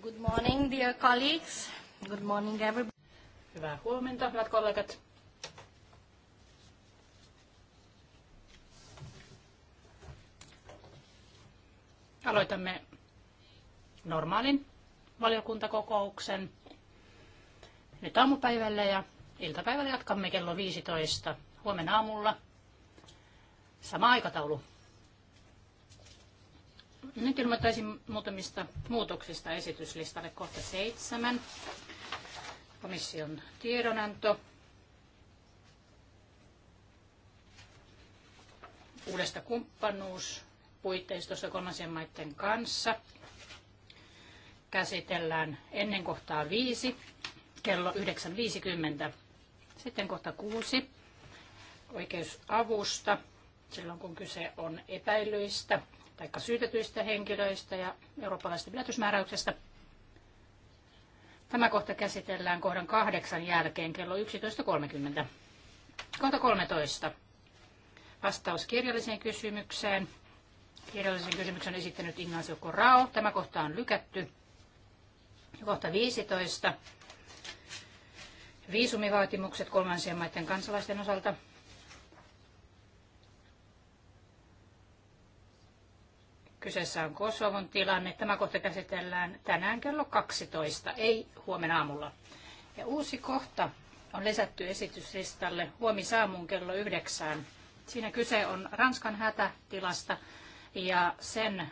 Good morning, dear colleagues. Good morning, everybody. Hyvää huomenta, hyvät kollegat. Aloitamme normaalin valiokuntakokouksen nyt aamupäivällä ja iltapäivällä jatkamme kello 15 huomenna aamulla. Sama aikataulu. Nyt ilmoittaisin muutamista muutoksista esityslistalle kohta seitsemän. Komission tiedonanto uudesta kumppanuuspuitteistosta kolmansien maiden kanssa. Käsitellään ennen kohtaa viisi kello 9.50. Sitten kohta kuusi oikeusavusta silloin kun kyse on epäilyistä tai syytetyistä henkilöistä ja eurooppalaisesta pidätysmääräyksestä. Tämä kohta käsitellään kohdan kahdeksan jälkeen kello 11.30. Kohta 13. Vastaus kirjalliseen kysymykseen. Kirjallisen kysymyksen on esittänyt Ignacio Corrao. Tämä kohta on lykätty. Kohta 15. Viisumivaatimukset kolmansien maiden kansalaisten osalta. Kyseessä on Kosovon tilanne. Tämä kohta käsitellään tänään kello 12, ei huomenna aamulla. Ja uusi kohta on lisätty esityslistalle huomisaamuun kello 9. Siinä kyse on Ranskan hätätilasta ja sen äh,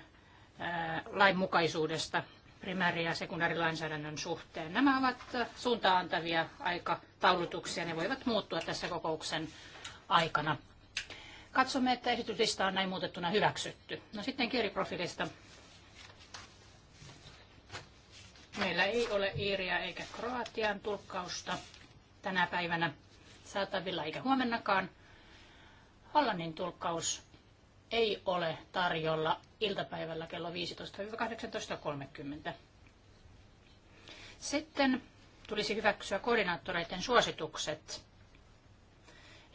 lainmukaisuudesta primääri- ja sekundaarilainsäädännön suhteen. Nämä ovat äh, suuntaantavia aikataulutuksia. Ne voivat muuttua tässä kokouksen aikana. Katsomme, että esityslista on näin muutettuna hyväksytty. No sitten kieliprofiilista. Meillä ei ole iiriä eikä kroatian tulkkausta tänä päivänä saatavilla eikä huomennakaan. Hollannin tulkkaus ei ole tarjolla iltapäivällä kello 15-18.30. Sitten tulisi hyväksyä koordinaattoreiden suositukset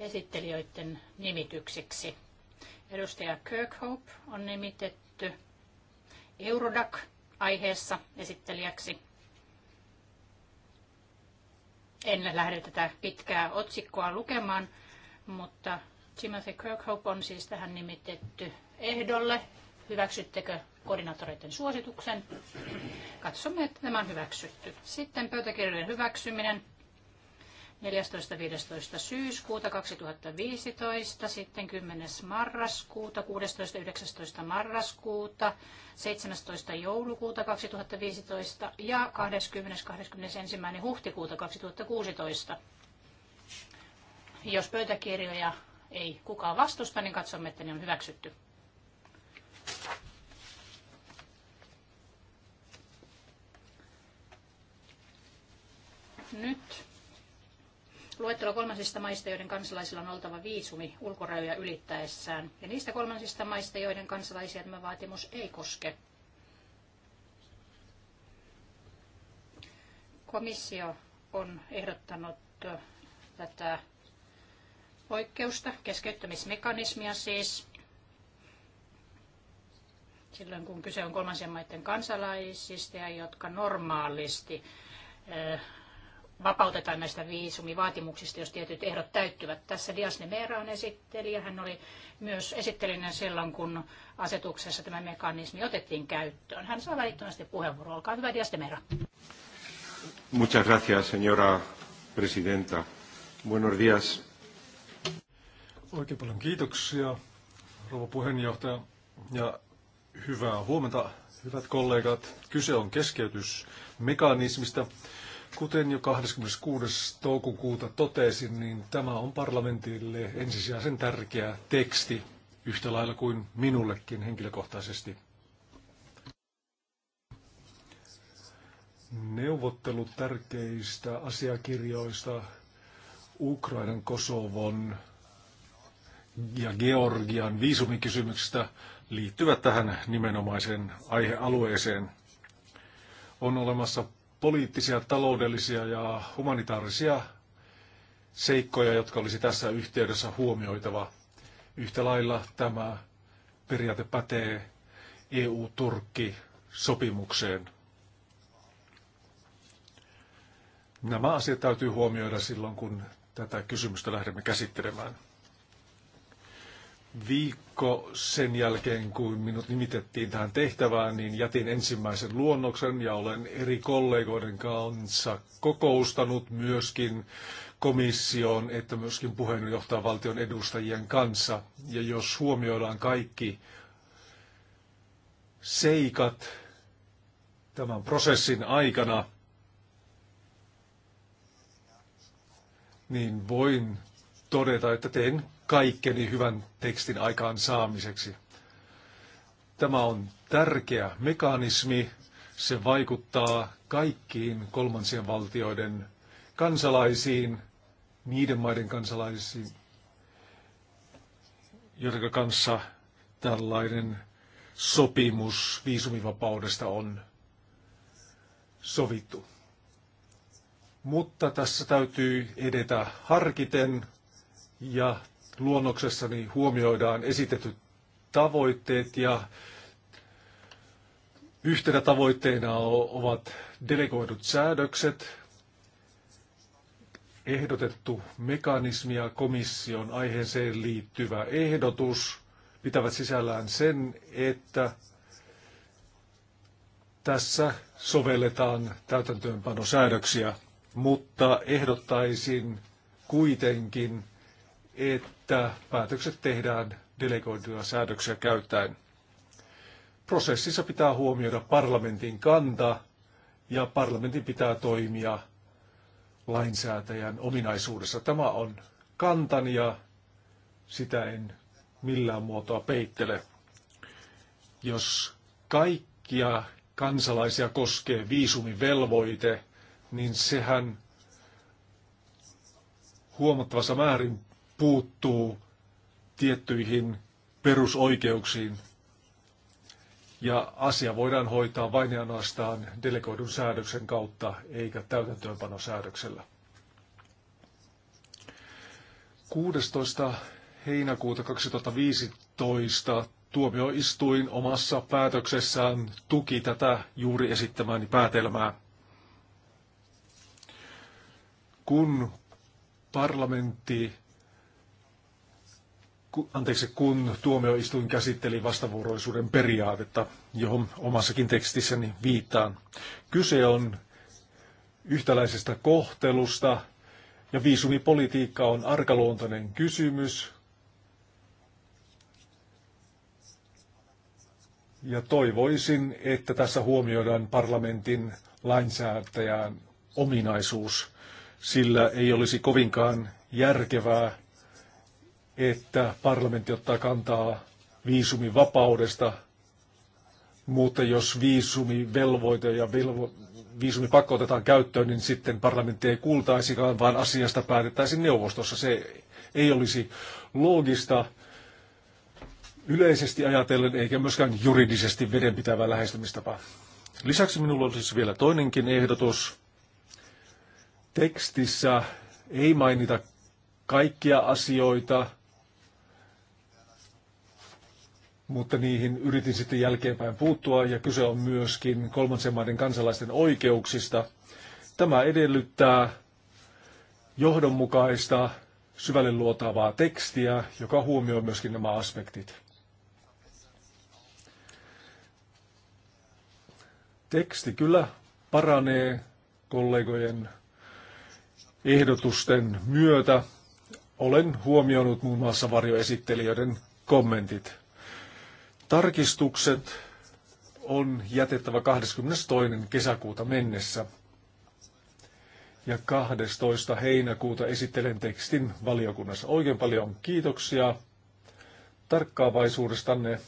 esittelijöiden nimityksiksi. Edustaja Kirkhope on nimitetty Eurodac-aiheessa esittelijäksi. En lähde tätä pitkää otsikkoa lukemaan, mutta Timothy Kirkhope on siis tähän nimitetty ehdolle. Hyväksyttekö koordinaattoreiden suosituksen? Katsomme, että tämä on hyväksytty. Sitten pöytäkirjojen hyväksyminen 14.15. syyskuuta 2015, sitten 10. marraskuuta, 16.19. marraskuuta, 17. joulukuuta 2015 ja 21. huhtikuuta 2016. Jos pöytäkirjoja ei kukaan vastusta, niin katsomme, että ne on hyväksytty. Nyt luettelo kolmansista maista, joiden kansalaisilla on oltava viisumi ulkorajoja ylittäessään, ja niistä kolmansista maista, joiden kansalaisia tämä vaatimus ei koske. Komissio on ehdottanut tätä poikkeusta, keskeyttämismekanismia siis, silloin kun kyse on kolmansien maiden kansalaisista, jotka normaalisti vapautetaan näistä viisumivaatimuksista, jos tietyt ehdot täyttyvät. Tässä Dias Nemera on esittelijä. Hän oli myös esittelinä silloin, kun asetuksessa tämä mekanismi otettiin käyttöön. Hän saa välittömästi puheenvuoron. Olkaa hyvä, Dias Nemera. Muchas gracias, señora presidenta. Buenos días. Oikein paljon kiitoksia, rouva puheenjohtaja, ja hyvää huomenta, hyvät kollegat. Kyse on keskeytysmekanismista. mekanismista Kuten jo 26. toukokuuta totesin, niin tämä on parlamentille ensisijaisen tärkeä teksti, yhtä lailla kuin minullekin henkilökohtaisesti. Neuvottelut tärkeistä asiakirjoista Ukrainan, Kosovon ja Georgian viisumikysymyksistä liittyvät tähän nimenomaiseen aihealueeseen. On olemassa poliittisia, taloudellisia ja humanitaarisia seikkoja, jotka olisi tässä yhteydessä huomioitava. Yhtä lailla tämä periaate pätee EU-Turkki-sopimukseen. Nämä asiat täytyy huomioida silloin, kun tätä kysymystä lähdemme käsittelemään viikko sen jälkeen, kun minut nimitettiin tähän tehtävään, niin jätin ensimmäisen luonnoksen ja olen eri kollegoiden kanssa kokoustanut myöskin komission, että myöskin puheenjohtajavaltion edustajien kanssa. Ja jos huomioidaan kaikki seikat tämän prosessin aikana, niin voin todeta, että teen kaikkeni hyvän tekstin aikaan saamiseksi. Tämä on tärkeä mekanismi. Se vaikuttaa kaikkiin kolmansien valtioiden kansalaisiin, niiden maiden kansalaisiin, joiden kanssa tällainen sopimus viisumivapaudesta on sovittu. Mutta tässä täytyy edetä harkiten ja luonnoksessani huomioidaan esitetyt tavoitteet ja yhtenä tavoitteena ovat delegoidut säädökset, ehdotettu mekanismi ja komission aiheeseen liittyvä ehdotus pitävät sisällään sen, että tässä sovelletaan täytäntöönpanosäädöksiä, mutta ehdottaisin kuitenkin että päätökset tehdään delegoituja säädöksiä käyttäen. Prosessissa pitää huomioida parlamentin kanta ja parlamentin pitää toimia lainsäätäjän ominaisuudessa. Tämä on kantani ja sitä en millään muotoa peittele. Jos kaikkia kansalaisia koskee viisumivelvoite, niin sehän huomattavassa määrin puuttuu tiettyihin perusoikeuksiin. Ja asia voidaan hoitaa vain ja ainoastaan delegoidun säädöksen kautta, eikä täytäntöönpanosäädöksellä. 16. heinäkuuta 2015 tuomioistuin omassa päätöksessään tuki tätä juuri esittämääni päätelmää. Kun parlamentti anteeksi, kun tuomioistuin käsitteli vastavuoroisuuden periaatetta, johon omassakin tekstissäni viittaan. Kyse on yhtäläisestä kohtelusta ja viisumipolitiikka on arkaluontoinen kysymys. Ja toivoisin, että tässä huomioidaan parlamentin lainsäätäjän ominaisuus, sillä ei olisi kovinkaan järkevää että parlamentti ottaa kantaa viisumin vapaudesta, mutta jos viisumivelvoite ja velvo, viisumipakko otetaan käyttöön, niin sitten parlamentti ei kuultaisikaan, vaan asiasta päätettäisiin neuvostossa. Se ei olisi loogista yleisesti ajatellen, eikä myöskään juridisesti vedenpitävää lähestymistapaa. Lisäksi minulla olisi siis vielä toinenkin ehdotus. Tekstissä ei mainita kaikkia asioita, mutta niihin yritin sitten jälkeenpäin puuttua ja kyse on myöskin kolmansien maiden kansalaisten oikeuksista. Tämä edellyttää johdonmukaista, syvälle luotaavaa tekstiä, joka huomioi myöskin nämä aspektit. Teksti kyllä paranee kollegojen ehdotusten myötä. Olen huomioinut muun muassa varjoesittelijöiden kommentit. Tarkistukset on jätettävä 22. kesäkuuta mennessä ja 12. heinäkuuta esittelen tekstin valiokunnassa. Oikein paljon kiitoksia tarkkaavaisuudestanne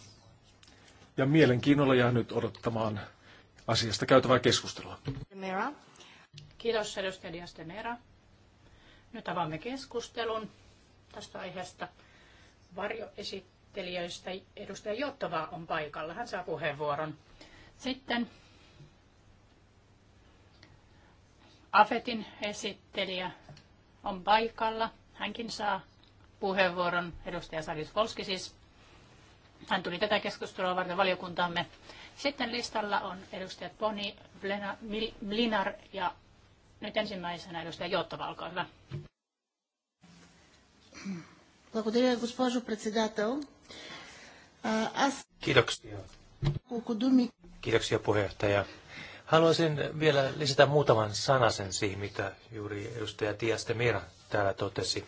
ja mielenkiinnolla jää nyt odottamaan asiasta käytävää keskustelua. Mera. Kiitos edustaja Dias de Mera. Nyt avaamme keskustelun tästä aiheesta. Varjo esittää esittelijöistä edustaja Jottova on paikalla. Hän saa puheenvuoron. Sitten Afetin esittelijä on paikalla. Hänkin saa puheenvuoron. Edustaja Sarjus Polski siis. Hän tuli tätä keskustelua varten valiokuntaamme. Sitten listalla on edustajat Poni, Blena, Mlinar ja nyt ensimmäisenä edustaja Jottava, olkaa hyvä. Благодаря, госпожо председател. Kiitoksia. Kiitoksia puheenjohtaja. Haluaisin vielä lisätä muutaman sanasen siihen, mitä juuri edustaja Tiaste Mira täällä totesi.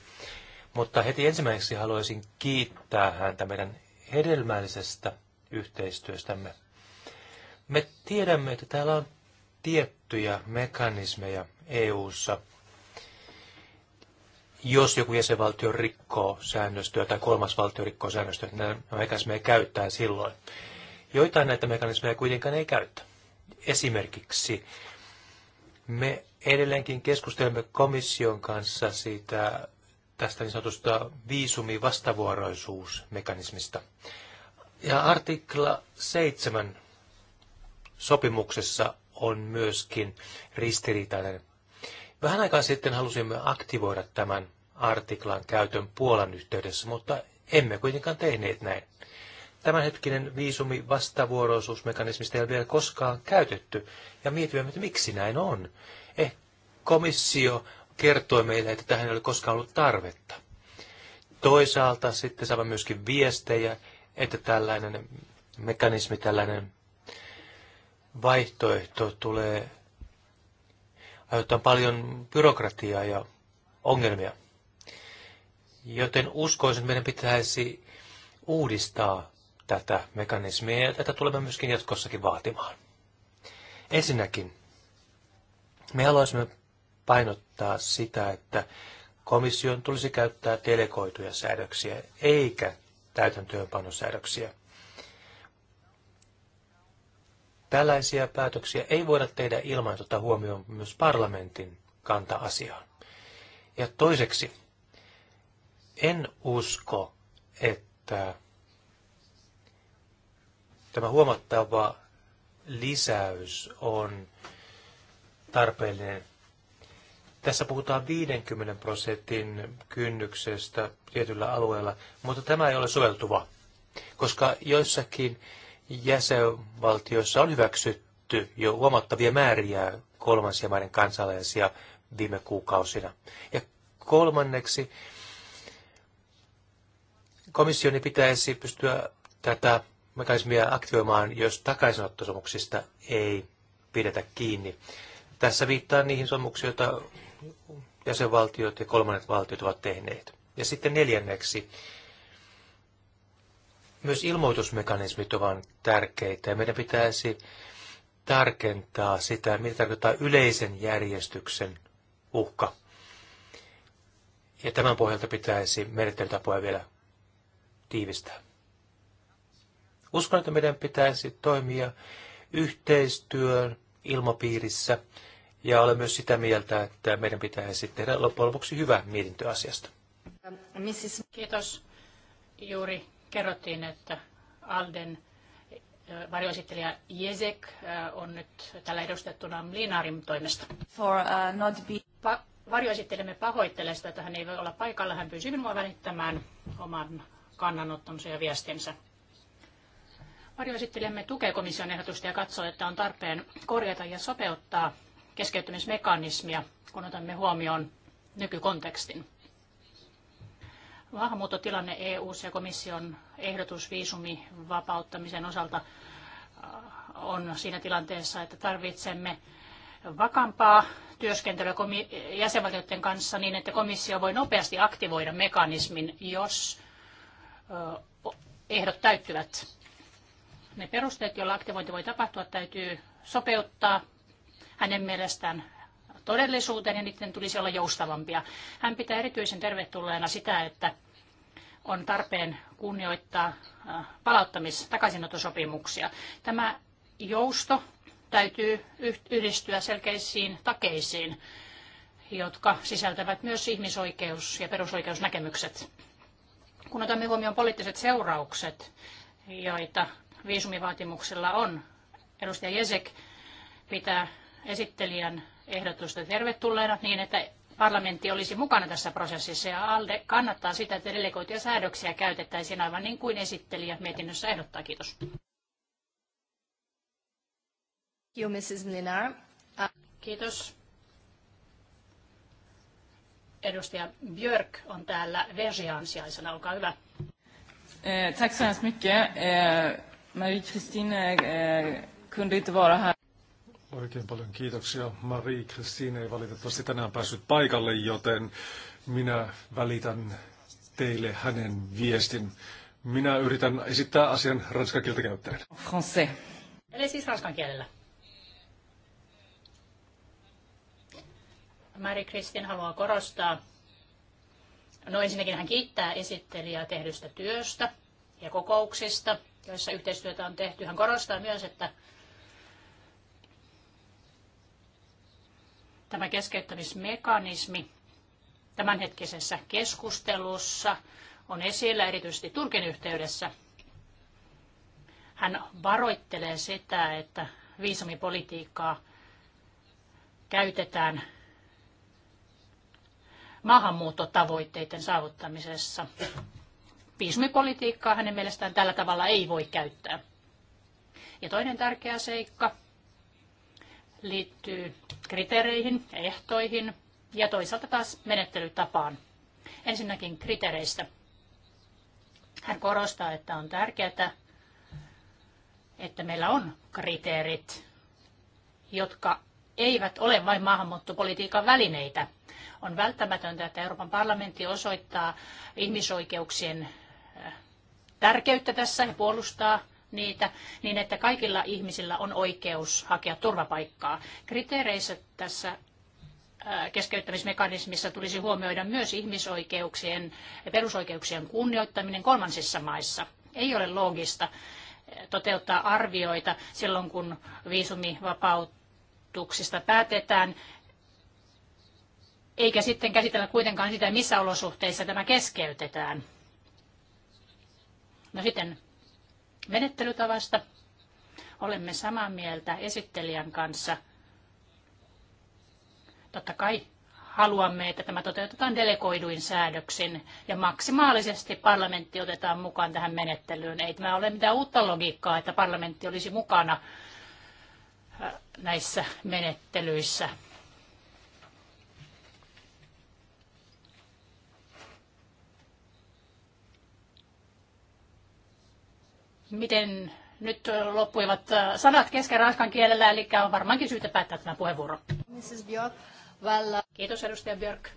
Mutta heti ensimmäiseksi haluaisin kiittää häntä meidän hedelmällisestä yhteistyöstämme. Me tiedämme, että täällä on tiettyjä mekanismeja EU:ssa, jos joku jäsenvaltio rikkoo säännöstöä tai kolmas valtio rikkoo säännöstöä, niin nämä mekanismeja käyttää silloin. Joitain näitä mekanismeja kuitenkaan ei käytä. Esimerkiksi me edelleenkin keskustelemme komission kanssa siitä tästä niin sanotusta viisumi Ja artikla 7 sopimuksessa on myöskin ristiriitainen Vähän aikaa sitten halusimme aktivoida tämän artiklan käytön Puolan yhteydessä, mutta emme kuitenkaan tehneet näin. Tämänhetkinen viisumi vastavuoroisuusmekanismista ei ole vielä koskaan käytetty, ja mietimme, että miksi näin on. Eh, komissio kertoi meille, että tähän ei ole koskaan ollut tarvetta. Toisaalta sitten saamme myöskin viestejä, että tällainen mekanismi, tällainen vaihtoehto tulee aiheuttaa paljon byrokratiaa ja ongelmia. Joten uskoisin, että meidän pitäisi uudistaa tätä mekanismia ja tätä tulemme myöskin jatkossakin vaatimaan. Ensinnäkin me haluaisimme painottaa sitä, että komission tulisi käyttää delegoituja säädöksiä eikä täytäntöönpanosäädöksiä. Tällaisia päätöksiä ei voida tehdä ilman, että huomioon myös parlamentin kanta asiaan. Ja toiseksi, en usko, että tämä huomattava lisäys on tarpeellinen. Tässä puhutaan 50 prosentin kynnyksestä tietyllä alueella, mutta tämä ei ole soveltuva, koska joissakin jäsenvaltioissa on hyväksytty jo huomattavia määriä kolmansia maiden kansalaisia viime kuukausina. Ja kolmanneksi komissioni pitäisi pystyä tätä mekanismia aktivoimaan, jos takaisinottosomuksista ei pidetä kiinni. Tässä viittaan niihin sopimuksiin, joita jäsenvaltiot ja kolmannet valtiot ovat tehneet. Ja sitten neljänneksi myös ilmoitusmekanismit ovat tärkeitä ja meidän pitäisi tarkentaa sitä, mitä tarkoittaa yleisen järjestyksen uhka. Ja tämän pohjalta pitäisi menettelytapoja vielä tiivistää. Uskon, että meidän pitäisi toimia yhteistyön ilmapiirissä ja olen myös sitä mieltä, että meidän pitäisi tehdä loppujen lopuksi hyvä mietintö asiasta. Kiitos. Juuri kerrottiin, että Alden varjoesittelijä Jezek on nyt tällä edustettuna Linarin toimesta. For, uh, not be... pa- varjoesittelemme pahoittelee sitä, että hän ei voi olla paikalla. Hän pyysi minua välittämään oman kannanottonsa ja viestinsä. Varjoesittelemme tukee komission ehdotusta ja katsoo, että on tarpeen korjata ja sopeuttaa keskeyttämismekanismia, kun otamme huomioon nykykontekstin maahanmuuttotilanne eu ja komission ehdotus viisumivapauttamisen osalta äh, on siinä tilanteessa, että tarvitsemme vakampaa työskentelyä jäsenvaltioiden kanssa niin, että komissio voi nopeasti aktivoida mekanismin, jos ehdot täyttyvät. Ne perusteet, joilla aktivointi voi tapahtua, täytyy sopeuttaa hänen mielestään todellisuuteen ja niiden tulisi olla joustavampia. Hän pitää erityisen tervetulleena sitä, että on tarpeen kunnioittaa äh, palauttamis- takaisinottosopimuksia. Tämä jousto täytyy yhdistyä selkeisiin takeisiin, jotka sisältävät myös ihmisoikeus- ja perusoikeusnäkemykset. Kun otamme huomioon poliittiset seuraukset, joita viisumivaatimuksella on, edustaja Jesek pitää esittelijän ehdotusta tervetulleena niin, että parlamentti olisi mukana tässä prosessissa ja ALDE kannattaa sitä, että delegoituja säädöksiä käytettäisiin aivan niin kuin esittelijä mietinnössä ehdottaa. Kiitos. You, Mrs. Linar. Uh, Kiitos. Edustaja Björk on täällä Vergian sijaisena. Olkaa hyvä. Eh, tack så hemskt mycket. Eh, marie Christine, eh, eh, kunde inte vara här. Oikein paljon kiitoksia. Marie Christine ei valitettavasti tänään päässyt paikalle, joten minä välitän teille hänen viestin. Minä yritän esittää asian ranskan kieltä käyttäen. Français. Eli siis ranskan kielellä. Mari Kristin haluaa korostaa. No ensinnäkin hän kiittää esittelijää tehdystä työstä ja kokouksista, joissa yhteistyötä on tehty. Hän korostaa myös, että Tämä keskeyttämismekanismi tämänhetkisessä keskustelussa on esillä erityisesti Turkin yhteydessä. Hän varoittelee sitä, että viisumipolitiikkaa käytetään maahanmuuttotavoitteiden saavuttamisessa. Viisumipolitiikkaa hänen mielestään tällä tavalla ei voi käyttää. Ja toinen tärkeä seikka liittyy kriteereihin, ehtoihin ja toisaalta taas menettelytapaan. Ensinnäkin kriteereistä. Hän korostaa, että on tärkeää, että meillä on kriteerit, jotka eivät ole vain maahanmuuttopolitiikan välineitä. On välttämätöntä, että Euroopan parlamentti osoittaa ihmisoikeuksien tärkeyttä tässä ja puolustaa niitä niin, että kaikilla ihmisillä on oikeus hakea turvapaikkaa. Kriteereissä tässä keskeyttämismekanismissa tulisi huomioida myös ihmisoikeuksien ja perusoikeuksien kunnioittaminen kolmansissa maissa. Ei ole loogista toteuttaa arvioita silloin, kun viisumivapautuksista päätetään, eikä sitten käsitellä kuitenkaan sitä, missä olosuhteissa tämä keskeytetään. No sitten menettelytavasta. Olemme samaa mieltä esittelijän kanssa. Totta kai haluamme, että tämä toteutetaan delegoiduin säädöksin ja maksimaalisesti parlamentti otetaan mukaan tähän menettelyyn. Ei tämä ole mitään uutta logiikkaa, että parlamentti olisi mukana äh, näissä menettelyissä. miten nyt loppuivat äh, sanat kesken ranskan kielellä, eli on varmaankin syytä päättää tämä puheenvuoro. Kiitos edustaja Björk.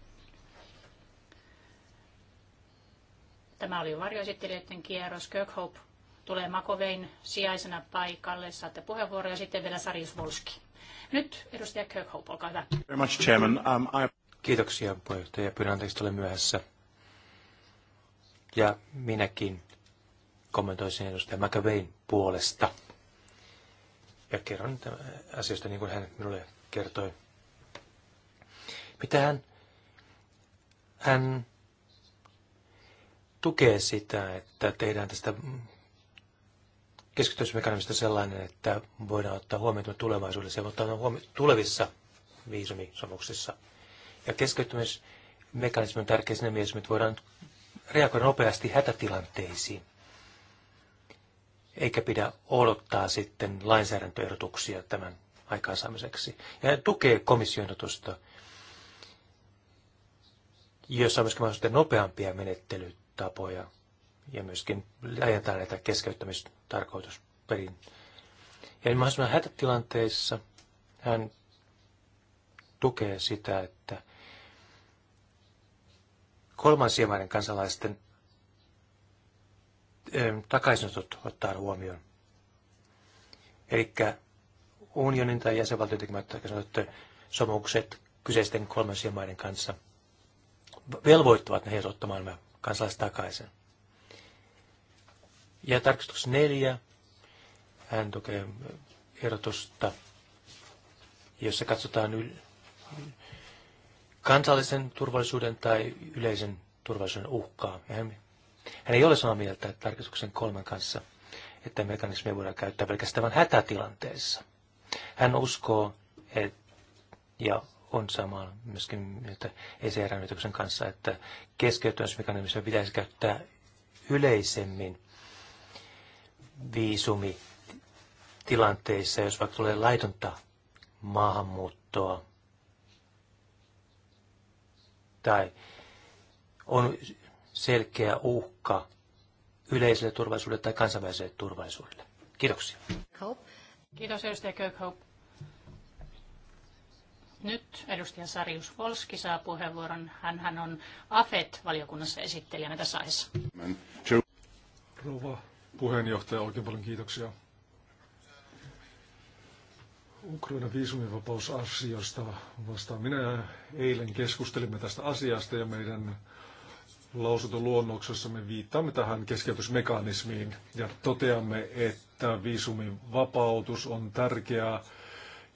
Tämä oli varjoesittelijöiden kierros. Kirkhope tulee Makovein sijaisena paikalle. Saatte puheenvuoroja sitten vielä Sari Svolski. Nyt edustaja Kirkhope, olkaa hyvä. Very much, chairman. Um, I... Kiitoksia puheenjohtaja. Pyydän anteeksi, myöhässä. Ja minäkin kommentoisin edustaja McAvein puolesta. Ja kerron asioista niin kuin hän minulle kertoi. Mitä hän, hän tukee sitä, että tehdään tästä keskitysmekanismista sellainen, että voidaan ottaa huomioon tulevaisuudessa ja ottaa huomioon tulevissa viisumisomuksissa. Ja keskittymismekanismi on tärkeä siinä mielessä, että voidaan reagoida nopeasti hätätilanteisiin eikä pidä odottaa sitten lainsäädäntöehdotuksia tämän aikaansaamiseksi. Ja tukee komission ehdotusta, jossa on myöskin mahdollisesti nopeampia menettelytapoja ja myöskin ajentaa näitä keskeyttämistarkoitusperin. Ja mahdollisimman hätätilanteissa hän tukee sitä, että kolmansien maiden kansalaisten takaisinotot ottaa huomioon. Eli unionin tai jäsenvaltion tekemät takaisinotot sopimukset kyseisten kolmansien maiden kanssa velvoittavat ne heidät ottamaan nämä kansalaiset takaisin. Ja tarkistus neljä, hän tukee ehdotusta, jossa katsotaan yl- kansallisen turvallisuuden tai yleisen turvallisuuden uhkaa. hän hän ei ole samaa mieltä tarkistuksen kolmen kanssa, että mekanismia voidaan käyttää pelkästään vain hätätilanteessa. Hän uskoo et, ja on samaa myöskin mieltä ECR-yrityksen kanssa, että keskeyttämismekanismia pitäisi käyttää yleisemmin viisumitilanteissa, jos vaikka tulee laitonta maahanmuuttoa tai on selkeä uhka yleiselle turvallisuudelle tai kansainväliselle turvallisuudelle. Kiitoksia. Kiitos edustaja Kirkhope. Nyt edustaja Sarius Volski saa puheenvuoron. hän on AFET-valiokunnassa esittelijänä tässä aiheessa. Rouva puheenjohtaja, oikein paljon kiitoksia. Ukraina viisumivapausasiosta vastaan. Minä ja eilen keskustelimme tästä asiasta ja meidän lausuntoluonnoksessa me viittaamme tähän keskeytysmekanismiin ja toteamme, että viisumin vapautus on tärkeää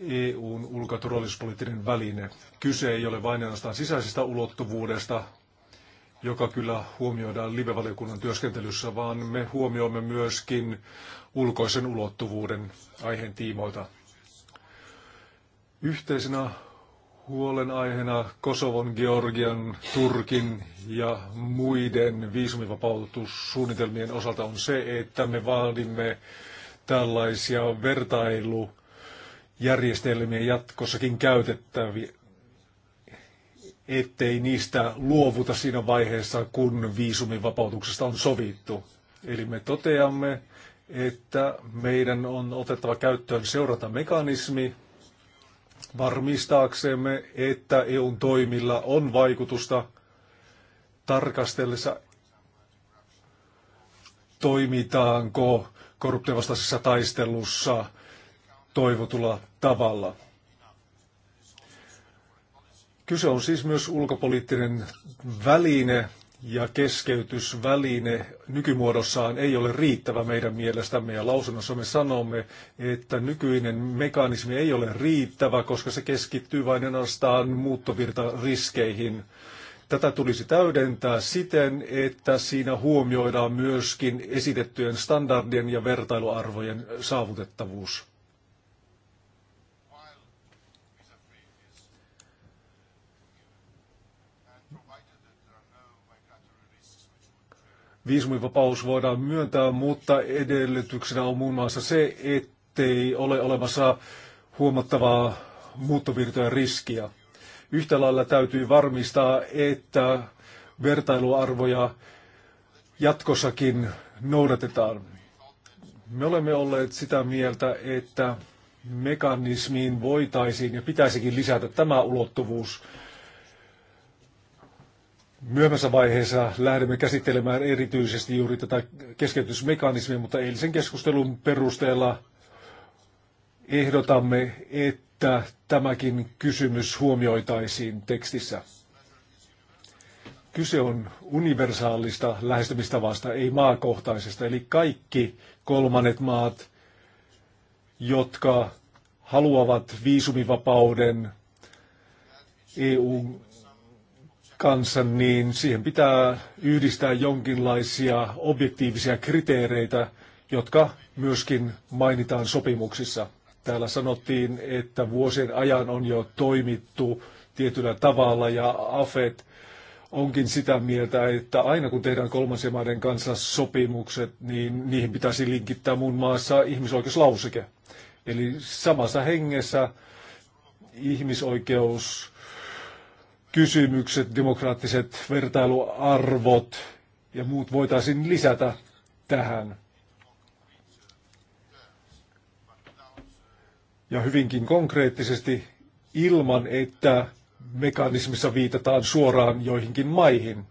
EUn ulkoturvallisuuspoliittinen väline. Kyse ei ole vain ainoastaan sisäisestä ulottuvuudesta, joka kyllä huomioidaan livevaliokunnan työskentelyssä, vaan me huomioimme myöskin ulkoisen ulottuvuuden aiheen tiimoilta. Yhteisenä huolenaiheena Kosovon, Georgian, Turkin ja muiden viisumivapautussuunnitelmien osalta on se, että me vaadimme tällaisia vertailujärjestelmiä jatkossakin käytettäviä, ettei niistä luovuta siinä vaiheessa, kun viisumivapautuksesta on sovittu. Eli me toteamme, että meidän on otettava käyttöön seurantamekanismi, varmistaaksemme, että EUn toimilla on vaikutusta tarkastellessa toimitaanko korruptiovastaisessa taistelussa toivotulla tavalla. Kyse on siis myös ulkopoliittinen väline, ja keskeytysväline nykymuodossaan ei ole riittävä meidän mielestämme ja lausunnossa me sanomme, että nykyinen mekanismi ei ole riittävä, koska se keskittyy vain ainoastaan muuttovirtariskeihin. Tätä tulisi täydentää siten, että siinä huomioidaan myöskin esitettyjen standardien ja vertailuarvojen saavutettavuus. viisumivapaus voidaan myöntää, mutta edellytyksenä on muun muassa se, ettei ole olemassa huomattavaa muuttovirtojen riskiä. Yhtä lailla täytyy varmistaa, että vertailuarvoja jatkossakin noudatetaan. Me olemme olleet sitä mieltä, että mekanismiin voitaisiin ja pitäisikin lisätä tämä ulottuvuus Myöhemmässä vaiheessa lähdemme käsittelemään erityisesti juuri tätä keskeytysmekanismia, mutta eilisen keskustelun perusteella ehdotamme, että tämäkin kysymys huomioitaisiin tekstissä. Kyse on universaalista lähestymistavasta, ei maakohtaisesta, eli kaikki kolmannet maat, jotka haluavat viisumivapauden EUn kanssa, niin siihen pitää yhdistää jonkinlaisia objektiivisia kriteereitä, jotka myöskin mainitaan sopimuksissa. Täällä sanottiin, että vuosien ajan on jo toimittu tietyllä tavalla ja AFET onkin sitä mieltä, että aina kun tehdään kolmansien maiden kanssa sopimukset, niin niihin pitäisi linkittää muun maassa ihmisoikeuslauseke. Eli samassa hengessä ihmisoikeus kysymykset, demokraattiset vertailuarvot ja muut voitaisiin lisätä tähän. Ja hyvinkin konkreettisesti ilman, että mekanismissa viitataan suoraan joihinkin maihin.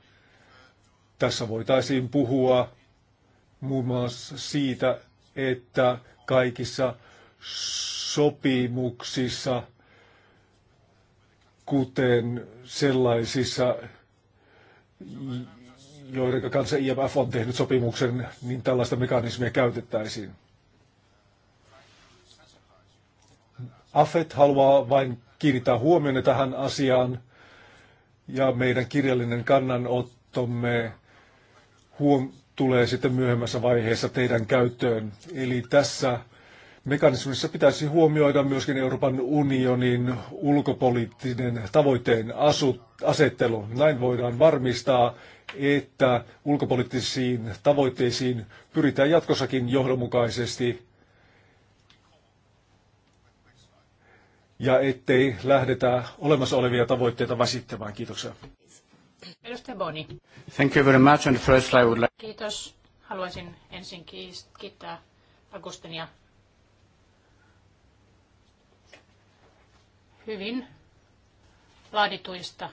Tässä voitaisiin puhua muun muassa siitä, että kaikissa sopimuksissa – kuten sellaisissa, joiden kanssa IMF on tehnyt sopimuksen, niin tällaista mekanismia käytettäisiin. AFET haluaa vain kiinnittää huomioon tähän asiaan ja meidän kirjallinen kannanottomme huom- tulee sitten myöhemmässä vaiheessa teidän käyttöön. Eli tässä Mekanismissa pitäisi huomioida myöskin Euroopan unionin ulkopoliittinen tavoitteen asettelu. Näin voidaan varmistaa, että ulkopoliittisiin tavoitteisiin pyritään jatkossakin johdonmukaisesti ja ettei lähdetä olemassa olevia tavoitteita väsittämään. Kiitoksia. Edustaja Boni. Thank you very much and first I would like... Kiitos. Haluaisin ensin kiittää Agustinia hyvin laadituista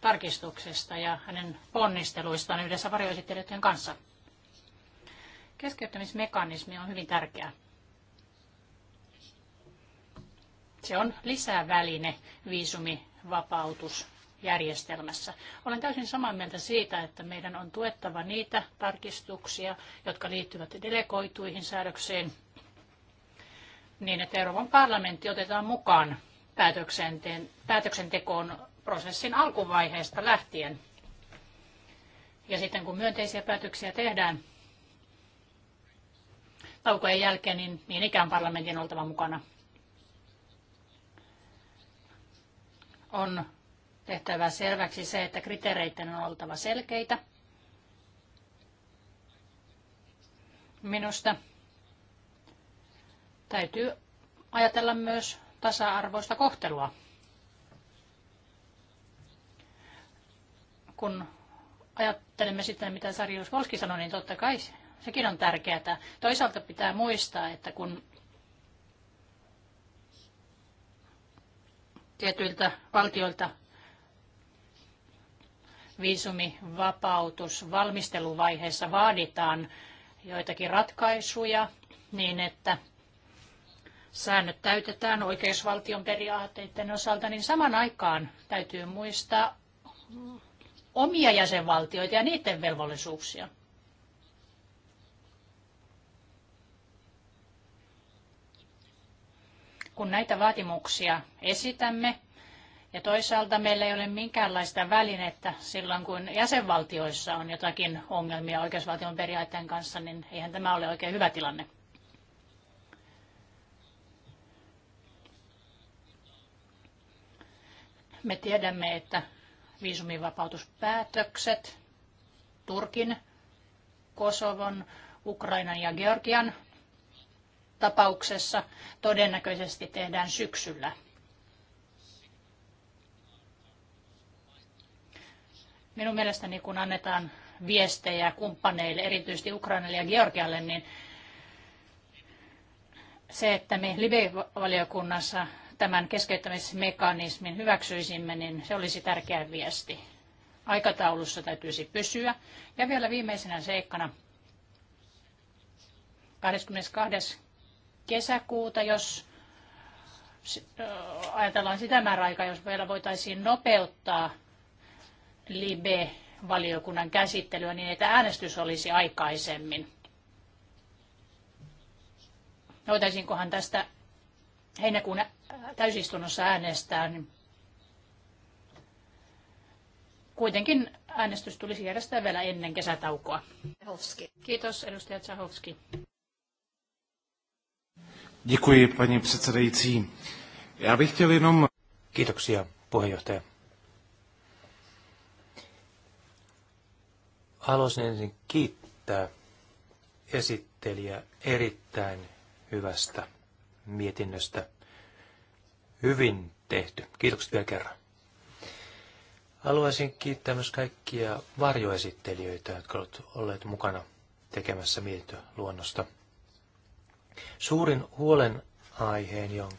tarkistuksesta ja hänen ponnisteluistaan yhdessä varjoesittelijöiden kanssa. Keskeyttämismekanismi on hyvin tärkeä. Se on lisäväline viisumivapautusjärjestelmässä. Olen täysin samaa mieltä siitä, että meidän on tuettava niitä tarkistuksia, jotka liittyvät delegoituihin säädöksiin, niin että Euroopan parlamentti otetaan mukaan päätöksentekoon prosessin alkuvaiheesta lähtien. Ja sitten kun myönteisiä päätöksiä tehdään taukojen jälkeen, niin, niin ikään parlamentin oltava mukana. On tehtävä selväksi se, että kriteereiden on oltava selkeitä. Minusta täytyy ajatella myös tasa-arvoista kohtelua. Kun ajattelemme sitä, mitä Sarjus Volski sanoi, niin totta kai sekin on tärkeää. Toisaalta pitää muistaa, että kun tietyiltä valtioilta viisumivapautus valmisteluvaiheessa vaaditaan joitakin ratkaisuja niin, että säännöt täytetään oikeusvaltion periaatteiden osalta, niin saman aikaan täytyy muistaa omia jäsenvaltioita ja niiden velvollisuuksia. Kun näitä vaatimuksia esitämme, ja toisaalta meillä ei ole minkäänlaista välinettä silloin, kun jäsenvaltioissa on jotakin ongelmia oikeusvaltion periaatteen kanssa, niin eihän tämä ole oikein hyvä tilanne. Me tiedämme, että viisumivapautuspäätökset Turkin, Kosovon, Ukrainan ja Georgian tapauksessa todennäköisesti tehdään syksyllä. Minun mielestäni kun annetaan viestejä kumppaneille, erityisesti Ukrainalle ja Georgialle, niin se, että me live-valiokunnassa tämän keskeyttämismekanismin hyväksyisimme, niin se olisi tärkeä viesti. Aikataulussa täytyisi pysyä. Ja vielä viimeisenä seikkana 22. kesäkuuta, jos ajatellaan sitä määräaikaa, jos vielä voitaisiin nopeuttaa LIBE-valiokunnan käsittelyä niin, että äänestys olisi aikaisemmin. Voitaisinkohan tästä heinäkuun täysistunnossa äänestää, niin kuitenkin äänestys tulisi järjestää vielä ennen kesätaukoa. Kiitos, edustaja Tsahovski. Děkuji, paní předsedající. Já bych chtěl jenom... Kiitoksia, puheenjohtaja. Haluaisin ensin kiittää esittelijä erittäin hyvästä mietinnöstä hyvin tehty. Kiitokset vielä kerran. Haluaisin kiittää myös kaikkia varjoesittelijöitä, jotka ovat olleet mukana tekemässä mietintöluonnosta. Suurin huolen aiheen on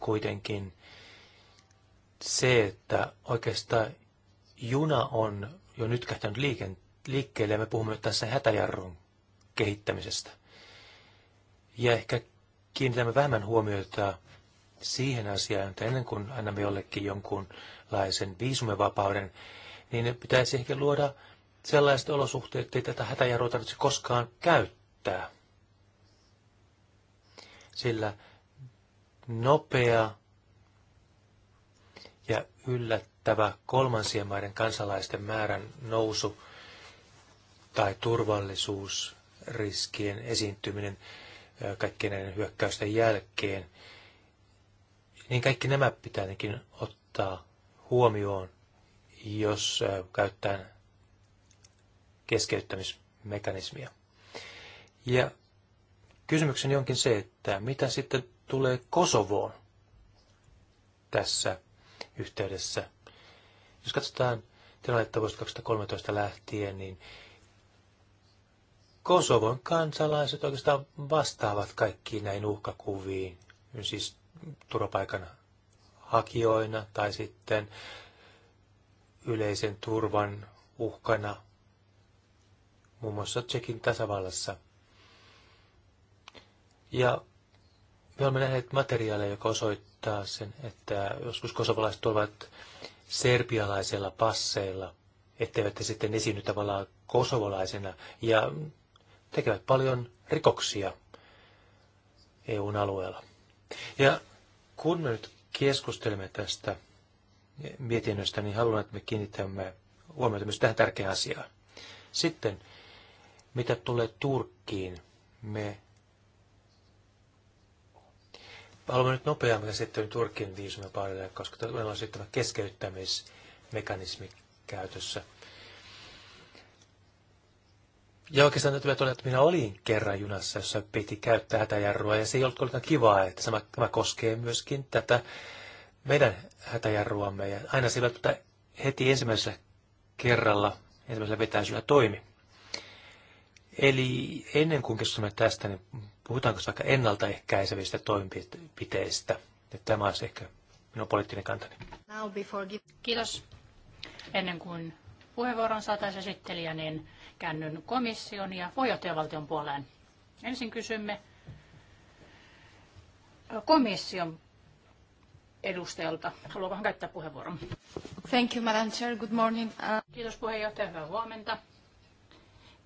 kuitenkin se, että oikeastaan juna on jo nyt kähtänyt liiken, liikkeelle ja me puhumme tässä hätäjarrun kehittämisestä. Ja ehkä kiinnitämme vähemmän huomiota siihen asiaan, että ennen kuin annamme jollekin jonkunlaisen viisumivapauden, niin pitäisi ehkä luoda sellaiset olosuhteet, että tätä hätäjarrua tarvitse koskaan käyttää. Sillä nopea ja yllättävä kolmansien maiden kansalaisten määrän nousu tai turvallisuusriskien esiintyminen kaikkien näiden hyökkäysten jälkeen – niin kaikki nämä pitää ottaa huomioon, jos käyttää keskeyttämismekanismia. Ja kysymykseni onkin se, että mitä sitten tulee Kosovoon tässä yhteydessä. Jos katsotaan tilannetta vuodesta 2013 lähtien, niin Kosovon kansalaiset oikeastaan vastaavat kaikkiin näihin uhkakuviin. Siis turvapaikan hakijoina tai sitten yleisen turvan uhkana muun muassa Tsekin tasavallassa. Ja me olemme nähneet materiaaleja, joka osoittaa sen, että joskus kosovalaiset tulevat serbialaisella passeilla, etteivät he sitten esiinny tavallaan kosovolaisena ja tekevät paljon rikoksia EUn alueella. Ja kun me nyt keskustelemme tästä mietinnöstä, niin haluan, että me kiinnitämme huomiota myös tähän tärkeään asiaan. Sitten, mitä tulee Turkkiin, me haluamme nyt nopeammin käsittelyyn Turkin viisumia koska meillä on sitten tämä keskeyttämismekanismi käytössä. Ja oikeastaan tulee että minä olin kerran junassa, jossa piti käyttää hätäjarrua, ja se ei ollut kovinkaan kivaa, että sama, tämä koskee myöskin tätä meidän hätäjarruamme, ja aina se välttämättä heti ensimmäisellä kerralla, ensimmäisellä vetäisyllä toimi. Eli ennen kuin keskustelemme tästä, niin puhutaanko vaikka ennaltaehkäisevistä toimenpiteistä? Ja tämä olisi ehkä minun poliittinen kantani. Kiitos. Ennen kuin puheenvuoron saataisiin esittelijä, niin käännyn komission ja puheenjohtajavaltion puoleen. Ensin kysymme komission edustajalta. Haluaako hän käyttää puheenvuoron? Thank you, Madam Chair. Good morning. Uh... Kiitos puheenjohtaja. Hyvää huomenta.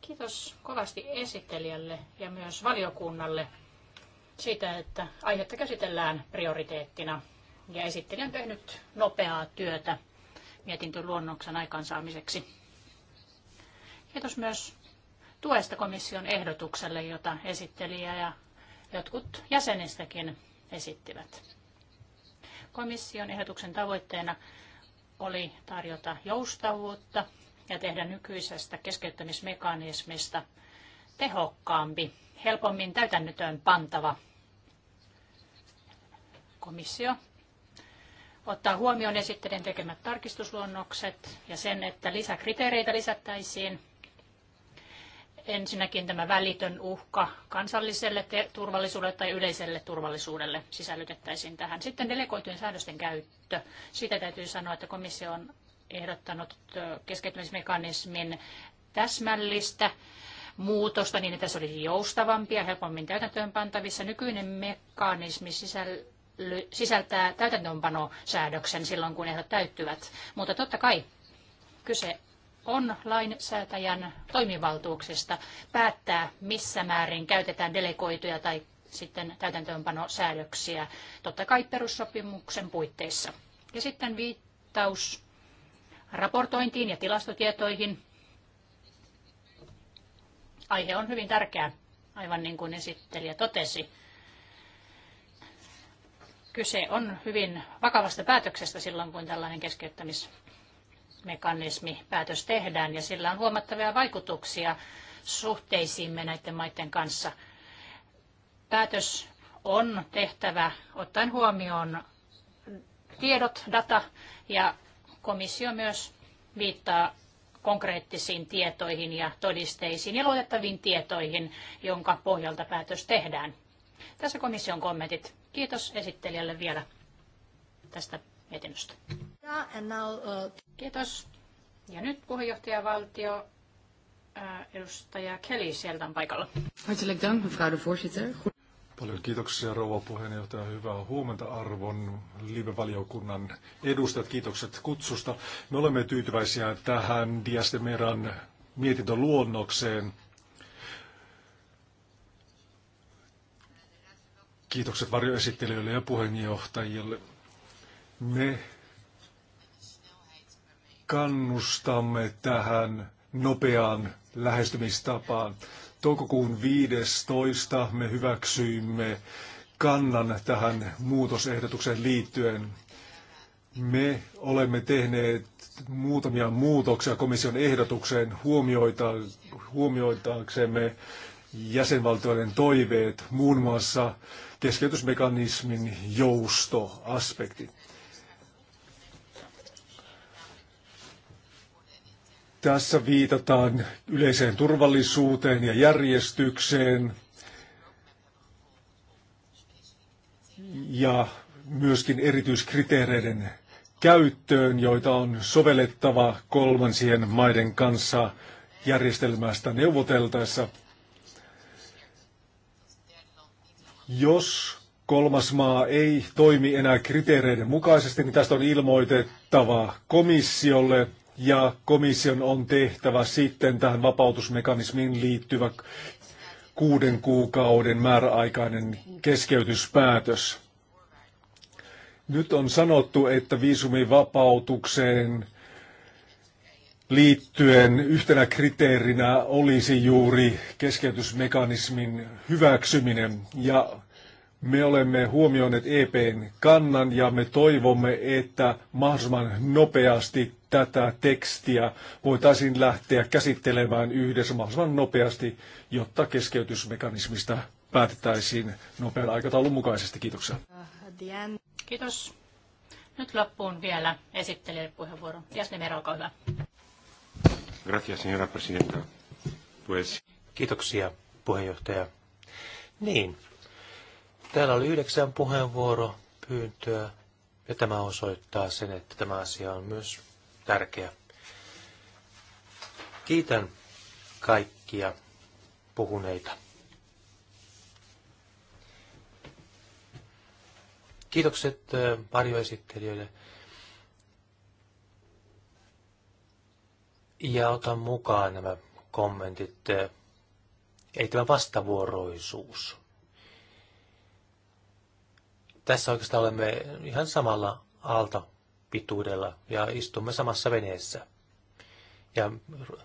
Kiitos kovasti esittelijälle ja myös valiokunnalle siitä, että aihetta käsitellään prioriteettina. Ja esittelijä on tehnyt nopeaa työtä mietintöluonnoksen aikaansaamiseksi. Kiitos myös tuesta komission ehdotukselle, jota esittelijä ja jotkut jäsenistäkin esittivät. Komission ehdotuksen tavoitteena oli tarjota joustavuutta ja tehdä nykyisestä keskeyttämismekanismista tehokkaampi, helpommin täytännytöön pantava. Komissio ottaa huomioon esittelijän tekemät tarkistusluonnokset ja sen, että lisäkriteereitä lisättäisiin Ensinnäkin tämä välitön uhka kansalliselle turvallisuudelle tai yleiselle turvallisuudelle sisällytettäisiin tähän. Sitten delegoitujen säädösten käyttö. Siitä täytyy sanoa, että komissio on ehdottanut keskeytymismekanismin täsmällistä muutosta niin, että se olisi joustavampi ja helpommin täytäntöönpantavissa. Nykyinen mekanismi sisältää täytäntöönpanosäädöksen silloin, kun ehdot täyttyvät. Mutta totta kai kyse on lainsäätäjän toimivaltuuksista päättää, missä määrin käytetään delegoituja tai sitten täytäntöönpanosäädöksiä, totta kai perussopimuksen puitteissa. Ja sitten viittaus raportointiin ja tilastotietoihin. Aihe on hyvin tärkeä, aivan niin kuin esittelijä totesi. Kyse on hyvin vakavasta päätöksestä silloin, kun tällainen keskeyttämis mekanismi päätös tehdään ja sillä on huomattavia vaikutuksia suhteisiimme näiden maiden kanssa. Päätös on tehtävä ottaen huomioon tiedot, data ja komissio myös viittaa konkreettisiin tietoihin ja todisteisiin ja luotettaviin tietoihin, jonka pohjalta päätös tehdään. Tässä komission kommentit. Kiitos esittelijälle vielä tästä mietinnöstä. Uh, Kiitos. Ja nyt puheenjohtajavaltio edustaja Kelly sieltä on paikalla. Paljon kiitoksia rouva puheenjohtaja. Hyvää huomenta arvon live-valiokunnan edustajat. Kiitokset kutsusta. Me olemme tyytyväisiä tähän Diastemeran mietintöluonnokseen. Kiitokset varjoesittelijöille ja puheenjohtajille. Me kannustamme tähän nopeaan lähestymistapaan. Toukokuun 15. me hyväksyimme kannan tähän muutosehdotukseen liittyen. Me olemme tehneet muutamia muutoksia komission ehdotukseen huomioita, huomioitaaksemme jäsenvaltioiden toiveet, muun muassa keskeytysmekanismin joustoaspektit. Tässä viitataan yleiseen turvallisuuteen ja järjestykseen ja myöskin erityiskriteereiden käyttöön, joita on sovellettava kolmansien maiden kanssa järjestelmästä neuvoteltaessa. Jos kolmas maa ei toimi enää kriteereiden mukaisesti, niin tästä on ilmoitettava komissiolle – ja komission on tehtävä sitten tähän vapautusmekanismiin liittyvä kuuden kuukauden määräaikainen keskeytyspäätös. Nyt on sanottu, että viisumivapautukseen liittyen yhtenä kriteerinä olisi juuri keskeytysmekanismin hyväksyminen. Ja me olemme huomioineet EPn kannan ja me toivomme, että mahdollisimman nopeasti tätä tekstiä voitaisiin lähteä käsittelemään yhdessä mahdollisimman nopeasti, jotta keskeytysmekanismista päätettäisiin nopean aikataulun mukaisesti. Kiitoksia. Kiitos. Nyt loppuun vielä esittelijä puheenvuoro. Jasne olkaa hyvä. Gracias, señora presidenta. Pues... Kiitoksia, puheenjohtaja. Niin, täällä oli yhdeksän puheenvuoropyyntöä, ja tämä osoittaa sen, että tämä asia on myös tärkeä. Kiitän kaikkia puhuneita. Kiitokset varjoesittelijöille. Ja otan mukaan nämä kommentit. Ei tämä vastavuoroisuus. Tässä oikeastaan olemme ihan samalla aalto pituudella ja istumme samassa veneessä ja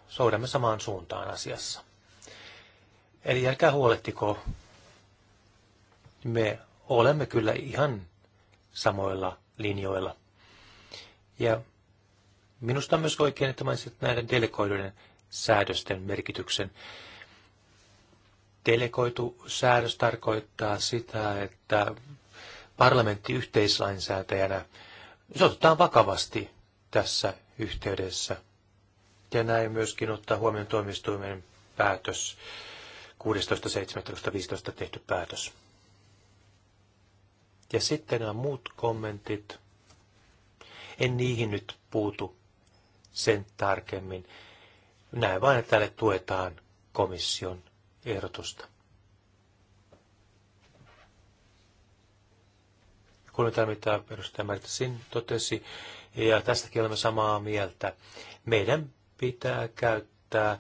soudamme samaan suuntaan asiassa. Eli älkää huolettiko, me olemme kyllä ihan samoilla linjoilla. Ja minusta on myös oikein, että mainitsit näiden delegoiduiden säädösten merkityksen. Delegoitu säädös tarkoittaa sitä, että parlamentti yhteislainsäätäjänä se otetaan vakavasti tässä yhteydessä. Ja näin myöskin ottaa huomioon toimistuimen päätös, 16.7.15 tehty päätös. Ja sitten nämä muut kommentit. En niihin nyt puutu sen tarkemmin. Näin vain, että tälle tuetaan komission ehdotusta. huomioon mitä edustaja sin totesi, ja tästäkin olemme samaa mieltä. Meidän pitää käyttää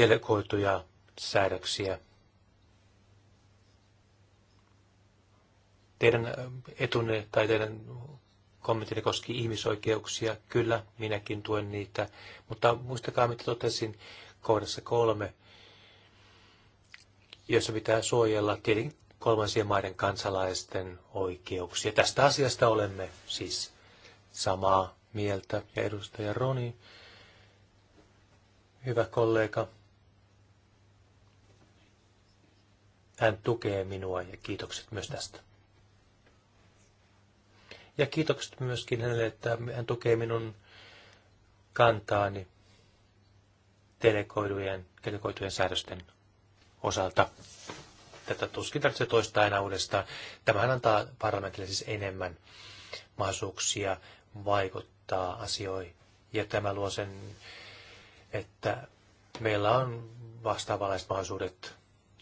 delegoituja säädöksiä. Teidän etunne tai teidän kommenttini koski ihmisoikeuksia. Kyllä, minäkin tuen niitä. Mutta muistakaa, mitä totesin kohdassa kolme, jossa pitää suojella tietenkin kolmansien maiden kansalaisten oikeuksia. Tästä asiasta olemme siis samaa mieltä. Ja edustaja Roni, hyvä kollega, hän tukee minua ja kiitokset myös tästä. Ja kiitokset myöskin hänelle, että hän tukee minun kantaani delegoitujen, säädösten osalta tätä tuskin tarvitsee toistaa enää uudestaan. Tämähän antaa parlamentille siis enemmän mahdollisuuksia vaikuttaa asioihin. Ja tämä luo sen, että meillä on vastaavanlaiset mahdollisuudet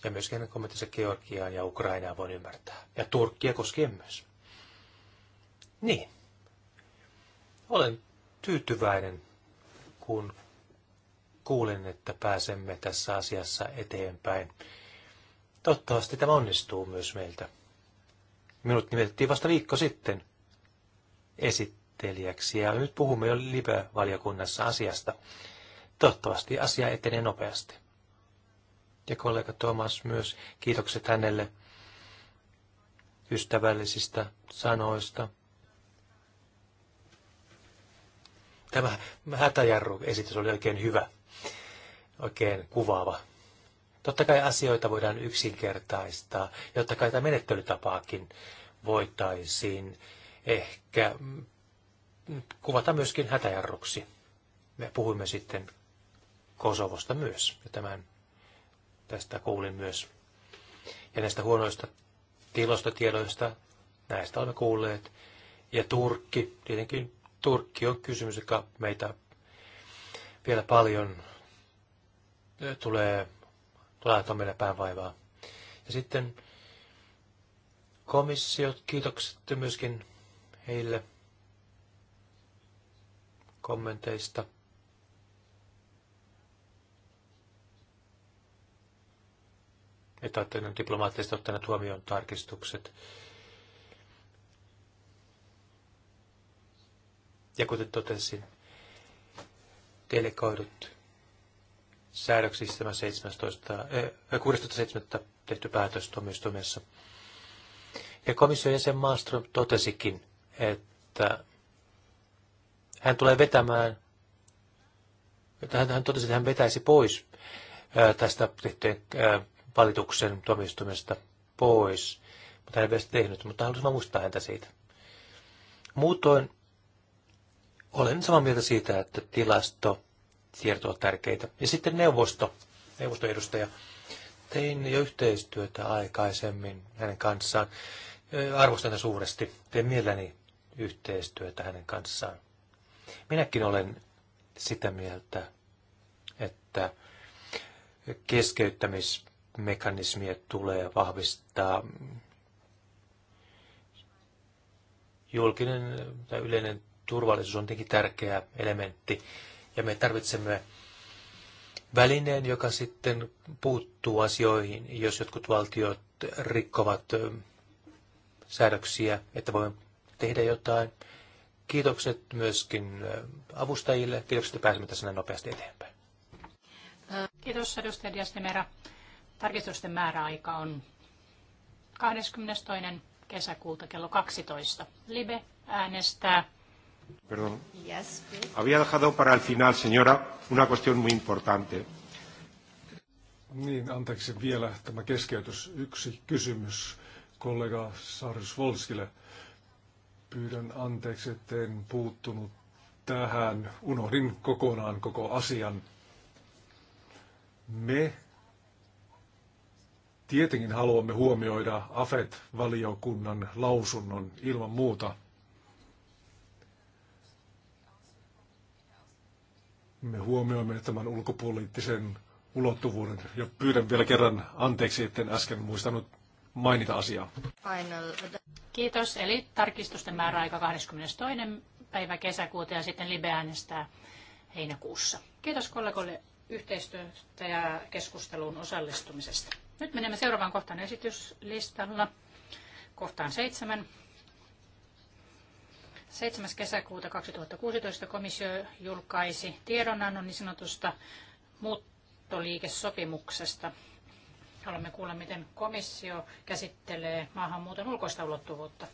ja myöskin hänen kommenttinsa Georgiaan ja Ukrainaan voi ymmärtää. Ja Turkkia koskien myös. Niin. Olen tyytyväinen, kun kuulen, että pääsemme tässä asiassa eteenpäin. Toivottavasti tämä onnistuu myös meiltä. Minut nimetettiin vasta viikko sitten esittelijäksi ja nyt puhumme jo Libe-valiokunnassa asiasta. Toivottavasti asia etenee nopeasti. Ja kollega Thomas myös kiitokset hänelle ystävällisistä sanoista. Tämä hätäjarru esitys oli oikein hyvä, oikein kuvaava. Totta kai asioita voidaan yksinkertaistaa, jotta kai tämä menettelytapaakin voitaisiin ehkä kuvata myöskin hätäjarruksi. Me puhuimme sitten Kosovosta myös, ja tämän tästä kuulin myös. Ja näistä huonoista tilastotiedoista, näistä olemme kuulleet. Ja Turkki, tietenkin Turkki on kysymys, joka meitä vielä paljon tulee laitamme meillä päävaivaa. Ja sitten komissiot, kiitokset myöskin heille kommenteista. Että olette diplomaattisesti ottaneet huomioon tarkistukset. Ja kuten totesin, delegoidut säädöksissä tämä 17, äh, 16.7. tehty päätös tuomioistuimessa. Ja komission jäsen Maastrom totesikin, että hän tulee vetämään, että hän, hän totesi, että hän vetäisi pois ää, eh, tästä tehtyjen ää, eh, valituksen tuomioistuimesta pois, mutta hän ei vielä tehnyt, mutta haluaisin muistaa häntä siitä. Muutoin olen samaa mieltä siitä, että tilasto Tietoa tärkeitä. Ja sitten neuvosto, neuvostoedustaja. Tein jo yhteistyötä aikaisemmin hänen kanssaan. Arvostan häntä suuresti. Teen mielelläni yhteistyötä hänen kanssaan. Minäkin olen sitä mieltä, että keskeyttämismekanismia tulee vahvistaa. Julkinen tai yleinen turvallisuus on tietenkin tärkeä elementti, ja me tarvitsemme välineen, joka sitten puuttuu asioihin, jos jotkut valtiot rikkovat säädöksiä, että voimme tehdä jotain. Kiitokset myöskin avustajille. Kiitokset, että pääsemme tässä näin nopeasti eteenpäin. Kiitos, edustaja Diastemera. Tarkistusten määräaika on 22. kesäkuuta kello 12. Libe äänestää Perdón. Yes, Había dejado para el final, señora, una cuestión muy importante. Niin, anteeksi vielä tämä keskeytys. Yksi kysymys kollega Sarjus Volskille. Pyydän anteeksi, en puuttunut tähän. Unohdin kokonaan koko asian. Me tietenkin haluamme huomioida AFET-valiokunnan lausunnon ilman muuta – me huomioimme tämän ulkopoliittisen ulottuvuuden. Ja pyydän vielä kerran anteeksi, etten äsken muistanut mainita asiaa. Kiitos. Eli tarkistusten määräaika 22. päivä kesäkuuta ja sitten Libe äänestää heinäkuussa. Kiitos kollegoille yhteistyöstä ja keskusteluun osallistumisesta. Nyt menemme seuraavaan kohtaan esityslistalla, kohtaan seitsemän. 7. kesäkuuta 2016 komissio julkaisi tiedonannon niin sanotusta muuttoliikesopimuksesta. Haluamme kuulla, miten komissio käsittelee maahanmuuton ulkoista ulottuvuutta.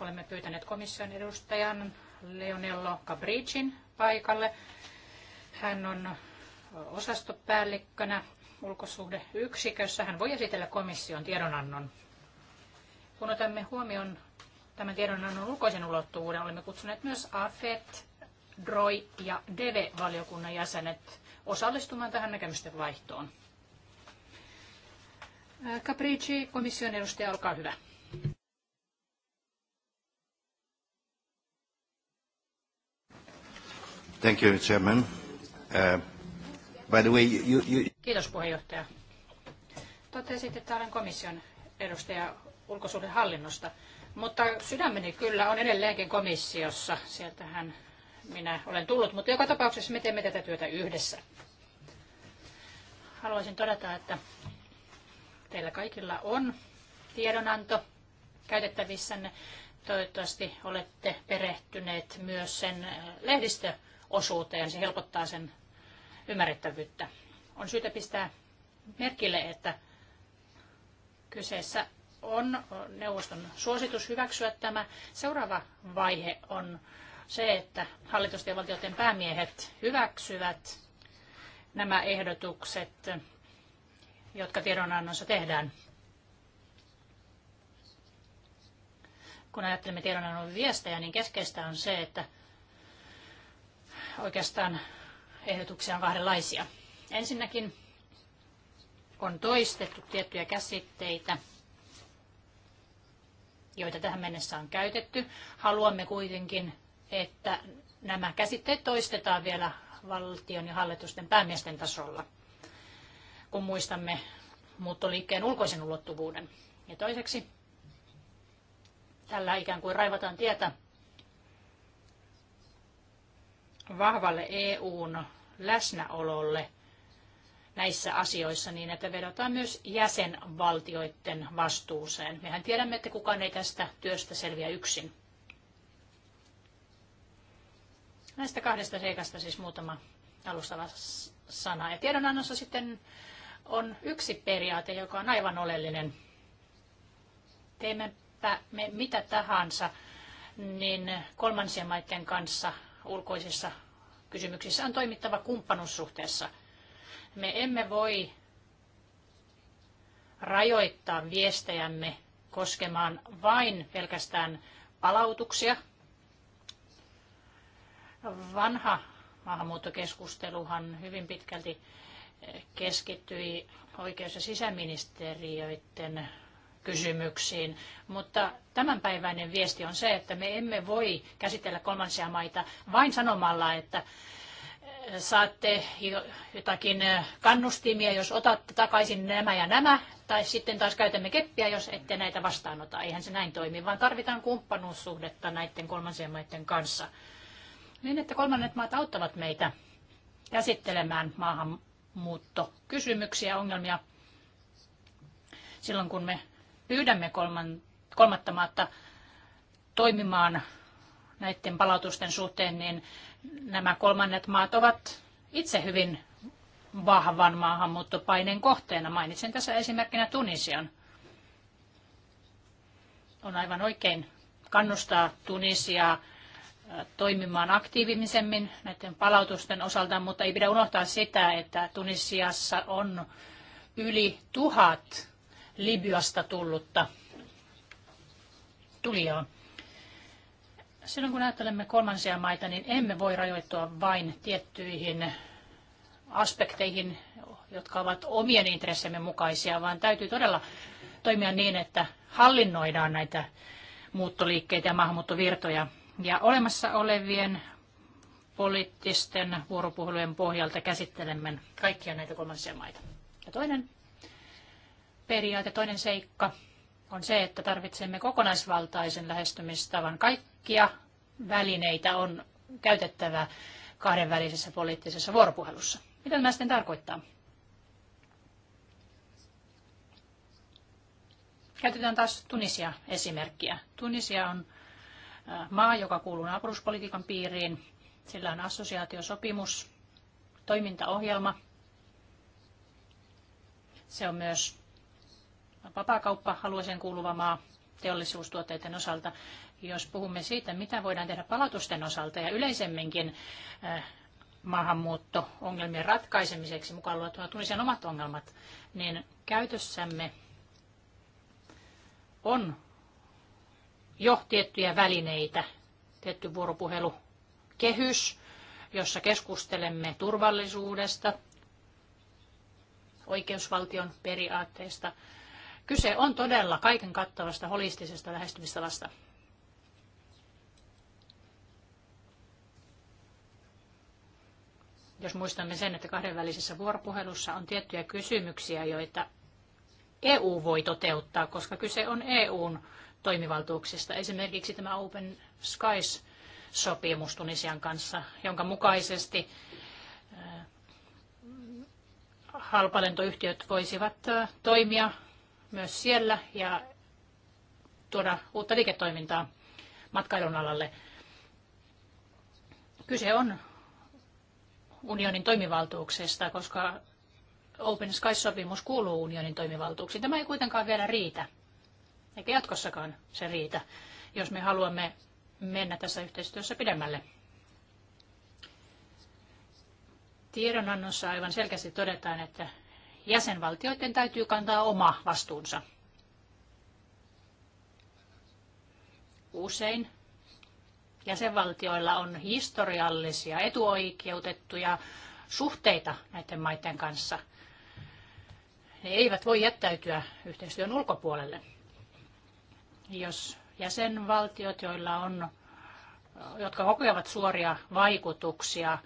Olemme pyytäneet komission edustajan Leonello Cabricin paikalle. Hän on osastopäällikkönä ulkosuhdeyksikössä. Hän voi esitellä komission tiedonannon. Kun otamme huomioon tämän tiedonannon ulkoisen ulottuvuuden olemme kutsuneet myös AFET, DROI ja DEVE-valiokunnan jäsenet osallistumaan tähän näkemysten vaihtoon. Capricci, komission edustaja, olkaa hyvä. Thank you, Chairman. Uh, by the way, you, you... Kiitos puheenjohtaja. Totesit, että olen komission edustaja ulkosuuden hallinnosta. Mutta sydämeni kyllä on edelleenkin komissiossa. Sieltähän minä olen tullut, mutta joka tapauksessa me teemme tätä työtä yhdessä. Haluaisin todeta, että teillä kaikilla on tiedonanto käytettävissänne. Toivottavasti olette perehtyneet myös sen äh, lehdistöosuuteen. Se helpottaa sen ymmärrettävyyttä. On syytä pistää merkille, että kyseessä on neuvoston suositus hyväksyä tämä. Seuraava vaihe on se, että hallitusten ja valtioiden päämiehet hyväksyvät nämä ehdotukset, jotka tiedonannossa tehdään. Kun ajattelemme tiedonannon viestejä, niin keskeistä on se, että oikeastaan ehdotuksia on kahdenlaisia. Ensinnäkin on toistettu tiettyjä käsitteitä – joita tähän mennessä on käytetty. Haluamme kuitenkin, että nämä käsitteet toistetaan vielä valtion ja hallitusten päämiesten tasolla, kun muistamme muuttoliikkeen ulkoisen ulottuvuuden. Ja toiseksi tällä ikään kuin raivataan tietä vahvalle EUn läsnäololle – näissä asioissa niin, että vedotaan myös jäsenvaltioiden vastuuseen. Mehän tiedämme, että kukaan ei tästä työstä selviä yksin. Näistä kahdesta seikasta siis muutama alustava sana. Ja tiedonannossa sitten on yksi periaate, joka on aivan oleellinen. Teemmepä me mitä tahansa, niin kolmansien maiden kanssa ulkoisissa kysymyksissä on toimittava kumppanuussuhteessa – me emme voi rajoittaa viestejämme koskemaan vain pelkästään palautuksia. Vanha maahanmuuttokeskusteluhan hyvin pitkälti keskittyi oikeus- ja sisäministeriöiden kysymyksiin, mutta tämänpäiväinen viesti on se, että me emme voi käsitellä kolmansia maita vain sanomalla, että saatte jotakin eh, kannustimia, jos otatte takaisin nämä ja nämä, tai sitten taas käytämme keppiä, jos ette näitä vastaanota. Eihän se näin toimi, vaan tarvitaan kumppanuussuhdetta näiden kolmansien maiden kanssa. Niin, että kolmannet maat auttavat meitä käsittelemään maahanmuuttokysymyksiä, ongelmia, silloin kun me pyydämme kolman, kolmatta maatta toimimaan näiden palautusten suhteen, niin nämä kolmannet maat ovat itse hyvin vahvan maahanmuuttopaineen kohteena. Mainitsen tässä esimerkkinä Tunisian. On aivan oikein kannustaa Tunisiaa äh, toimimaan aktiivisemmin näiden palautusten osalta, mutta ei pidä unohtaa sitä, että Tunisiassa on yli tuhat Libyasta tullutta tulijaa. Silloin kun ajattelemme kolmansia maita, niin emme voi rajoittua vain tiettyihin aspekteihin, jotka ovat omien intressemme mukaisia, vaan täytyy todella toimia niin, että hallinnoidaan näitä muuttoliikkeitä ja maahanmuuttovirtoja. Ja olemassa olevien poliittisten vuoropuhelujen pohjalta käsittelemme kaikkia näitä kolmansia maita. Ja toinen periaate, toinen seikka on se, että tarvitsemme kokonaisvaltaisen lähestymistavan. Kaikkia välineitä on käytettävä kahdenvälisessä poliittisessa vuoropuhelussa. Mitä tämä sitten tarkoittaa? Käytetään taas Tunisia esimerkkiä. Tunisia on äh, maa, joka kuuluu naapuruspolitiikan piiriin. Sillä on assosiaatiosopimus, toimintaohjelma. Se on myös vapaakauppa haluaisin kuuluva maa teollisuustuotteiden osalta. Jos puhumme siitä, mitä voidaan tehdä palautusten osalta ja yleisemminkin eh, maahanmuutto-ongelmien ratkaisemiseksi, mukaan luettuna Tunisian omat ongelmat, niin käytössämme on jo tiettyjä välineitä, tietty vuoropuhelukehys, jossa keskustelemme turvallisuudesta, oikeusvaltion periaatteista, Kyse on todella kaiken kattavasta holistisesta lähestymistavasta. Jos muistamme sen, että kahdenvälisessä vuoropuhelussa on tiettyjä kysymyksiä, joita EU voi toteuttaa, koska kyse on EUn toimivaltuuksista. Esimerkiksi tämä Open Skies-sopimus Tunisian kanssa, jonka mukaisesti eh, halpalentoyhtiöt voisivat eh, toimia myös siellä ja tuoda uutta liiketoimintaa matkailun alalle. Kyse on unionin toimivaltuuksesta, koska Open Skies-sopimus kuuluu unionin toimivaltuuksiin. Tämä ei kuitenkaan vielä riitä, eikä jatkossakaan se riitä, jos me haluamme mennä tässä yhteistyössä pidemmälle. Tiedonannossa aivan selkeästi todetaan, että jäsenvaltioiden täytyy kantaa oma vastuunsa. Usein jäsenvaltioilla on historiallisia etuoikeutettuja suhteita näiden maiden kanssa. Ne eivät voi jättäytyä yhteistyön ulkopuolelle. Jos jäsenvaltiot, joilla on, jotka kokevat suoria vaikutuksia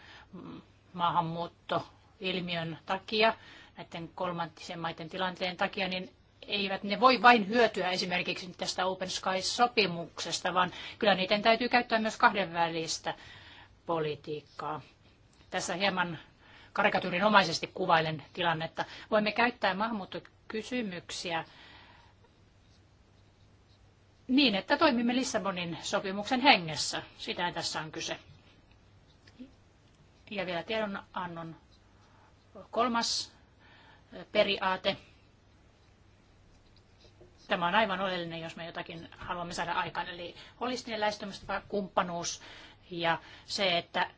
maahanmuuttoilmiön takia, näiden kolmantisen maiden tilanteen takia, niin eivät ne voi vain hyötyä esimerkiksi tästä Open Skies-sopimuksesta, vaan kyllä niiden täytyy käyttää myös kahdenvälistä politiikkaa. Tässä hieman karikatyyrinomaisesti kuvailen tilannetta. Voimme käyttää maahanmuuttokysymyksiä niin, että toimimme Lissabonin sopimuksen hengessä. Sitä tässä on kyse. Ja vielä tiedonannon kolmas periaate. Tämä on aivan oleellinen, jos me jotakin haluamme saada aikaan. Eli holistinen lähestymistapa, kumppanuus ja se, että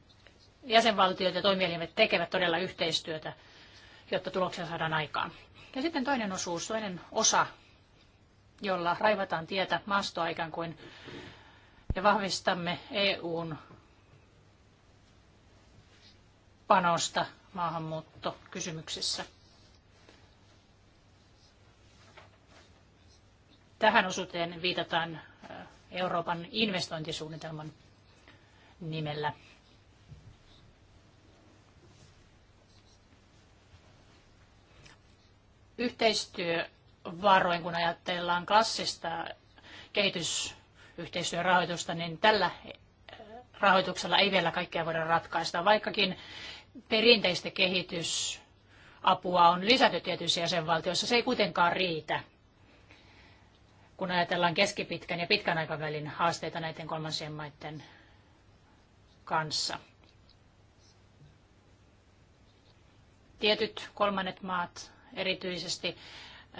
jäsenvaltiot ja toimielimet tekevät todella yhteistyötä, jotta tuloksia saadaan aikaan. Ja sitten toinen osuus, toinen osa, jolla raivataan tietä maastoa ikään kuin ja vahvistamme EUn panosta maahanmuuttokysymyksissä. Tähän osuuteen viitataan Euroopan investointisuunnitelman nimellä. Yhteistyövaroin, kun ajatellaan klassista kehitysyhteistyörahoitusta, niin tällä rahoituksella ei vielä kaikkea voida ratkaista, vaikkakin perinteistä kehitysapua on lisätty tietyissä jäsenvaltioissa. Se ei kuitenkaan riitä kun ajatellaan keskipitkän ja pitkän aikavälin haasteita näiden kolmansien maiden kanssa. Tietyt kolmannet maat, erityisesti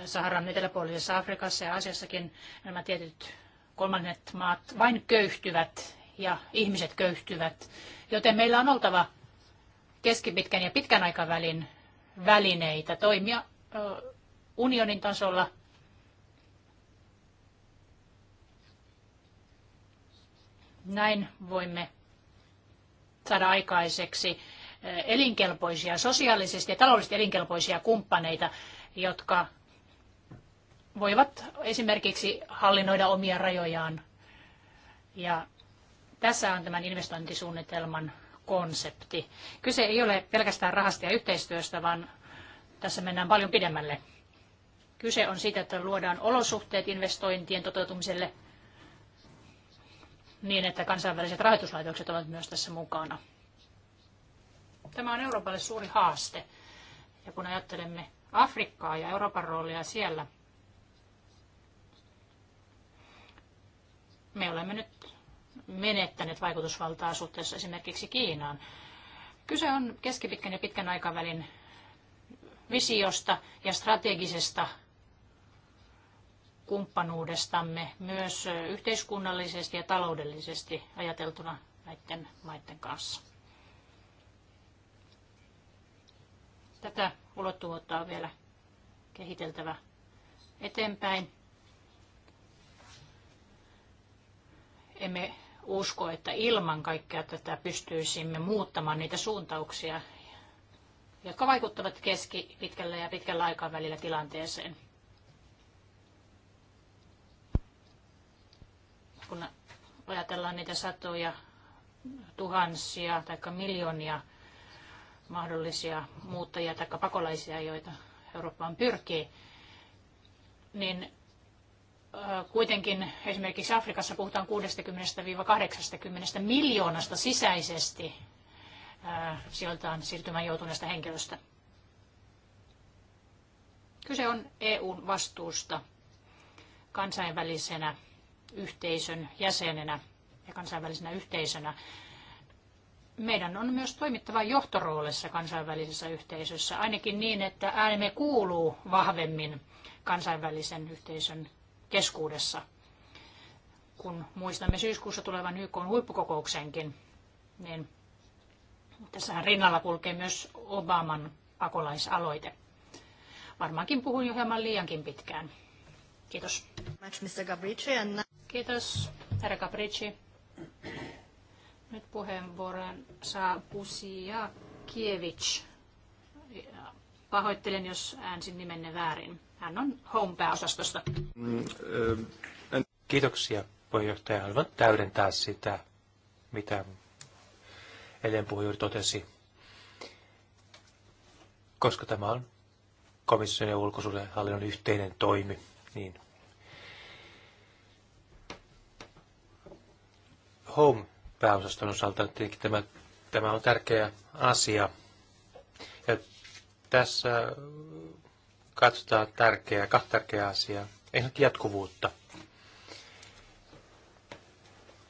Saharan eteläpuolisessa Afrikassa ja Aasiassakin, nämä tietyt kolmannet maat vain köyhtyvät ja ihmiset köyhtyvät. Joten meillä on oltava keskipitkän ja pitkän aikavälin välineitä toimia unionin tasolla – Näin voimme saada aikaiseksi eh, elinkelpoisia, sosiaalisesti ja taloudellisesti elinkelpoisia kumppaneita, jotka voivat esimerkiksi hallinnoida omia rajojaan. Ja tässä on tämän investointisuunnitelman konsepti. Kyse ei ole pelkästään rahasta ja yhteistyöstä, vaan tässä mennään paljon pidemmälle. Kyse on siitä, että luodaan olosuhteet investointien toteutumiselle – niin, että kansainväliset rahoituslaitokset ovat myös tässä mukana. Tämä on Euroopalle suuri haaste. Ja kun ajattelemme Afrikkaa ja Euroopan roolia siellä, me olemme nyt menettäneet vaikutusvaltaa suhteessa esimerkiksi Kiinaan. Kyse on keskipitkän ja pitkän aikavälin visiosta ja strategisesta kumppanuudestamme myös yhteiskunnallisesti ja taloudellisesti ajateltuna näiden maiden kanssa. Tätä ulottuvuutta on vielä kehiteltävä eteenpäin. Emme usko, että ilman kaikkea tätä pystyisimme muuttamaan niitä suuntauksia, jotka vaikuttavat pitkällä ja pitkällä aikavälillä tilanteeseen. kun ajatellaan niitä satoja, tuhansia tai miljoonia mahdollisia muuttajia tai pakolaisia, joita Eurooppaan pyrkii, niin kuitenkin esimerkiksi Afrikassa puhutaan 60-80 miljoonasta sisäisesti sijoiltaan siirtymään joutuneesta henkilöstä. Kyse on EUn vastuusta kansainvälisenä yhteisön jäsenenä ja kansainvälisenä yhteisönä. Meidän on myös toimittava johtoroolissa kansainvälisessä yhteisössä, ainakin niin, että äänemme kuuluu vahvemmin kansainvälisen yhteisön keskuudessa. Kun muistamme syyskuussa tulevan YK huippukokouksenkin, niin tässähän rinnalla kulkee myös Obaman pakolaisaloite. Varmaankin puhun jo hieman liiankin pitkään. Kiitos. Kiitos, herra Capricci. Nyt puheenvuoron saa Pusia Kievic. Pahoittelen, jos äänsin nimenne väärin. Hän on Home-pääosastosta. Kiitoksia, puheenjohtaja. Haluan täydentää sitä, mitä Elen puheenjohtaja totesi. Koska tämä on komission ja hallinnon yhteinen toimi, niin Home-pääosaston osalta tietenkin tämä, tämä on tärkeä asia. Ja tässä katsotaan tärkeää, kahta tärkeää asiaa. Ensinnäkin jatkuvuutta.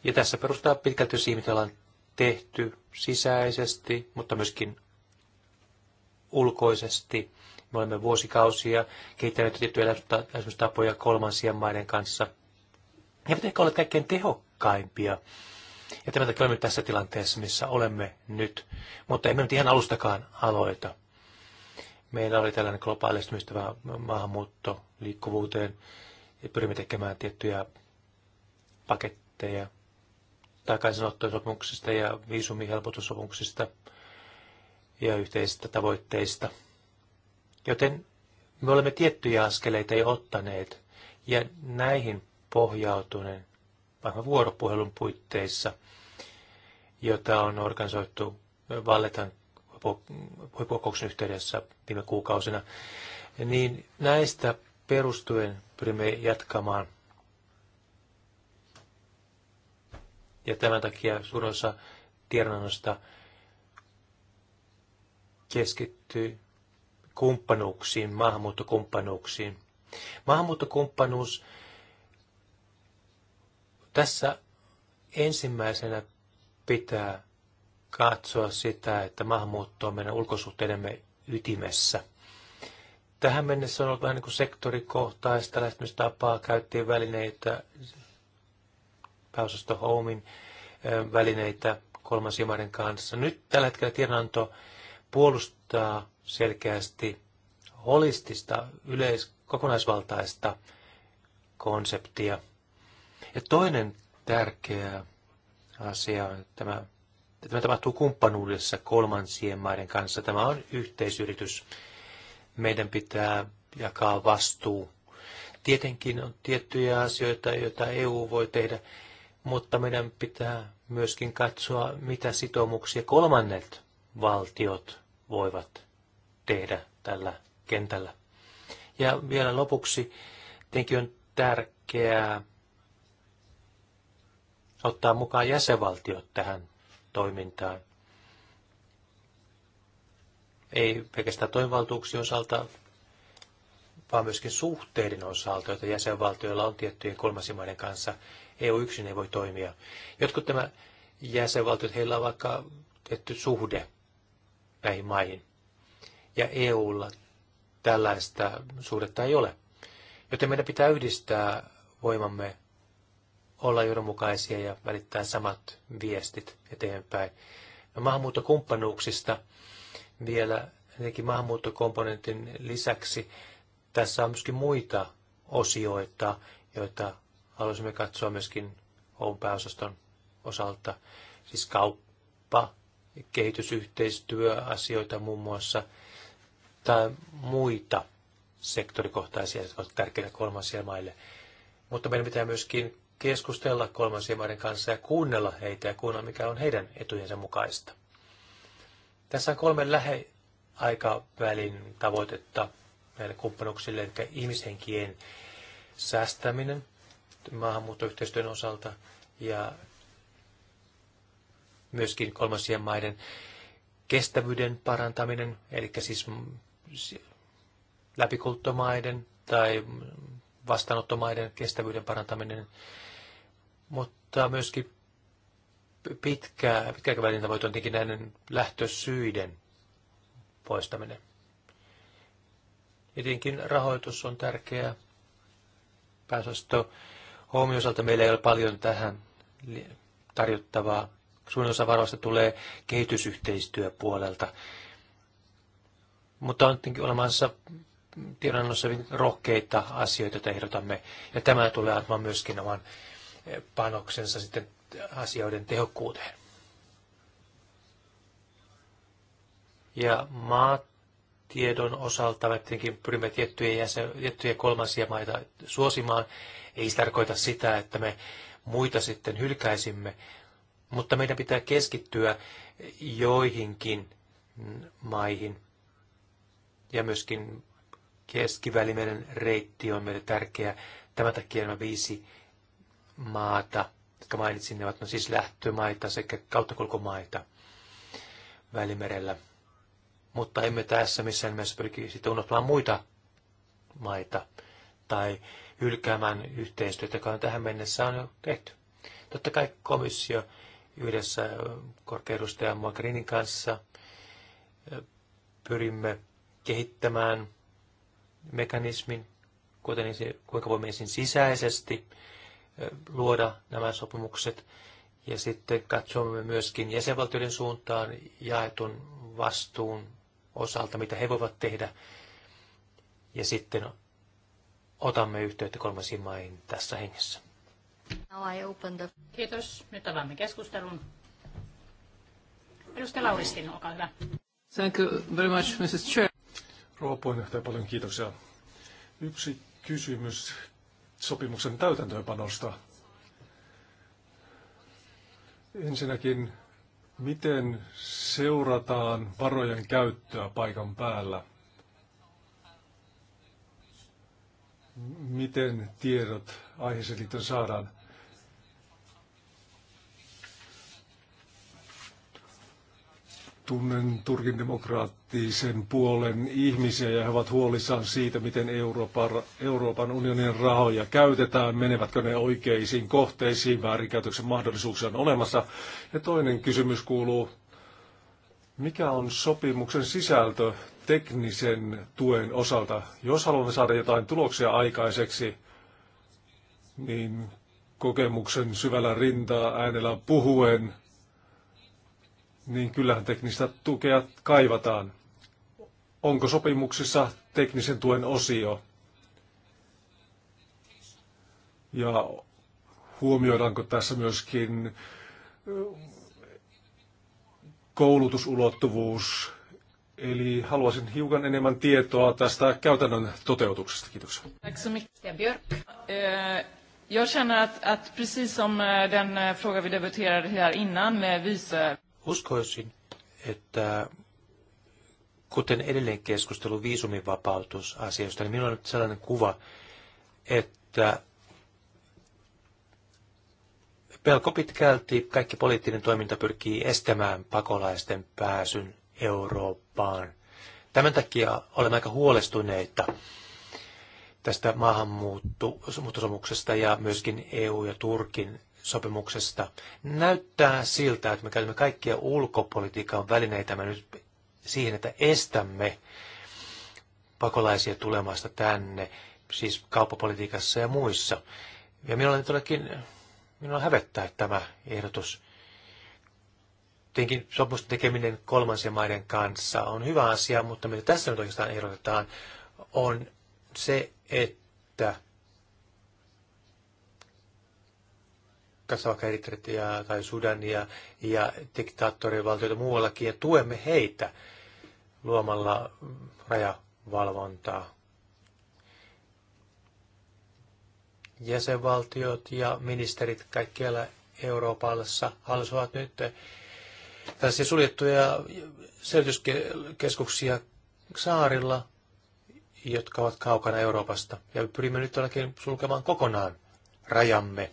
Ja tässä perustaa pitkälti siihen, mitä ollaan tehty sisäisesti, mutta myöskin ulkoisesti. Me olemme vuosikausia kehittäneet tiettyjä tapoja kolmansien maiden kanssa. Ja eivät ehkä ole kaikkein tehokkaita rikkaimpia. Ja tämän takia olemme tässä tilanteessa, missä olemme nyt. Mutta emme nyt ihan alustakaan aloita. Meillä oli tällainen globaalistumistava maahanmuutto liikkuvuuteen ja pyrimme tekemään tiettyjä paketteja takaisinottosopimuksista ja viisumihelpotussopimuksista ja yhteisistä tavoitteista. Joten me olemme tiettyjä askeleita jo ottaneet ja näihin pohjautuneen vaikka vuoropuhelun puitteissa, jota on organisoitu Valletan huippukokouksen yhteydessä viime kuukausina, niin näistä perustuen pyrimme jatkamaan. Ja tämän takia suurin osa tiedonannosta keskittyy kumppanuuksiin, maahanmuuttokumppanuuksiin. Maahanmuuttokumppanuus tässä ensimmäisenä pitää katsoa sitä, että maahanmuutto on meidän ulkosuhteidemme ytimessä. Tähän mennessä on ollut vähän niin kuin sektorikohtaista lähestymistapaa, käyttiin välineitä, pääosasto Homein välineitä kolmansien maiden kanssa. Nyt tällä hetkellä tiedonanto puolustaa selkeästi holistista, yleis- kokonaisvaltaista konseptia, ja toinen tärkeä asia on, että tämä, että tämä tapahtuu kumppanuudessa kolmansien maiden kanssa. Tämä on yhteisyritys. Meidän pitää jakaa vastuu. Tietenkin on tiettyjä asioita, joita EU voi tehdä, mutta meidän pitää myöskin katsoa, mitä sitoumuksia kolmannet valtiot voivat tehdä tällä kentällä. Ja vielä lopuksi, tietenkin on tärkeää ottaa mukaan jäsenvaltiot tähän toimintaan. Ei pelkästään toimivaltuuksien osalta, vaan myöskin suhteiden osalta, joita jäsenvaltioilla on tiettyjen kolmansien kanssa. EU yksin ei voi toimia. Jotkut tämä jäsenvaltiot, heillä on vaikka tietty suhde näihin maihin. Ja EUlla tällaista suhdetta ei ole. Joten meidän pitää yhdistää voimamme olla johdonmukaisia ja välittää samat viestit eteenpäin. No, maahanmuuttokumppanuuksista vielä jotenkin maahanmuuttokomponentin lisäksi tässä on myöskin muita osioita, joita haluaisimme katsoa myöskin Oun pääosaston osalta. Siis kauppa, kehitysyhteistyöasioita muun muassa tai muita sektorikohtaisia, jotka ovat tärkeitä kolmansia maille. Mutta meidän pitää myöskin keskustella kolmansien maiden kanssa ja kuunnella heitä ja kuunnella, mikä on heidän etujensa mukaista. Tässä on kolme lähiaikavälin tavoitetta näille kumppanuksille, eli ihmishenkien säästäminen maahanmuuttoyhteistyön osalta ja myöskin kolmansien maiden kestävyyden parantaminen, eli siis läpikulttomaiden tai vastaanottomaiden kestävyyden parantaminen mutta myöskin pitkää, pitkäaikavälin tavoite on tietenkin näiden lähtösyiden poistaminen. Tietenkin rahoitus on tärkeä. Pääsosto, Home osalta meillä ei ole paljon tähän tarjottavaa. Suurin osa varoista tulee kehitysyhteistyöpuolelta. Mutta on tietenkin olemassa tiedonannossa rohkeita asioita, joita ehdotamme. Ja tämä tulee antamaan myöskin oman panoksensa sitten asioiden tehokkuuteen. Ja maatiedon osalta me tietenkin pyrimme tiettyjä, jäsen, tiettyjä kolmansia maita suosimaan. Ei se tarkoita sitä, että me muita sitten hylkäisimme, mutta meidän pitää keskittyä joihinkin maihin. Ja myöskin keskivälimeren reitti on meille tärkeä. Tämän takia nämä viisi maata, jotka mainitsin, ne ovat no siis lähtömaita sekä kauttakulkumaita Välimerellä. Mutta emme tässä missään nimessä pyrki sitten unohtamaan muita maita tai hylkäämään yhteistyötä, joka on tähän mennessä on jo tehty. Totta kai komissio yhdessä korkeudustajan Mogherinin kanssa pyrimme kehittämään mekanismin, kuten kuinka voimme ensin sisäisesti luoda nämä sopimukset. Ja sitten katsomme myöskin jäsenvaltioiden suuntaan jaetun vastuun osalta, mitä he voivat tehdä. Ja sitten otamme yhteyttä kolmansiin maihin tässä hengessä. Kiitos. Nyt avaamme keskustelun. Edustaja Lauristin, olkaa hyvä. Thank you very much, Mrs. Chair. Rouva puheenjohtaja, paljon kiitoksia. Yksi kysymys sopimuksen täytäntöönpanosta. Ensinnäkin, miten seurataan varojen käyttöä paikan päällä? Miten tiedot aiheeseen liittyen saadaan? tunnen Turkin demokraattisen puolen ihmisiä ja he ovat huolissaan siitä, miten Euroopan, Euroopan unionin rahoja käytetään, menevätkö ne oikeisiin kohteisiin, väärinkäytöksen mahdollisuuksia on olemassa. Ja toinen kysymys kuuluu, mikä on sopimuksen sisältö teknisen tuen osalta? Jos haluamme saada jotain tuloksia aikaiseksi, niin kokemuksen syvällä rintaa äänellä puhuen – niin kyllähän teknistä tukea kaivataan. Onko sopimuksissa teknisen tuen osio? Ja huomioidaanko tässä myöskin koulutusulottuvuus? Eli haluaisin hiukan enemmän tietoa tästä käytännön toteutuksesta. Kiitoksia. Björk. Eh, jag känner att, att precis som eh, den eh, fråga vi debatterade här innan med vice Uskoisin, että kuten edelleen keskustelu viisumivapautusasioista, niin minulla on nyt sellainen kuva, että pelko pitkälti kaikki poliittinen toiminta pyrkii estämään pakolaisten pääsyn Eurooppaan. Tämän takia olemme aika huolestuneita tästä maahanmuuttosomuksesta ja myöskin EU ja Turkin sopimuksesta. Näyttää siltä, että me käytämme kaikkia ulkopolitiikan välineitä me nyt siihen, että estämme pakolaisia tulemasta tänne, siis kauppapolitiikassa ja muissa. Ja minulla on todellakin, minulla hävettää tämä ehdotus. Tietenkin sopimusten tekeminen kolmansien maiden kanssa on hyvä asia, mutta mitä tässä nyt oikeastaan ehdotetaan, on se, että kanssa vaikka tai Sudania ja diktaattorivaltioita muuallakin ja tuemme heitä luomalla rajavalvontaa. Jäsenvaltiot ja ministerit kaikkialla Euroopassa halusivat nyt tällaisia suljettuja selityskeskuksia saarilla, jotka ovat kaukana Euroopasta. Ja pyrimme nyt ainakin sulkemaan kokonaan rajamme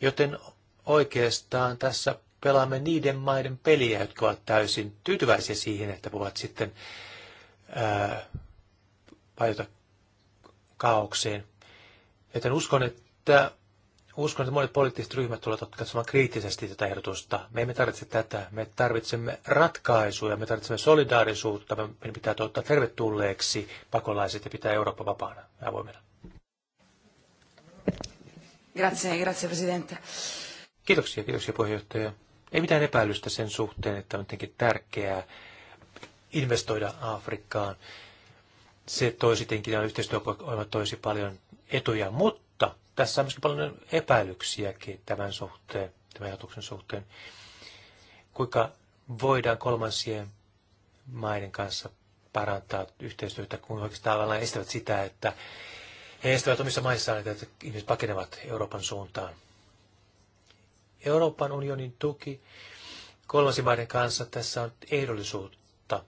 Joten oikeastaan tässä pelaamme niiden maiden peliä, jotka ovat täysin tyytyväisiä siihen, että voivat sitten ää, vajota kaaukseen. Joten uskon, että uskon, että monet poliittiset ryhmät tulevat katsomaan kriittisesti tätä ehdotusta. Me emme tarvitse tätä. Me tarvitsemme ratkaisuja, me tarvitsemme solidaarisuutta. Meidän pitää ottaa tervetulleeksi pakolaiset ja pitää Eurooppa vapaana ja avoimena. Grazie, grazie presidente. Kiitoksia, kiitoksia puheenjohtaja. Ei mitään epäilystä sen suhteen, että on jotenkin tärkeää investoida Afrikkaan. Se toisi tietenkin, ja yhteistyökoima toisi paljon etuja, mutta tässä on myöskin paljon epäilyksiäkin tämän suhteen, tämän ajatuksen suhteen. Kuinka voidaan kolmansien maiden kanssa parantaa yhteistyötä, kun oikeastaan tavallaan estävät sitä, että he estävät omissa maissaan, että ihmiset pakenevat Euroopan suuntaan. Euroopan unionin tuki kolmansimaiden kanssa tässä on ehdollisuutta,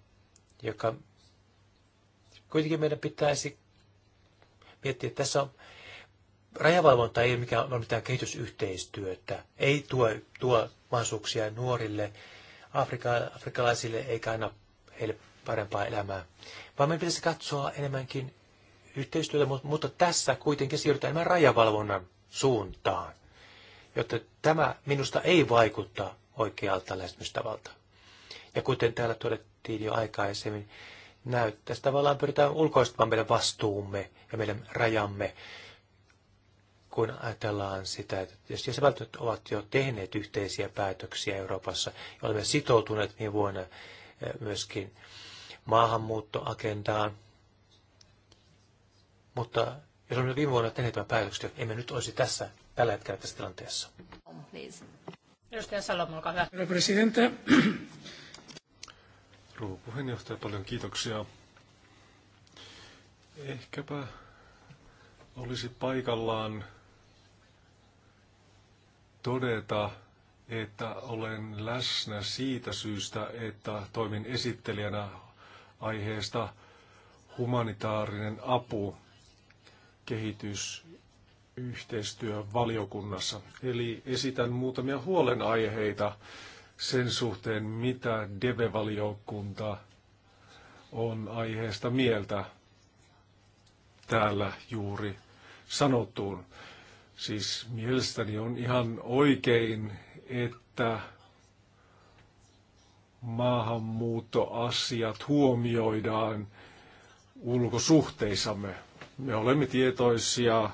joka kuitenkin meidän pitäisi miettiä, että tässä on rajavalvonta ei ole mikään, ole mitään kehitysyhteistyötä, ei tuo, tuo mahdollisuuksia nuorille, Afrika, afrikalaisille, eikä aina heille parempaa elämää, vaan meidän pitäisi katsoa enemmänkin yhteistyötä, mutta tässä kuitenkin siirrytään enemmän rajavalvonnan suuntaan, jotta tämä minusta ei vaikuta oikealta lähestymistavalta. Ja kuten täällä todettiin jo aikaisemmin, näyttäisi tavallaan pyritään ulkoistamaan meidän vastuumme ja meidän rajamme, kun ajatellaan sitä, että jos jäsenvaltiot ovat jo tehneet yhteisiä päätöksiä Euroopassa ja olemme sitoutuneet niin vuonna eh, myöskin maahanmuuttoagendaan, mutta jos olemme viime vuonna tehneet tämän päätöksen, emme nyt olisi tässä tällä hetkellä tässä tilanteessa. Edustaja Salom, olkaa hyvä. Herra presidentti. Rouva puheenjohtaja, paljon kiitoksia. Ehkäpä olisi paikallaan todeta, että olen läsnä siitä syystä, että toimin esittelijänä aiheesta humanitaarinen apu kehitysyhteistyövaliokunnassa. Eli esitän muutamia huolenaiheita sen suhteen, mitä DEVE-valiokunta on aiheesta mieltä täällä juuri sanottuun. Siis mielestäni on ihan oikein, että maahanmuuttoasiat huomioidaan ulkosuhteissamme. Me olemme tietoisia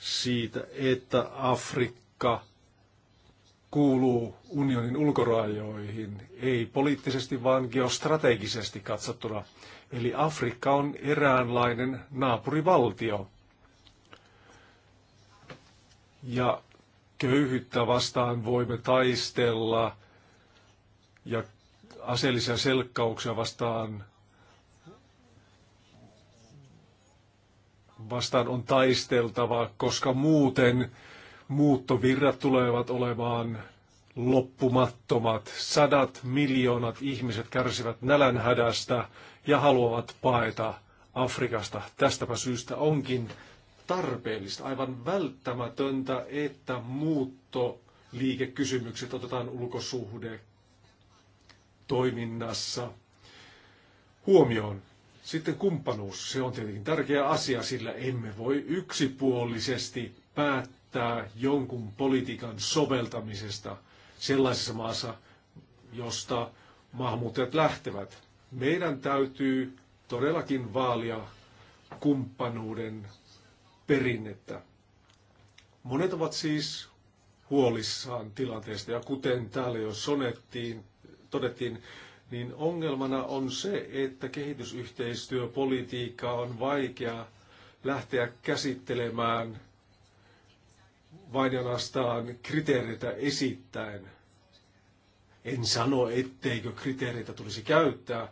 siitä, että Afrikka kuuluu unionin ulkorajoihin, ei poliittisesti vaan geostrategisesti katsottuna. Eli Afrikka on eräänlainen naapurivaltio. Ja köyhyyttä vastaan voimme taistella ja aseellisia selkkauksia vastaan vastaan on taisteltava, koska muuten muuttovirrat tulevat olemaan loppumattomat. Sadat miljoonat ihmiset kärsivät nälänhädästä ja haluavat paeta Afrikasta. Tästäpä syystä onkin tarpeellista, aivan välttämätöntä, että muuttoliikekysymykset otetaan ulkosuhde toiminnassa huomioon. Sitten kumppanuus, se on tietenkin tärkeä asia, sillä emme voi yksipuolisesti päättää jonkun politiikan soveltamisesta sellaisessa maassa, josta maahanmuuttajat lähtevät. Meidän täytyy todellakin vaalia kumppanuuden perinnettä. Monet ovat siis huolissaan tilanteesta ja kuten täällä jo sonettiin, todettiin, niin ongelmana on se, että kehitysyhteistyöpolitiikkaa on vaikea lähteä käsittelemään vain ja ainoastaan kriteereitä esittäen. En sano, etteikö kriteereitä tulisi käyttää,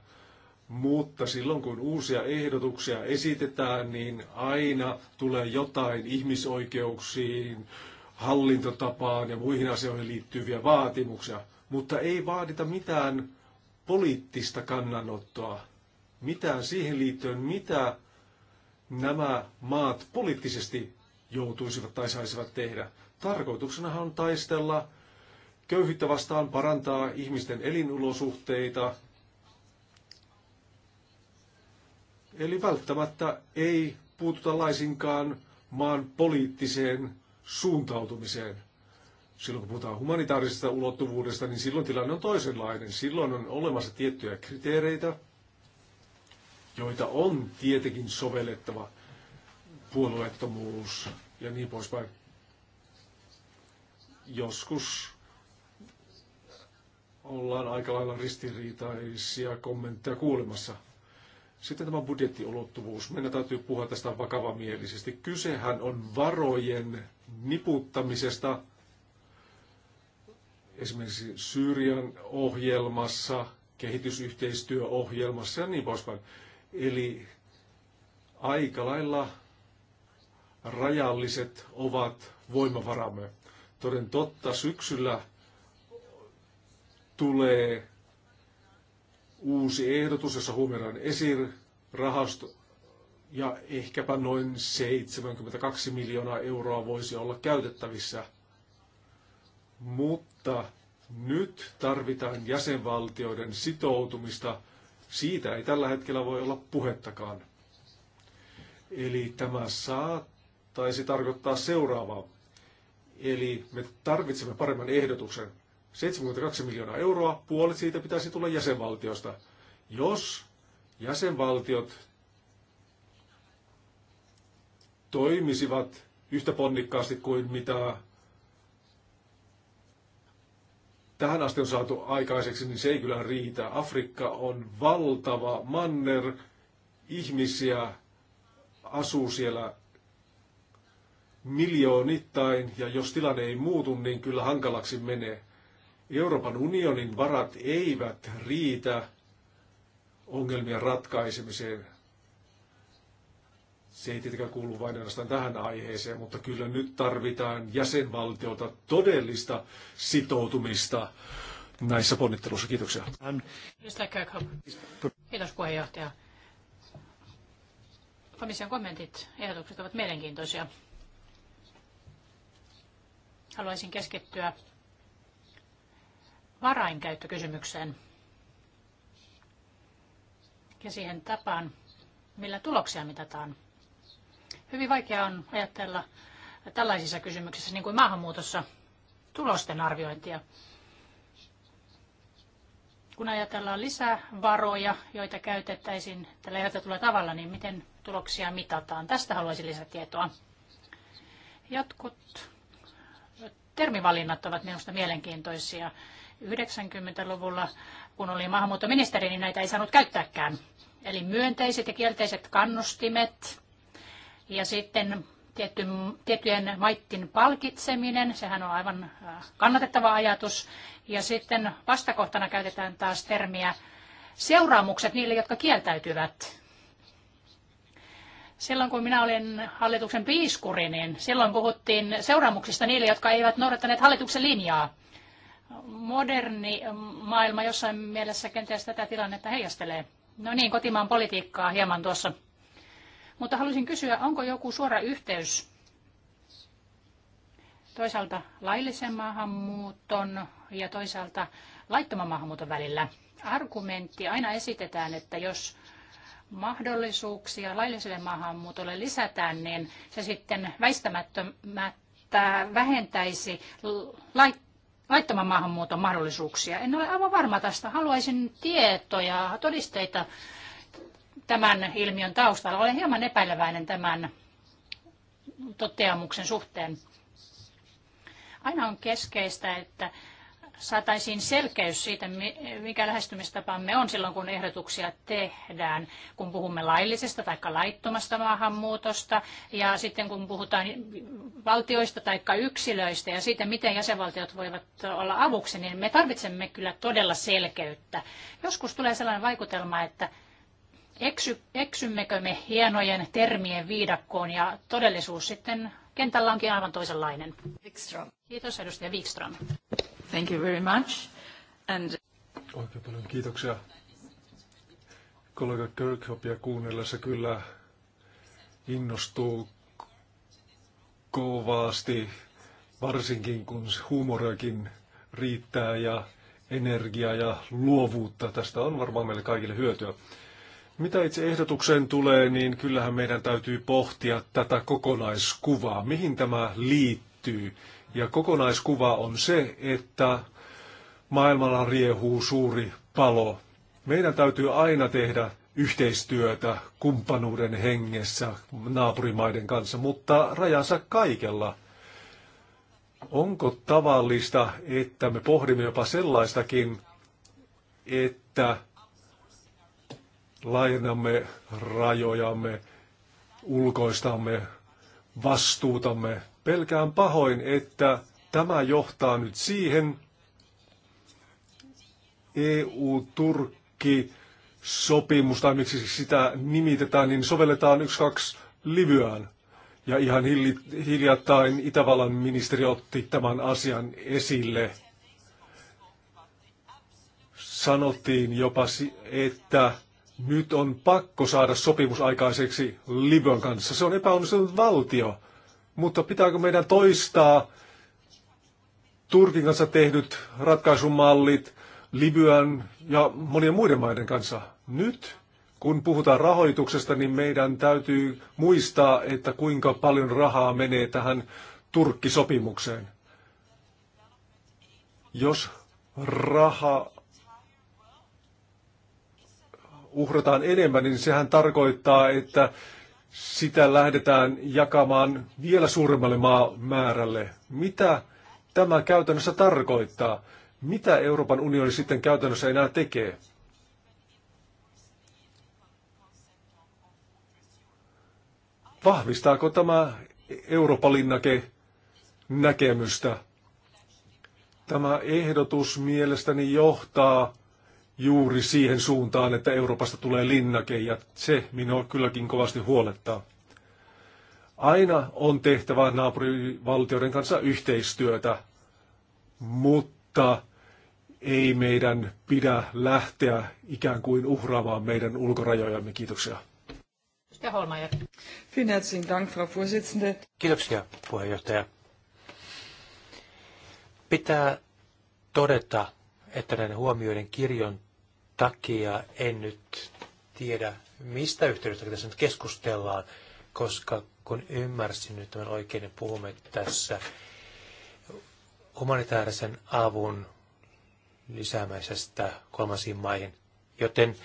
mutta silloin kun uusia ehdotuksia esitetään, niin aina tulee jotain ihmisoikeuksiin, hallintotapaan ja muihin asioihin liittyviä vaatimuksia, mutta ei vaadita mitään poliittista kannanottoa. Mitään siihen liittyen, mitä nämä maat poliittisesti joutuisivat tai saisivat tehdä. Tarkoituksenahan on taistella köyhyyttä vastaan, parantaa ihmisten elinolosuhteita. Eli välttämättä ei puututa laisinkaan maan poliittiseen suuntautumiseen. Silloin kun puhutaan humanitaarisesta ulottuvuudesta, niin silloin tilanne on toisenlainen. Silloin on olemassa tiettyjä kriteereitä, joita on tietenkin sovellettava puolueettomuus ja niin poispäin. Joskus ollaan aika lailla ristiriitaisia kommentteja kuulemassa. Sitten tämä budjettiulottuvuus. Meidän täytyy puhua tästä vakavamielisesti. Kysehän on varojen niputtamisesta – esimerkiksi Syyrian ohjelmassa, kehitysyhteistyöohjelmassa ja niin poispäin. Eli aika lailla rajalliset ovat voimavaramme. Toden totta, syksyllä tulee uusi ehdotus, jossa huomioidaan esirahasto, ja ehkäpä noin 72 miljoonaa euroa voisi olla käytettävissä mutta nyt tarvitaan jäsenvaltioiden sitoutumista. Siitä ei tällä hetkellä voi olla puhettakaan. Eli tämä saattaisi tarkoittaa seuraavaa. Eli me tarvitsemme paremman ehdotuksen. 72 miljoonaa euroa, puolet siitä pitäisi tulla jäsenvaltiosta. Jos jäsenvaltiot toimisivat yhtä ponnikkaasti kuin mitä tähän asti on saatu aikaiseksi, niin se ei kyllä riitä. Afrikka on valtava manner, ihmisiä asuu siellä miljoonittain, ja jos tilanne ei muutu, niin kyllä hankalaksi menee. Euroopan unionin varat eivät riitä ongelmien ratkaisemiseen. Se ei tietenkään kuulu vain ainoastaan tähän aiheeseen, mutta kyllä nyt tarvitaan jäsenvaltiota todellista sitoutumista näissä ponnitteluissa. Kiitoksia. Kiitos puheenjohtaja. Komission kommentit, ehdotukset ovat mielenkiintoisia. Haluaisin keskittyä varainkäyttökysymykseen ja siihen tapaan, millä tuloksia mitataan. Hyvin vaikea on ajatella tällaisissa kysymyksissä, niin kuin maahanmuutossa, tulosten arviointia. Kun ajatellaan lisävaroja, joita käytettäisiin tällä ehdotetulla tavalla, niin miten tuloksia mitataan? Tästä haluaisin lisätietoa. Jotkut termivalinnat ovat minusta mielenkiintoisia. 90-luvulla, kun oli maahanmuuttoministeri, niin näitä ei saanut käyttääkään. Eli myönteiset ja kielteiset kannustimet, ja sitten tietty, tiettyjen maittin palkitseminen, sehän on aivan äh, kannatettava ajatus. Ja sitten vastakohtana käytetään taas termiä seuraamukset niille, jotka kieltäytyvät. Silloin kun minä olin hallituksen piiskuri, niin silloin puhuttiin seuraamuksista niille, jotka eivät noudattaneet hallituksen linjaa. Moderni mm, maailma jossain mielessä kenties tätä tilannetta heijastelee. No niin, kotimaan politiikkaa hieman tuossa mutta haluaisin kysyä, onko joku suora yhteys toisaalta laillisen maahanmuuton ja toisaalta laittoman maahanmuuton välillä? Argumentti aina esitetään, että jos mahdollisuuksia lailliselle maahanmuutolle lisätään, niin se sitten väistämättömättä vähentäisi laittoman maahanmuuton mahdollisuuksia. En ole aivan varma tästä. Haluaisin tietoja, todisteita tämän ilmiön taustalla. Olen hieman epäileväinen tämän toteamuksen suhteen. Aina on keskeistä, että saataisiin selkeys siitä, mikä lähestymistapamme on silloin, kun ehdotuksia tehdään, kun puhumme laillisesta tai laittomasta maahanmuutosta ja sitten kun puhutaan valtioista tai yksilöistä ja siitä, miten jäsenvaltiot voivat olla avuksi, niin me tarvitsemme kyllä todella selkeyttä. Joskus tulee sellainen vaikutelma, että Eksy, eksymmekö me hienojen termien viidakkoon ja todellisuus sitten kentällä onkin aivan toisenlainen. Wikström. Kiitos edustaja Wikström. Thank you very much. And... Oikein paljon kiitoksia. Kollega Kirkhopia kuunnellessa kyllä innostuu kovasti, varsinkin kun huumoriakin riittää ja energiaa ja luovuutta. Tästä on varmaan meille kaikille hyötyä. Mitä itse ehdotukseen tulee, niin kyllähän meidän täytyy pohtia tätä kokonaiskuvaa, mihin tämä liittyy. Ja kokonaiskuva on se, että maailmalla riehuu suuri palo. Meidän täytyy aina tehdä yhteistyötä kumppanuuden hengessä naapurimaiden kanssa, mutta rajansa kaikella. Onko tavallista, että me pohdimme jopa sellaistakin, että laajennamme rajojamme, ulkoistamme vastuutamme. Pelkään pahoin, että tämä johtaa nyt siihen EU-Turkki sopimusta, miksi sitä nimitetään, niin sovelletaan yksi kaksi livyään. Ja ihan hiljattain Itävallan ministeri otti tämän asian esille. Sanottiin jopa, että nyt on pakko saada sopimus aikaiseksi Libyan kanssa. Se on epäonnistunut valtio. Mutta pitääkö meidän toistaa Turkin kanssa tehdyt ratkaisumallit Libyan ja monien muiden maiden kanssa? Nyt, kun puhutaan rahoituksesta, niin meidän täytyy muistaa, että kuinka paljon rahaa menee tähän Turkki-sopimukseen. Jos raha uhrataan enemmän, niin sehän tarkoittaa, että sitä lähdetään jakamaan vielä suuremmalle maamäärälle. Mitä tämä käytännössä tarkoittaa? Mitä Euroopan unioni sitten käytännössä enää tekee? Vahvistaako tämä Euroopalinnake näkemystä? Tämä ehdotus mielestäni johtaa juuri siihen suuntaan, että Euroopasta tulee linnake, ja se minua kylläkin kovasti huolettaa. Aina on tehtävä naapurivaltioiden kanssa yhteistyötä, mutta ei meidän pidä lähteä ikään kuin uhraamaan meidän ulkorajojamme. Kiitoksia. Kiitoksia, puheenjohtaja. Pitää todeta, että näiden huomioiden kirjon takia en nyt tiedä, mistä yhteydestä tässä nyt keskustellaan, koska kun ymmärsin nyt tämän oikein, niin puhumme tässä humanitaarisen avun lisäämisestä kolmansiin maihin. Joten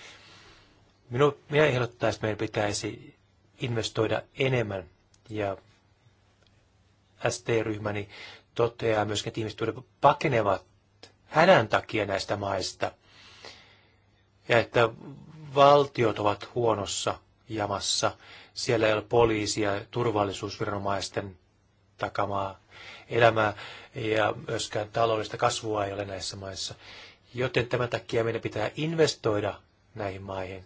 minu, minä ehdottaisin, että meidän pitäisi investoida enemmän ja ST-ryhmäni toteaa myöskin, että ihmiset pakenevat hädän takia näistä maista – ja että valtiot ovat huonossa jamassa. Siellä ei ole poliisia, turvallisuusviranomaisten takamaa elämää ja myöskään taloudellista kasvua ei ole näissä maissa. Joten tämän takia meidän pitää investoida näihin maihin.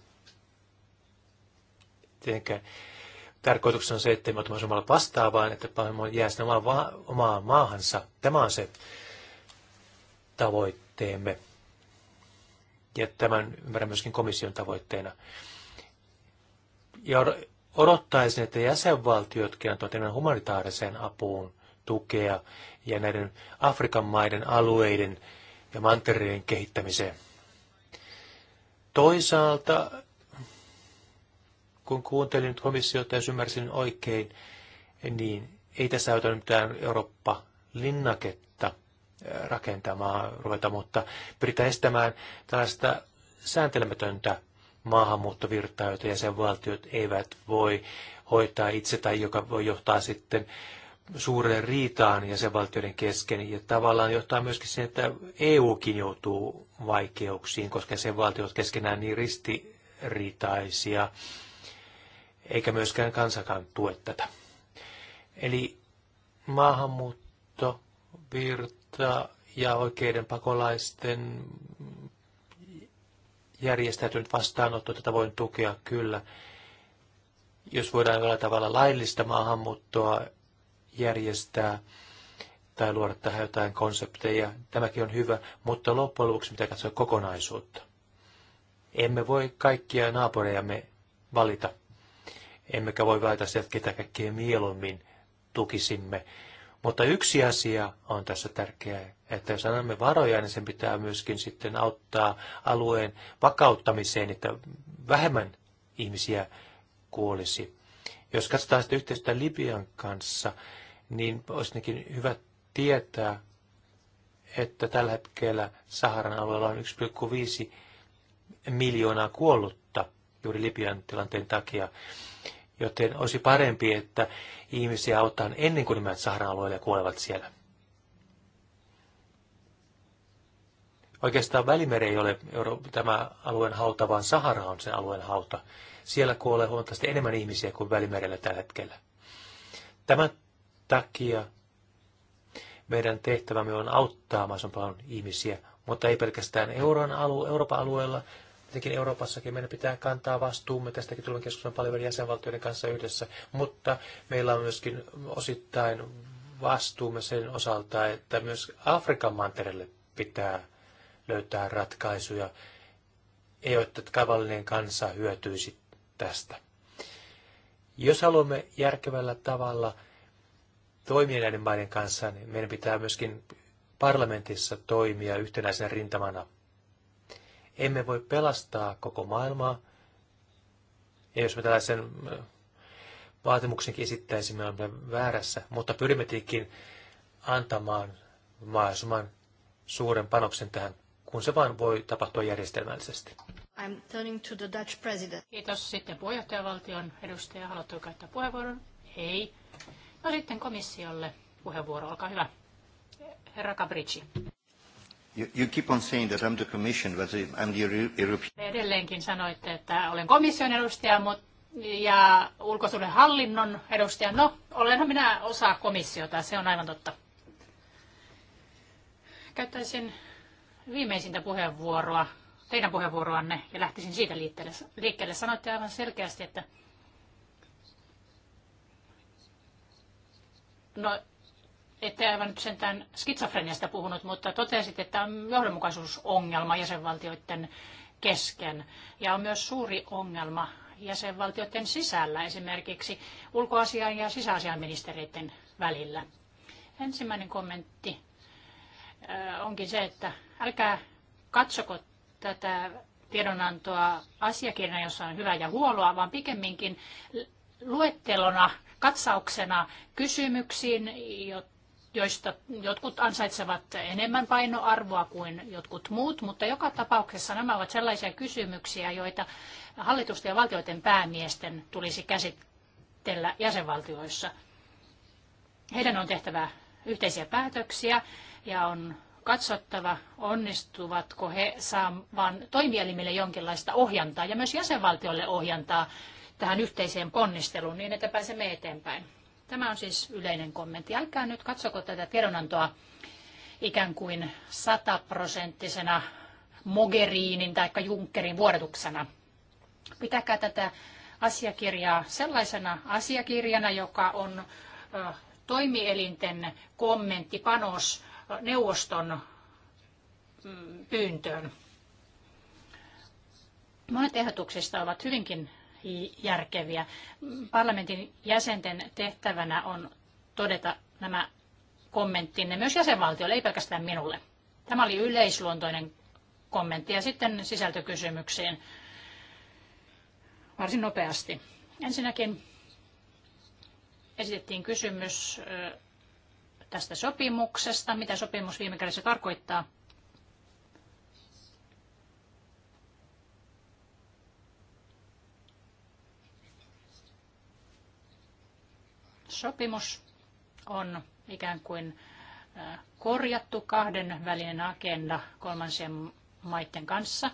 Tietenkään tarkoituksena on se, että me otamme samalla vastaan, vaan että jää sinne omaan maahansa. Tämä on se tavoitteemme ja tämän ymmärrän myöskin komission tavoitteena. Ja odottaisin, että jäsenvaltiotkin antavat enemmän humanitaariseen apuun tukea ja näiden Afrikan maiden alueiden ja mantereiden kehittämiseen. Toisaalta, kun kuuntelin nyt komissiota, ja ymmärsin oikein, niin ei tässä auta mitään Eurooppa-linnaketta, rakentamaan, ruveta, mutta pyritään estämään tällaista sääntelemätöntä maahanmuuttovirtaa, jota jäsenvaltiot eivät voi hoitaa itse tai joka voi johtaa sitten suureen riitaan jäsenvaltioiden kesken ja tavallaan johtaa myöskin siihen, että EUkin joutuu vaikeuksiin, koska sen valtiot keskenään niin ristiriitaisia, eikä myöskään kansakaan tue tätä. Eli maahanmuutto, virta, oikeutta ja oikeiden pakolaisten järjestäytynyt vastaanotto, tätä voin tukea kyllä. Jos voidaan jollain tavalla laillista maahanmuuttoa järjestää tai luoda tähän jotain konsepteja, tämäkin on hyvä, mutta loppujen lopuksi pitää katsoa kokonaisuutta. Emme voi kaikkia naapurejamme valita, emmekä voi valita sieltä, ketä kaikkea mieluummin tukisimme mutta yksi asia on tässä tärkeää, että jos annamme varoja, niin sen pitää myöskin sitten auttaa alueen vakauttamiseen, että vähemmän ihmisiä kuolisi. Jos katsotaan sitä yhteistyötä Libian kanssa, niin olisi hyvä tietää, että tällä hetkellä Saharan alueella on 1,5 miljoonaa kuollutta juuri Libian tilanteen takia. Joten olisi parempi, että ihmisiä autetaan ennen kuin nämä sahra-alueelle kuolevat siellä. Oikeastaan Välimeri ei ole tämä alueen hauta, vaan Sahara on sen alueen hauta. Siellä kuolee huomattavasti enemmän ihmisiä kuin Välimerellä tällä hetkellä. Tämän takia meidän tehtävämme on auttaa mahdollisimman paljon ihmisiä, mutta ei pelkästään alue, Euroopan alueella, Tietenkin Euroopassakin meidän pitää kantaa vastuumme. Tästäkin tulemme keskustelua paljon jäsenvaltioiden kanssa yhdessä. Mutta meillä on myöskin osittain vastuumme sen osalta, että myös Afrikan mantereelle pitää löytää ratkaisuja. Ei ole, että tavallinen kansa hyötyisi tästä. Jos haluamme järkevällä tavalla toimia näiden maiden kanssa, niin meidän pitää myöskin parlamentissa toimia yhtenäisenä rintamana emme voi pelastaa koko maailmaa. Ja jos me tällaisen äh, vaatimuksenkin esittäisimme, olemme väärässä, mutta pyrimme tietenkin antamaan mahdollisimman suuren panoksen tähän, kun se vain voi tapahtua järjestelmällisesti. I'm turning to the Dutch president. Kiitos. Sitten puheenjohtajavaltion edustaja. Haluatteko käyttää puheenvuoron? Ei. No sitten komissiolle puheenvuoro. Olkaa hyvä. Herra Cabrici. You, keep on saying that I'm the commission, but I'm the European... Edelleenkin sanoitte, että olen komission edustaja mutta, ja ulkosuuden hallinnon edustaja. No, olenhan minä osa komissiota, se on aivan totta. Käyttäisin viimeisintä puheenvuoroa, teidän puheenvuoroanne, ja lähtisin siitä liikkeelle. liikkeelle. Sanoitte aivan selkeästi, että no, ette aivan nyt sentään skitsofreniasta puhunut, mutta totesit, että on johdonmukaisuusongelma jäsenvaltioiden kesken. Ja on myös suuri ongelma jäsenvaltioiden sisällä, esimerkiksi ulkoasian ja sisäasiaministeriöiden välillä. Ensimmäinen kommentti äh, onkin se, että älkää katsoko tätä tiedonantoa asiakirjana, jossa on hyvä ja huoloa, vaan pikemminkin luettelona, katsauksena kysymyksiin, jotka joista jotkut ansaitsevat enemmän painoarvoa kuin jotkut muut, mutta joka tapauksessa nämä ovat sellaisia kysymyksiä, joita hallitusten ja valtioiden päämiesten tulisi käsitellä jäsenvaltioissa. Heidän on tehtävä yhteisiä päätöksiä ja on katsottava, onnistuvatko he saamaan toimielimille jonkinlaista ohjantaa ja myös jäsenvaltioille ohjantaa tähän yhteiseen ponnisteluun niin, että pääsemme eteenpäin. Tämä on siis yleinen kommentti. Älkää nyt katsoko tätä tiedonantoa ikään kuin sataprosenttisena Mogeriinin tai Junckerin vuodatuksena. Pitäkää tätä asiakirjaa sellaisena asiakirjana, joka on toimielinten kommenttipanos neuvoston mm, pyyntöön. Monet ehdotuksista ovat hyvinkin järkeviä. Parlamentin jäsenten tehtävänä on todeta nämä kommenttinne myös jäsenvaltiolle, ei pelkästään minulle. Tämä oli yleisluontoinen kommentti ja sitten sisältökysymyksiin varsin nopeasti. Ensinnäkin esitettiin kysymys tästä sopimuksesta, mitä sopimus viime kädessä tarkoittaa. sopimus on ikään kuin korjattu kahden välinen agenda kolmansien maiden kanssa,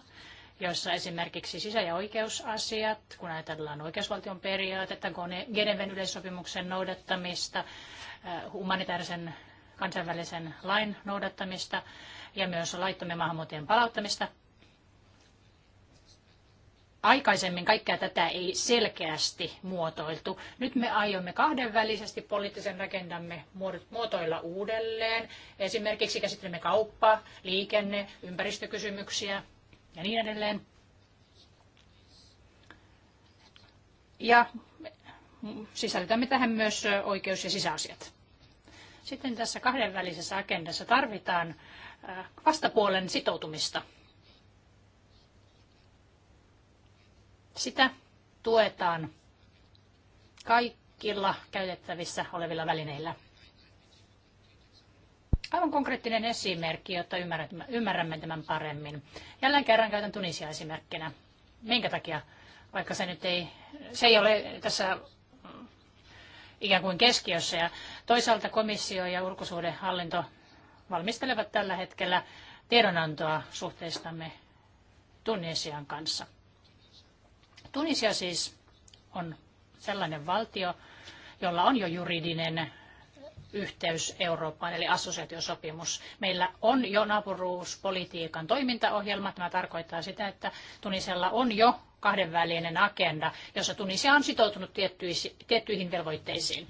joissa esimerkiksi sisä- ja oikeusasiat, kun ajatellaan oikeusvaltion periaatetta, Geneven yleissopimuksen noudattamista, humanitaarisen kansainvälisen lain noudattamista ja myös laittomien maahanmuuttajien palauttamista – Aikaisemmin kaikkea tätä ei selkeästi muotoiltu. Nyt me aiomme kahdenvälisesti poliittisen rakendamme muotoilla uudelleen. Esimerkiksi käsittelemme kauppaa, liikenne, ympäristökysymyksiä ja niin edelleen. Ja sisällytämme tähän myös oikeus- ja sisäasiat. Sitten tässä kahdenvälisessä agendassa tarvitaan äh, vastapuolen sitoutumista Sitä tuetaan kaikilla käytettävissä olevilla välineillä. Aivan konkreettinen esimerkki, jotta ymmärrämme tämän paremmin. Jälleen kerran käytän Tunisia esimerkkinä. Minkä takia? Vaikka se nyt ei, se ei ole tässä ikään kuin keskiössä. Ja toisaalta komissio ja ulkosuhdehallinto valmistelevat tällä hetkellä tiedonantoa suhteistamme Tunisian kanssa. Tunisia siis on sellainen valtio, jolla on jo juridinen yhteys Eurooppaan, eli assosiaatiosopimus. Meillä on jo naapuruuspolitiikan toimintaohjelma. Tämä tarkoittaa sitä, että Tunisella on jo kahdenvälinen agenda, jossa Tunisia on sitoutunut tiettyihin velvoitteisiin.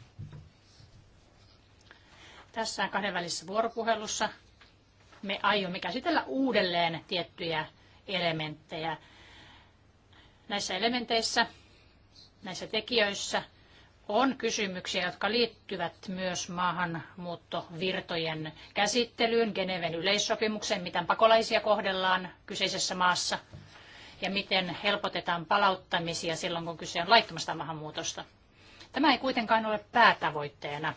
Tässä kahdenvälisessä vuoropuhelussa me aiomme käsitellä uudelleen tiettyjä elementtejä näissä elementeissä, näissä tekijöissä on kysymyksiä, jotka liittyvät myös maahanmuuttovirtojen käsittelyyn, Geneven yleissopimukseen, miten pakolaisia kohdellaan kyseisessä maassa ja miten helpotetaan palauttamisia silloin, kun kyse on laittomasta maahanmuutosta. Tämä ei kuitenkaan ole päätavoitteena.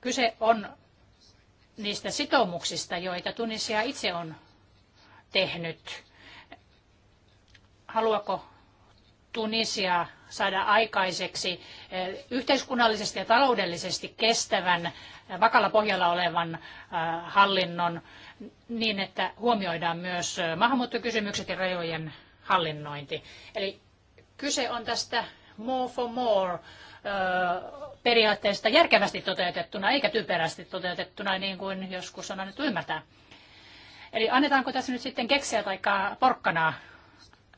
Kyse on niistä sitoumuksista, joita Tunisia itse on tehnyt haluako Tunisia saada aikaiseksi eh, yhteiskunnallisesti ja taloudellisesti kestävän, eh, vakalla pohjalla olevan eh, hallinnon niin, että huomioidaan myös maahanmuuttokysymykset ja rajojen hallinnointi. Eli kyse on tästä more for more periaatteesta järkevästi toteutettuna eikä typerästi toteutettuna, niin kuin joskus on annettu ymmärtää. Eli annetaanko tässä nyt sitten keksiä tai porkkanaa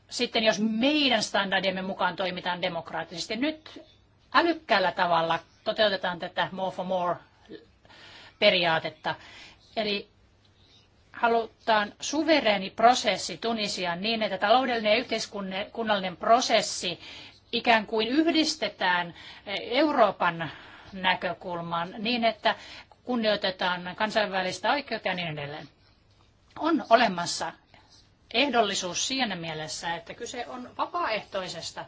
sitten, jos meidän standardiemme mukaan toimitaan demokraattisesti. Nyt älykkäällä tavalla toteutetaan tätä more for more periaatetta. Eli halutaan suvereeni prosessi Tunisiaan niin, että taloudellinen ja yhteiskunnallinen prosessi ikään kuin yhdistetään Euroopan näkökulmaan niin, että kunnioitetaan kansainvälistä oikeutta ja niin edelleen. On olemassa ehdollisuus siinä mielessä, että kyse on vapaaehtoisesta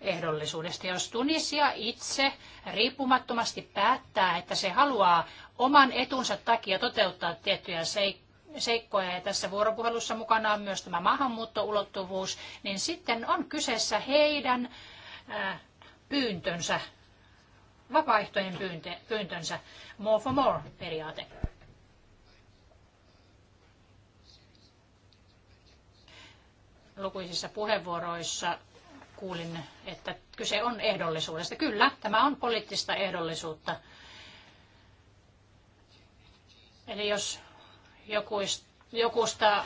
ehdollisuudesta. Jos Tunisia itse riippumattomasti päättää, että se haluaa oman etunsa takia toteuttaa tiettyjä seikkoja, seikkoja ja tässä vuoropuhelussa mukana on myös tämä maahanmuuttoulottuvuus, niin sitten on kyseessä heidän äh, pyyntönsä, vapaaehtoinen pyyntönsä, more for more periaate. lukuisissa puheenvuoroissa kuulin, että kyse on ehdollisuudesta. Kyllä, tämä on poliittista ehdollisuutta. Eli jos jokusta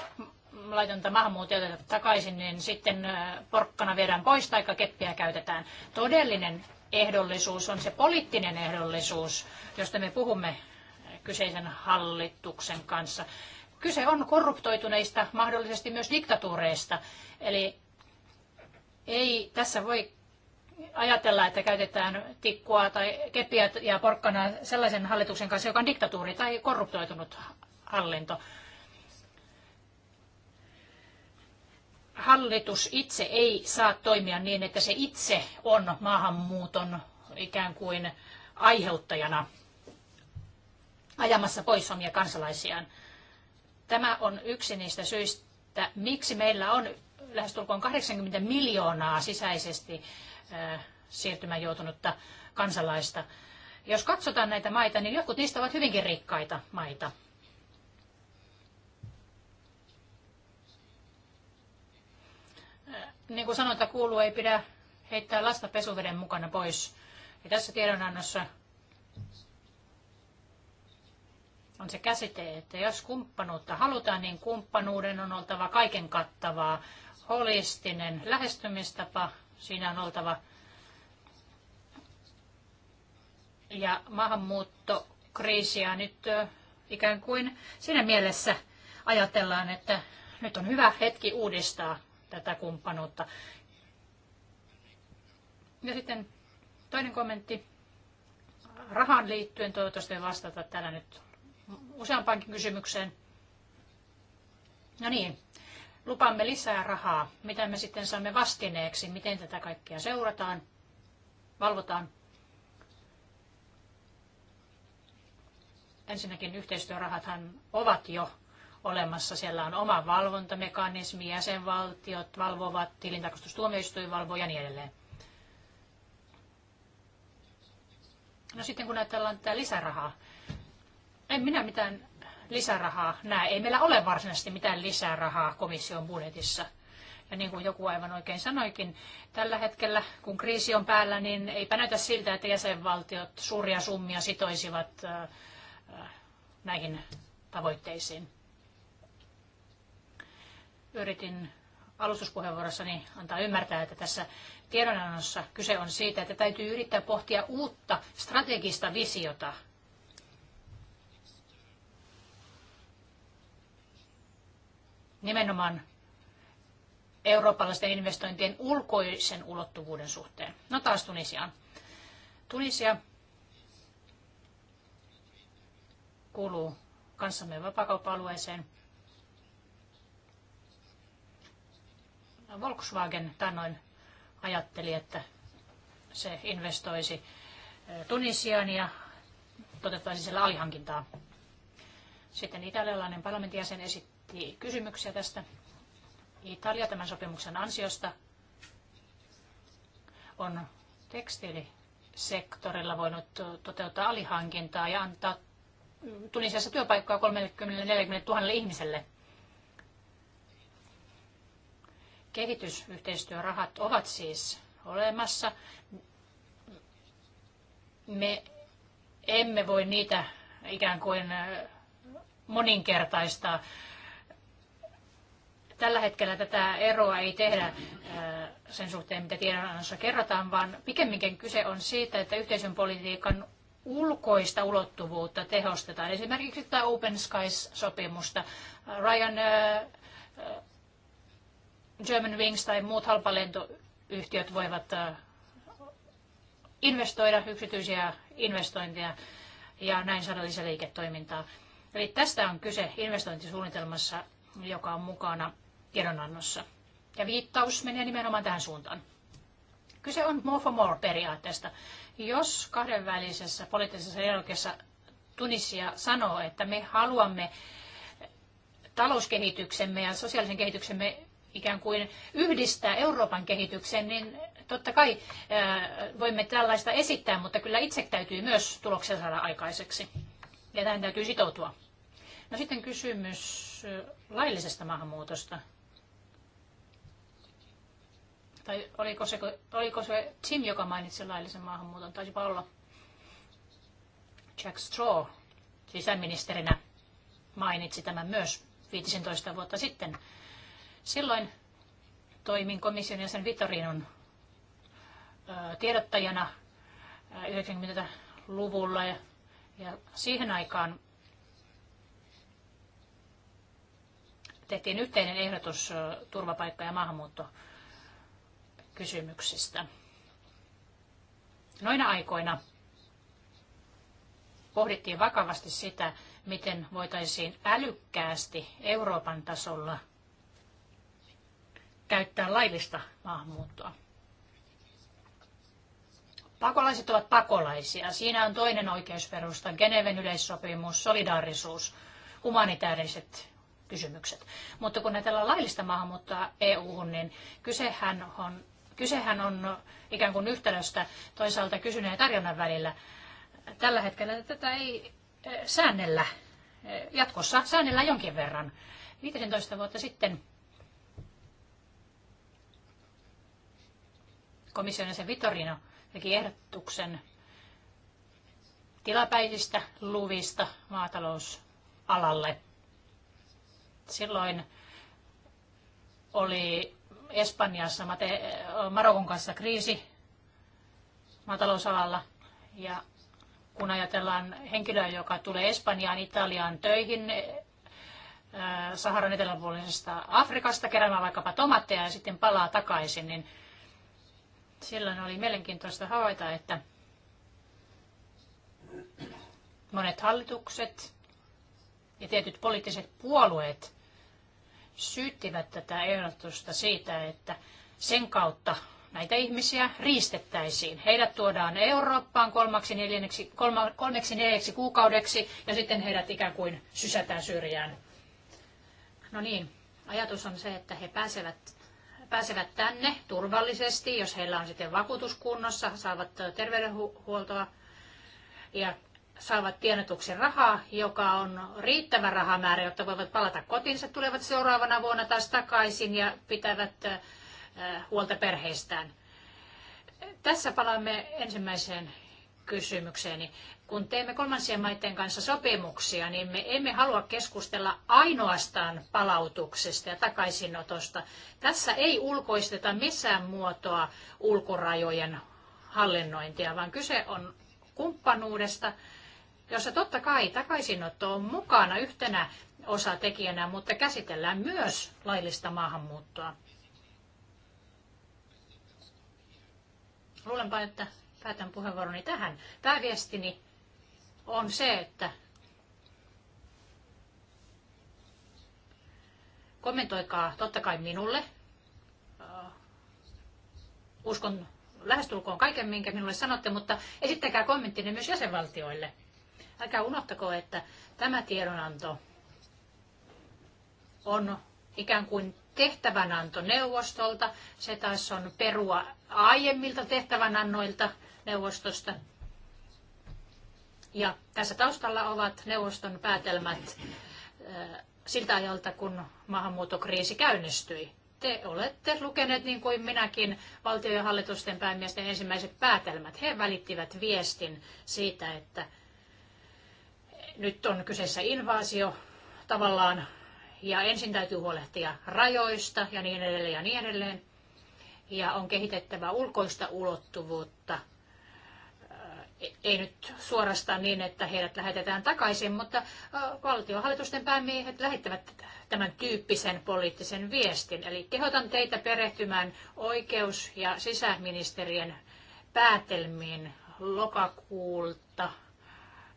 laitonta maahanmuuttajaa otetaan takaisin, niin sitten porkkana viedään pois tai keppiä käytetään. Todellinen ehdollisuus on se poliittinen ehdollisuus, josta me puhumme kyseisen hallituksen kanssa. Kyse on korruptoituneista, mahdollisesti myös diktatuureista. Eli ei tässä voi ajatella, että käytetään tikkua tai keppiä ja porkkanaa sellaisen hallituksen kanssa, joka on diktatuuri tai korruptoitunut hallinto. Hallitus itse ei saa toimia niin, että se itse on maahanmuuton ikään kuin aiheuttajana ajamassa pois omia kansalaisiaan. Tämä on yksi niistä syistä, miksi meillä on lähestulkoon 80 miljoonaa sisäisesti siirtymään joutunutta kansalaista. Jos katsotaan näitä maita, niin jotkut niistä ovat hyvinkin rikkaita maita. Niin kuin sanotaan, kuuluu ei pidä heittää lasta pesuveden mukana pois. Ja tässä tiedonannossa on se käsite, että jos kumppanuutta halutaan, niin kumppanuuden on oltava kaiken kattavaa, holistinen lähestymistapa, siinä on oltava ja maahanmuuttokriisiä nyt ikään kuin siinä mielessä ajatellaan, että nyt on hyvä hetki uudistaa tätä kumppanuutta. Ja sitten toinen kommentti rahan liittyen, toivottavasti vastata täällä nyt useampaankin kysymykseen. No niin, lupamme lisää rahaa. Mitä me sitten saamme vastineeksi? Miten tätä kaikkea seurataan, valvotaan? Ensinnäkin yhteistyörahathan ovat jo olemassa. Siellä on oma valvontamekanismi, jäsenvaltiot valvovat, tilintarkastustuomioistuin valvoo ja niin edelleen. No sitten kun ajatellaan tätä lisärahaa, en minä mitään lisärahaa näe. Ei meillä ole varsinaisesti mitään lisärahaa komission budjetissa. Ja niin kuin joku aivan oikein sanoikin, tällä hetkellä kun kriisi on päällä, niin eipä näytä siltä, että jäsenvaltiot suuria summia sitoisivat äh, äh, näihin tavoitteisiin. Yritin alustuspuheenvuorossani antaa ymmärtää, että tässä tiedonannossa kyse on siitä, että täytyy yrittää pohtia uutta strategista visiota nimenomaan eurooppalaisten investointien ulkoisen ulottuvuuden suhteen. No taas Tunisiaan. Tunisia kuuluu kanssamme vapakauppa-alueeseen. Volkswagen tannoin ajatteli, että se investoisi eh, Tunisiaan ja toteuttaisi siellä alihankintaa. Sitten italialainen parlamentin jäsen esitti niin, kysymyksiä tästä. Italia tämän sopimuksen ansiosta on tekstiilisektorilla voinut toteuttaa alihankintaa ja antaa Tunisiassa työpaikkaa 30-40 000 ihmiselle. Kehitysyhteistyörahat ovat siis olemassa. Me emme voi niitä ikään kuin moninkertaistaa Tällä hetkellä tätä eroa ei tehdä äh, sen suhteen, mitä tiedonannossa kerrotaan, vaan pikemminkin kyse on siitä, että yhteisön politiikan ulkoista ulottuvuutta tehostetaan. Esimerkiksi tätä Open Skies-sopimusta. Ryan äh, äh, German Wings tai muut halpalentoyhtiöt voivat investoida yksityisiä investointeja ja näin saada lisäliiketoimintaa. Eli tästä on kyse investointisuunnitelmassa, joka on mukana tiedonannossa. Ja viittaus menee nimenomaan tähän suuntaan. Kyse on more for more periaatteesta. Jos kahdenvälisessä poliittisessa dialogissa Tunisia sanoo, että me haluamme talouskehityksemme ja sosiaalisen kehityksemme ikään kuin yhdistää Euroopan kehityksen, niin totta kai äh, voimme tällaista esittää, mutta kyllä itse täytyy myös tuloksia saada aikaiseksi. Ja tähän täytyy sitoutua. No sitten kysymys äh, laillisesta maahanmuutosta. Tai oliko se, oliko se Tim, joka mainitsi laillisen maahanmuuton? taisi olla Jack Straw sisäministerinä mainitsi tämän myös 15 vuotta sitten. Silloin toimin komission jäsen Vitorinon tiedottajana 90-luvulla ja, ja siihen aikaan tehtiin yhteinen ehdotus turvapaikka- ja maahanmuuttopolitiikasta kysymyksistä. Noina aikoina pohdittiin vakavasti sitä, miten voitaisiin älykkäästi Euroopan tasolla käyttää laillista maahanmuuttoa. Pakolaiset ovat pakolaisia. Siinä on toinen oikeusperusta, Geneven yleissopimus, solidaarisuus, humanitaariset kysymykset. Mutta kun näitä laillista maahanmuuttoa EU-hun, niin kysehän on Kysehän on ikään kuin yhtälöstä toisaalta kysynnän ja tarjonnan välillä. Tällä hetkellä tätä ei eh, säännellä. Eh, jatkossa säännellä jonkin verran. 15 vuotta sitten komission jäsen Vitorino teki ehdotuksen tilapäisistä luvista maatalousalalle. Silloin oli Espanjassa mate, Marokon kanssa kriisi maatalousalalla. Ja kun ajatellaan henkilöä, joka tulee Espanjaan, Italiaan töihin, e, Saharan eteläpuolisesta Afrikasta keräämään vaikkapa tomatteja ja sitten palaa takaisin, niin silloin oli mielenkiintoista havaita, että monet hallitukset ja tietyt poliittiset puolueet – syyttivät tätä ehdotusta siitä, että sen kautta näitä ihmisiä riistettäisiin. Heidät tuodaan Eurooppaan kolmaksi neljänneksi, kolma, kolmeksi neljäksi kuukaudeksi ja sitten heidät ikään kuin sysätään syrjään. No niin, ajatus on se, että he pääsevät, pääsevät tänne turvallisesti, jos heillä on sitten vakuutuskunnossa, saavat terveydenhuoltoa ja saavat tienotuksen rahaa, joka on riittävä rahamäärä, jotta voivat palata kotiinsa, tulevat seuraavana vuonna taas takaisin ja pitävät huolta perheistään. Tässä palaamme ensimmäiseen kysymykseeni. Kun teemme kolmansien maiden kanssa sopimuksia, niin me emme halua keskustella ainoastaan palautuksesta ja takaisinotosta. Tässä ei ulkoisteta missään muotoa ulkorajojen hallinnointia, vaan kyse on kumppanuudesta – jossa totta kai takaisinotto on mukana yhtenä osatekijänä, mutta käsitellään myös laillista maahanmuuttoa. Luulenpa, että päätän puheenvuoroni tähän. Pääviestini on se, että kommentoikaa totta kai minulle. Uskon lähestulkoon kaiken, minkä minulle sanotte, mutta esittäkää kommenttinne myös jäsenvaltioille – Älkää unohtako, että tämä tiedonanto on ikään kuin tehtävänanto neuvostolta. Se taas on perua aiemmilta tehtävänannoilta neuvostosta. Ja tässä taustalla ovat neuvoston päätelmät äh, siltä ajalta, kun maahanmuuttokriisi käynnistyi. Te olette lukeneet, niin kuin minäkin, valtio- ja hallitusten päämiesten ensimmäiset päätelmät. He välittivät viestin siitä, että nyt on kyseessä invaasio tavallaan, ja ensin täytyy huolehtia rajoista ja niin edelleen ja niin edelleen. Ja on kehitettävä ulkoista ulottuvuutta. Ei nyt suorastaan niin, että heidät lähetetään takaisin, mutta valtiohallitusten päämiehet lähettävät tämän tyyppisen poliittisen viestin. Eli kehotan teitä perehtymään oikeus- ja sisäministerien päätelmiin lokakuulta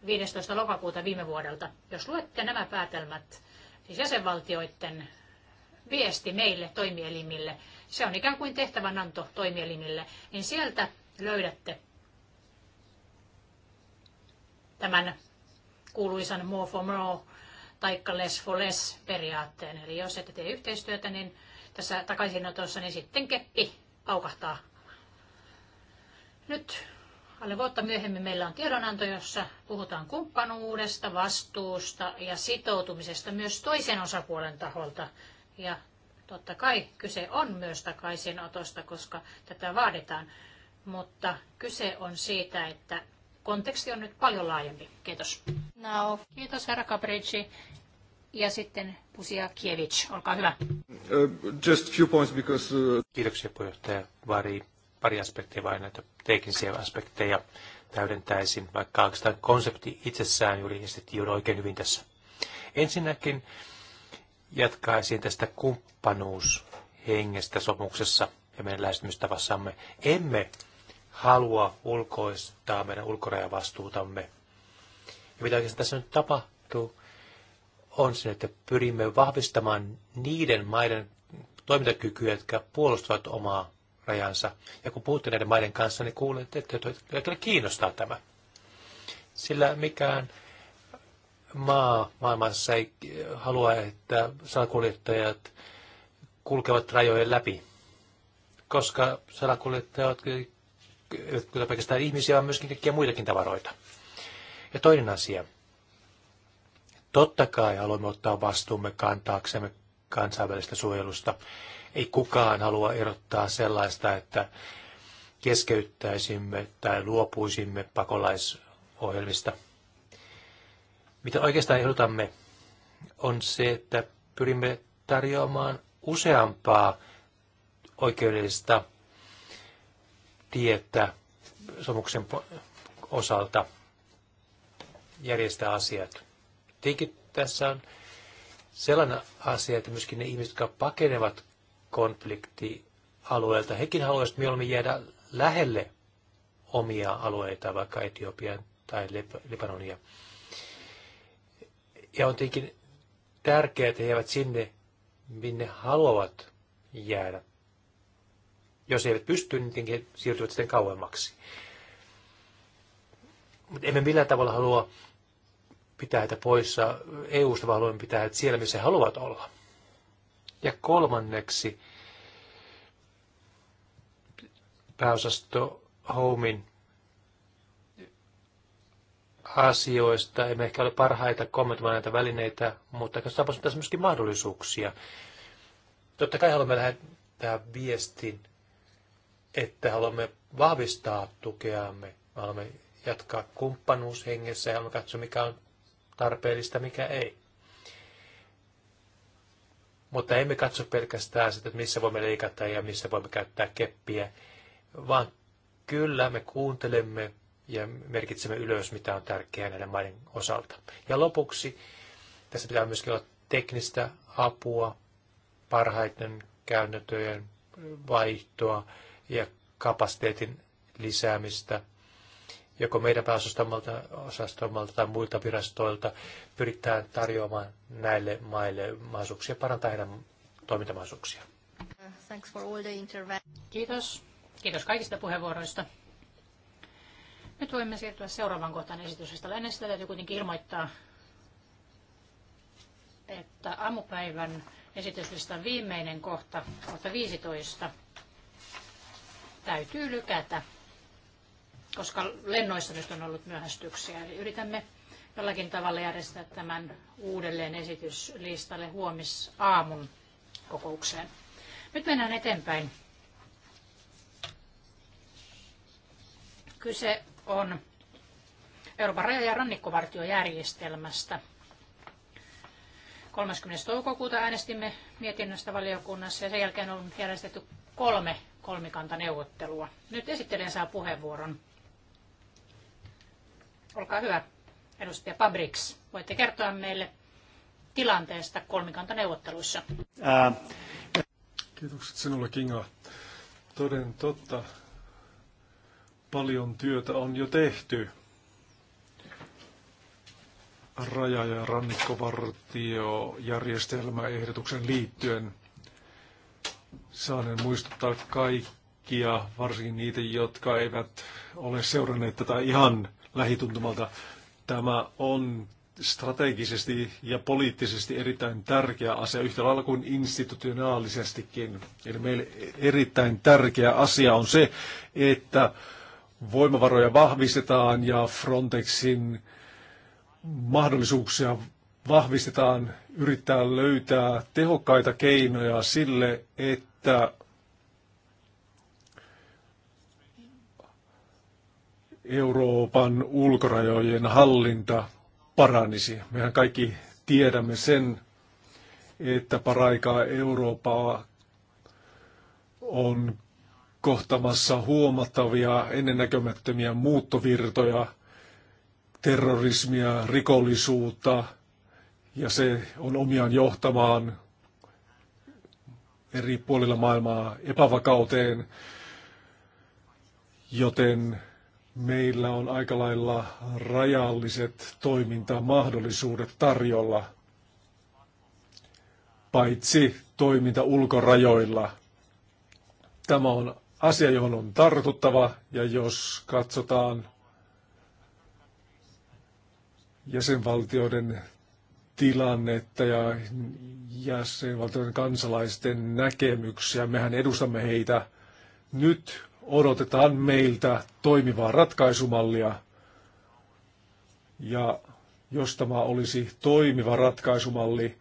15. lokakuuta viime vuodelta. Jos luette nämä päätelmät, siis jäsenvaltioiden viesti meille toimielimille, se on ikään kuin tehtävänanto toimielimille, niin sieltä löydätte tämän kuuluisan more for more tai less for less periaatteen. Eli jos ette tee yhteistyötä, niin tässä takaisinotossa, niin sitten keppi paukahtaa. Nyt alle vuotta myöhemmin meillä on tiedonanto, jossa puhutaan kumppanuudesta, vastuusta ja sitoutumisesta myös toisen osapuolen taholta. Ja totta kai kyse on myös takaisinotosta, koska tätä vaaditaan. Mutta kyse on siitä, että konteksti on nyt paljon laajempi. Kiitos. No. Kiitos herra Capricci. Ja sitten Pusia Kievich, olkaa hyvä. Uh, just few points because, uh... Kiitoksia puheenjohtaja Vari pari aspektia vain näitä teknisiä aspekteja täydentäisin, vaikka oikeastaan konsepti itsessään juuri esitettiin juuri oikein hyvin tässä. Ensinnäkin jatkaisin tästä kumppanuushengestä sopimuksessa ja meidän lähestymistavassamme. Emme halua ulkoistaa meidän ulkorajavastuutamme. Ja mitä oikeastaan tässä nyt tapahtuu, on se, että pyrimme vahvistamaan niiden maiden toimintakykyä, jotka puolustavat omaa rajansa. Ja kun puhutte näiden maiden kanssa, niin kuulette, että kyllä kiinnostaa tämä. Sillä mikään maa maailmassa ei eh, halua, että salakuljettajat kulkevat rajojen läpi, koska salakuljettajat ovat pelkästään ihmisiä, vaan myöskin kaikkia muitakin tavaroita. Ja toinen asia. Totta kai haluamme ottaa vastuumme kantaaksemme kansainvälistä suojelusta ei kukaan halua erottaa sellaista, että keskeyttäisimme tai luopuisimme pakolaisohjelmista. Mitä oikeastaan ehdotamme, on se, että pyrimme tarjoamaan useampaa oikeudellista tietä somuksen osalta järjestää asiat. Tietenkin tässä on sellainen asia, että myöskin ne ihmiset, jotka pakenevat konfliktialueelta. Hekin haluaisivat mieluummin jäädä lähelle omia alueita, vaikka Etiopian tai Libanonia. Ja on tietenkin tärkeää, että he jäävät sinne, minne haluavat jäädä. Jos he eivät pysty, niin tietenkin he siirtyvät sitten kauemmaksi. Mutta emme millään tavalla halua pitää heitä poissa EU-sta, vaan haluamme pitää heitä siellä, missä he haluavat olla. Ja kolmanneksi pääosasto Homin asioista. Emme ehkä ole parhaita kommentoimaan näitä välineitä, mutta katsotaanpa tässä myöskin mahdollisuuksia. Totta kai haluamme lähettää viestin, että haluamme vahvistaa tukeamme. Haluamme jatkaa kumppanuushengessä ja haluamme katsoa, mikä on tarpeellista, mikä ei. Mutta emme katso pelkästään sitä, että missä voimme leikata ja missä voimme käyttää keppiä, vaan kyllä me kuuntelemme ja merkitsemme ylös, mitä on tärkeää näiden maiden osalta. Ja lopuksi tässä pitää myöskin olla teknistä apua, parhaiten käynnötöjen vaihtoa ja kapasiteetin lisäämistä – joko meidän pääosastomalta osastomalta tai muilta virastoilta pyritään tarjoamaan näille maille mahdollisuuksia parantaa heidän toimintamahdollisuuksiaan. Kiitos. Kiitos kaikista puheenvuoroista. Nyt voimme siirtyä seuraavaan kohtaan esityksestä. Ennen sitä täytyy kuitenkin ilmoittaa, että aamupäivän esityslistan viimeinen kohta, kohta 15, täytyy lykätä koska lennoissa nyt on ollut myöhästyksiä. Eli yritämme jollakin tavalla järjestää tämän uudelleen esityslistalle huomisaamun kokoukseen. Nyt mennään eteenpäin. Kyse on Euroopan raja- ja rannikkovartiojärjestelmästä. 30. toukokuuta äänestimme mietinnöstä valiokunnassa ja sen jälkeen on järjestetty kolme kolmikantaneuvottelua. Nyt esittelen saa puheenvuoron. Olkaa hyvä, edustaja Pabrix. Voitte kertoa meille tilanteesta kolmikantaneuvotteluissa. Ää... Äh. Kiitokset sinulle, Kinga. Toden totta, paljon työtä on jo tehty. Raja- ja rannikkovartiojärjestelmäehdotuksen liittyen saanen muistuttaa kaikkia, varsinkin niitä, jotka eivät ole seuranneet tätä ihan lähituntumalta. Tämä on strategisesti ja poliittisesti erittäin tärkeä asia, yhtä lailla kuin institutionaalisestikin. Eli meille erittäin tärkeä asia on se, että voimavaroja vahvistetaan ja Frontexin mahdollisuuksia vahvistetaan, yrittää löytää tehokkaita keinoja sille, että Euroopan ulkorajojen hallinta paranisi. Mehän kaikki tiedämme sen, että paraikaa Eurooppaa on kohtamassa huomattavia ennennäkemättömiä muuttovirtoja, terrorismia, rikollisuutta, ja se on omiaan johtamaan eri puolilla maailmaa epävakauteen, joten meillä on aika lailla rajalliset toimintamahdollisuudet tarjolla, paitsi toiminta ulkorajoilla. Tämä on asia, johon on tartuttava, ja jos katsotaan jäsenvaltioiden tilannetta ja jäsenvaltioiden kansalaisten näkemyksiä, mehän edustamme heitä nyt odotetaan meiltä toimivaa ratkaisumallia. Ja jos tämä olisi toimiva ratkaisumalli,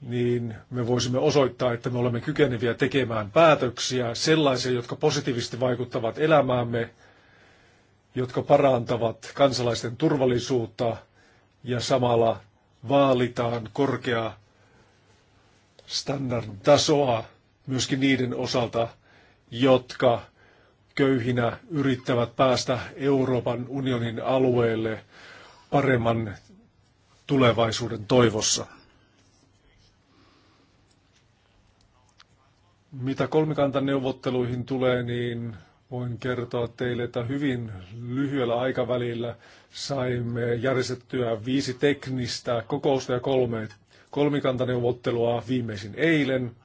niin me voisimme osoittaa, että me olemme kykeneviä tekemään päätöksiä, sellaisia, jotka positiivisesti vaikuttavat elämäämme, jotka parantavat kansalaisten turvallisuutta ja samalla vaalitaan korkeaa standarditasoa myöskin niiden osalta, jotka köyhinä yrittävät päästä Euroopan unionin alueelle paremman tulevaisuuden toivossa. Mitä kolmikantaneuvotteluihin tulee, niin voin kertoa teille, että hyvin lyhyellä aikavälillä saimme järjestettyä viisi teknistä kokousta ja kolme kolmikantaneuvottelua viimeisin eilen –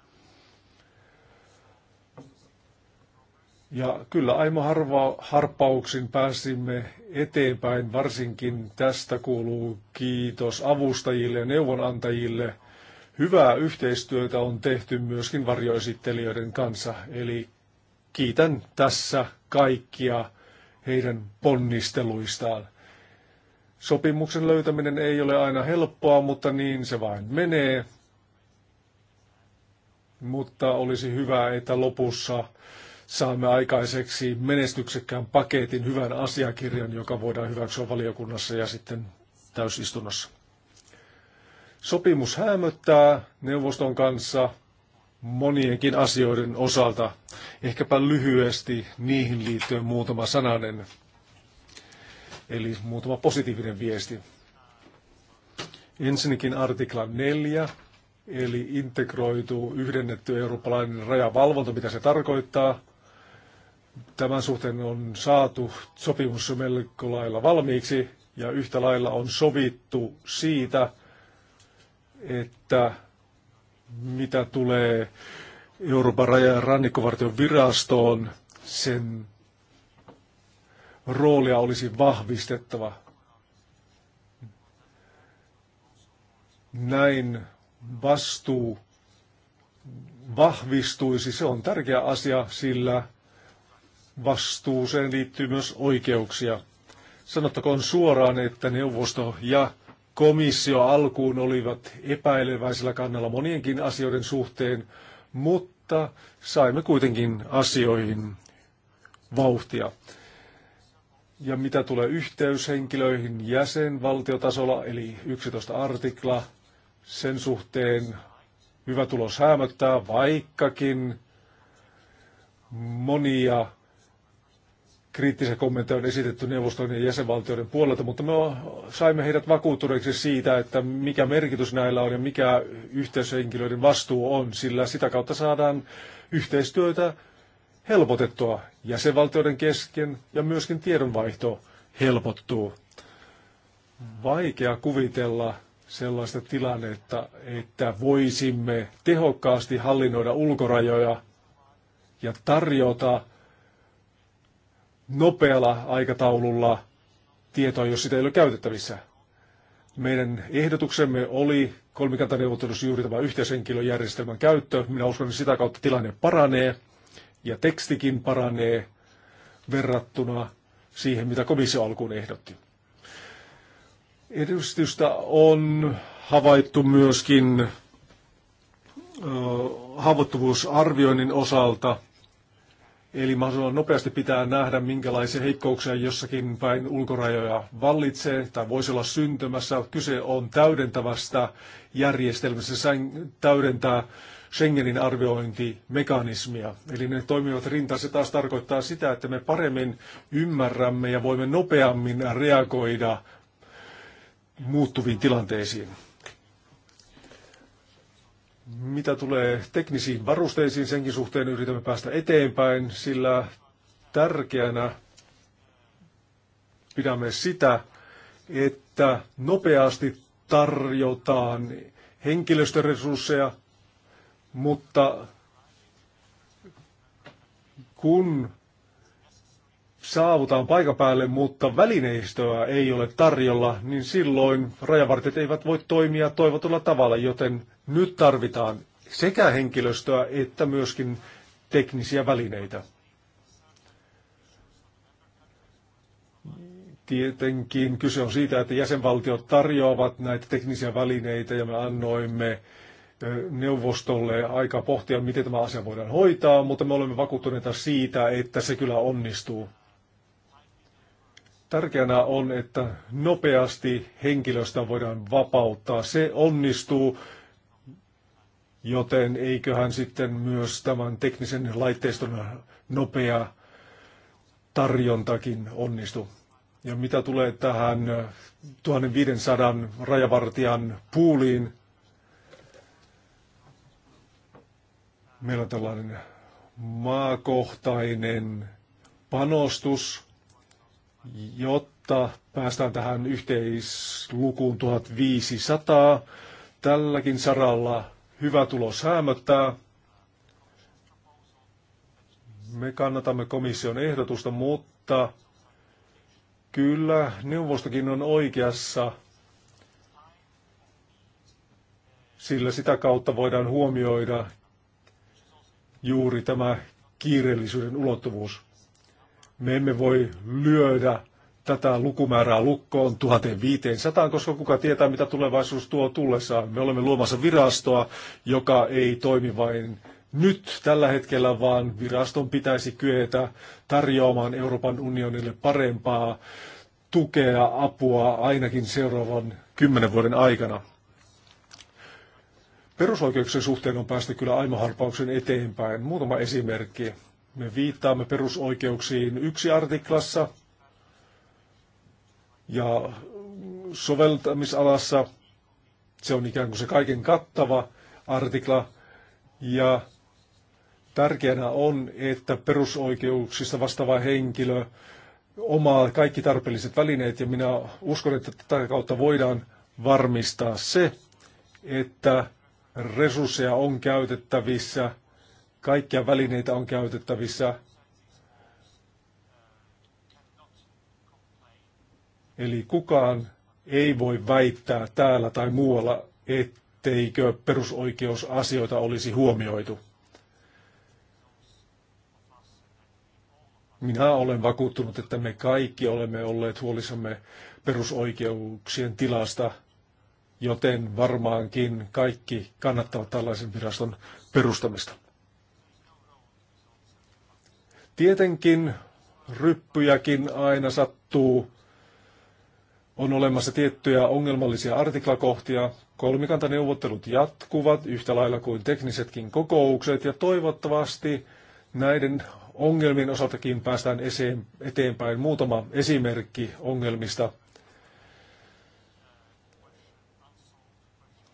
Ja kyllä aimo harva, harppauksin pääsimme eteenpäin, varsinkin tästä kuuluu kiitos avustajille ja neuvonantajille. Hyvää yhteistyötä on tehty myöskin varjoesittelijöiden kanssa, eli kiitän tässä kaikkia heidän ponnisteluistaan. Sopimuksen löytäminen ei ole aina helppoa, mutta niin se vain menee. Mutta olisi hyvä, että lopussa saamme aikaiseksi menestyksekkään paketin, hyvän asiakirjan, joka voidaan hyväksyä valiokunnassa ja sitten täysistunnossa. Sopimus hämöttää neuvoston kanssa monienkin asioiden osalta. Ehkäpä lyhyesti niihin liittyen muutama sananen, eli muutama positiivinen viesti. Ensinnäkin artikla 4, eli integroitu, yhdennetty eurooppalainen rajavalvonta, mitä se tarkoittaa. Tämän suhteen on saatu sopimus melko lailla valmiiksi ja yhtä lailla on sovittu siitä, että mitä tulee Euroopan raja- ja rannikkovartion virastoon, sen roolia olisi vahvistettava. Näin vastuu vahvistuisi. Se on tärkeä asia, sillä vastuuseen liittyy myös oikeuksia. Sanottakoon suoraan, että neuvosto ja komissio alkuun olivat epäileväisellä kannalla monienkin asioiden suhteen, mutta saimme kuitenkin asioihin vauhtia. Ja mitä tulee yhteyshenkilöihin jäsenvaltiotasolla, eli 11 artikla, sen suhteen hyvä tulos hämöttää, vaikkakin monia kriittisiä kommentteja on esitetty neuvoston ja jäsenvaltioiden puolelta, mutta me saimme heidät vakuuttuneeksi siitä, että mikä merkitys näillä on ja mikä yhteishenkilöiden vastuu on, sillä sitä kautta saadaan yhteistyötä helpotettua jäsenvaltioiden kesken ja myöskin tiedonvaihto helpottuu. Vaikea kuvitella sellaista tilannetta, että voisimme tehokkaasti hallinnoida ulkorajoja ja tarjota nopealla aikataululla tietoa, jos sitä ei ole käytettävissä. Meidän ehdotuksemme oli kolmikantaneuvottelussa juuri tämä yhteishenkilöjärjestelmän käyttö. Minä uskon, että sitä kautta tilanne paranee ja tekstikin paranee verrattuna siihen, mitä komissio alkuun ehdotti. Edistystä on havaittu myöskin haavoittuvuusarvioinnin osalta – Eli mahdollisimman nopeasti pitää nähdä, minkälaisia heikkouksia jossakin päin ulkorajoja vallitsee tai voisi olla syntymässä. Kyse on täydentävästä järjestelmästä, se täydentää Schengenin arviointimekanismia. Eli ne toimivat rintaan. Se taas tarkoittaa sitä, että me paremmin ymmärrämme ja voimme nopeammin reagoida muuttuviin tilanteisiin. Mitä tulee teknisiin varusteisiin, senkin suhteen yritämme päästä eteenpäin, sillä tärkeänä pidämme sitä, että nopeasti tarjotaan henkilöstöresursseja, mutta kun saavutaan paikan päälle, mutta välineistöä ei ole tarjolla, niin silloin rajavartijat eivät voi toimia toivotulla tavalla, joten nyt tarvitaan sekä henkilöstöä että myöskin teknisiä välineitä. Tietenkin kyse on siitä, että jäsenvaltiot tarjoavat näitä teknisiä välineitä ja me annoimme neuvostolle aikaa pohtia, miten tämä asia voidaan hoitaa, mutta me olemme vakuuttuneita siitä, että se kyllä onnistuu. Tärkeänä on, että nopeasti henkilöstä voidaan vapauttaa. Se onnistuu, joten eiköhän sitten myös tämän teknisen laitteiston nopea tarjontakin onnistu. Ja mitä tulee tähän 1500 äh, rajavartijan puuliin, meillä on tällainen maakohtainen panostus jotta päästään tähän yhteislukuun 1500. Tälläkin saralla hyvä tulos hämöttää. Me kannatamme komission ehdotusta, mutta kyllä neuvostokin on oikeassa, sillä sitä kautta voidaan huomioida juuri tämä kiireellisyyden ulottuvuus. Me emme voi lyödä tätä lukumäärää lukkoon 1500, koska kuka tietää, mitä tulevaisuus tuo tullessaan. Me olemme luomassa virastoa, joka ei toimi vain nyt tällä hetkellä, vaan viraston pitäisi kyetä tarjoamaan Euroopan unionille parempaa tukea, apua ainakin seuraavan kymmenen vuoden aikana. Perusoikeuksien suhteen on päästy kyllä aimoharpauksen eteenpäin. Muutama esimerkki. Me viittaamme perusoikeuksiin yksi artiklassa ja soveltamisalassa se on ikään kuin se kaiken kattava artikla ja tärkeänä on, että perusoikeuksista vastaava henkilö omaa kaikki tarpeelliset välineet ja minä uskon, että tätä kautta voidaan varmistaa se, että resursseja on käytettävissä – kaikkia välineitä on käytettävissä. Eli kukaan ei voi väittää täällä tai muualla, etteikö perusoikeusasioita olisi huomioitu. Minä olen vakuuttunut, että me kaikki olemme olleet huolissamme perusoikeuksien tilasta, joten varmaankin kaikki kannattavat tällaisen viraston perustamista. Tietenkin ryppyjäkin aina sattuu. On olemassa tiettyjä ongelmallisia artiklakohtia. Kolmikantaneuvottelut jatkuvat yhtä lailla kuin teknisetkin kokoukset ja toivottavasti näiden ongelmien osaltakin päästään eteenpäin. Muutama esimerkki ongelmista.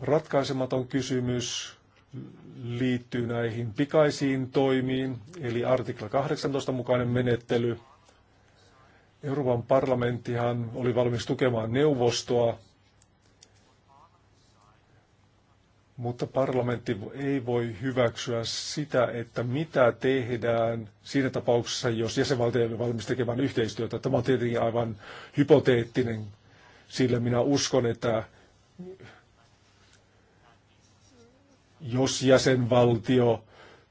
Ratkaisematon kysymys liittyy näihin pikaisiin toimiin, eli artikla 18 mukainen menettely. Euroopan parlamenttihan oli valmis tukemaan neuvostoa, mutta parlamentti ei voi hyväksyä sitä, että mitä tehdään siinä tapauksessa, jos jäsenvaltio ei ole valmis tekemään yhteistyötä. Tämä on tietenkin aivan hypoteettinen, sillä minä uskon, että jos jäsenvaltio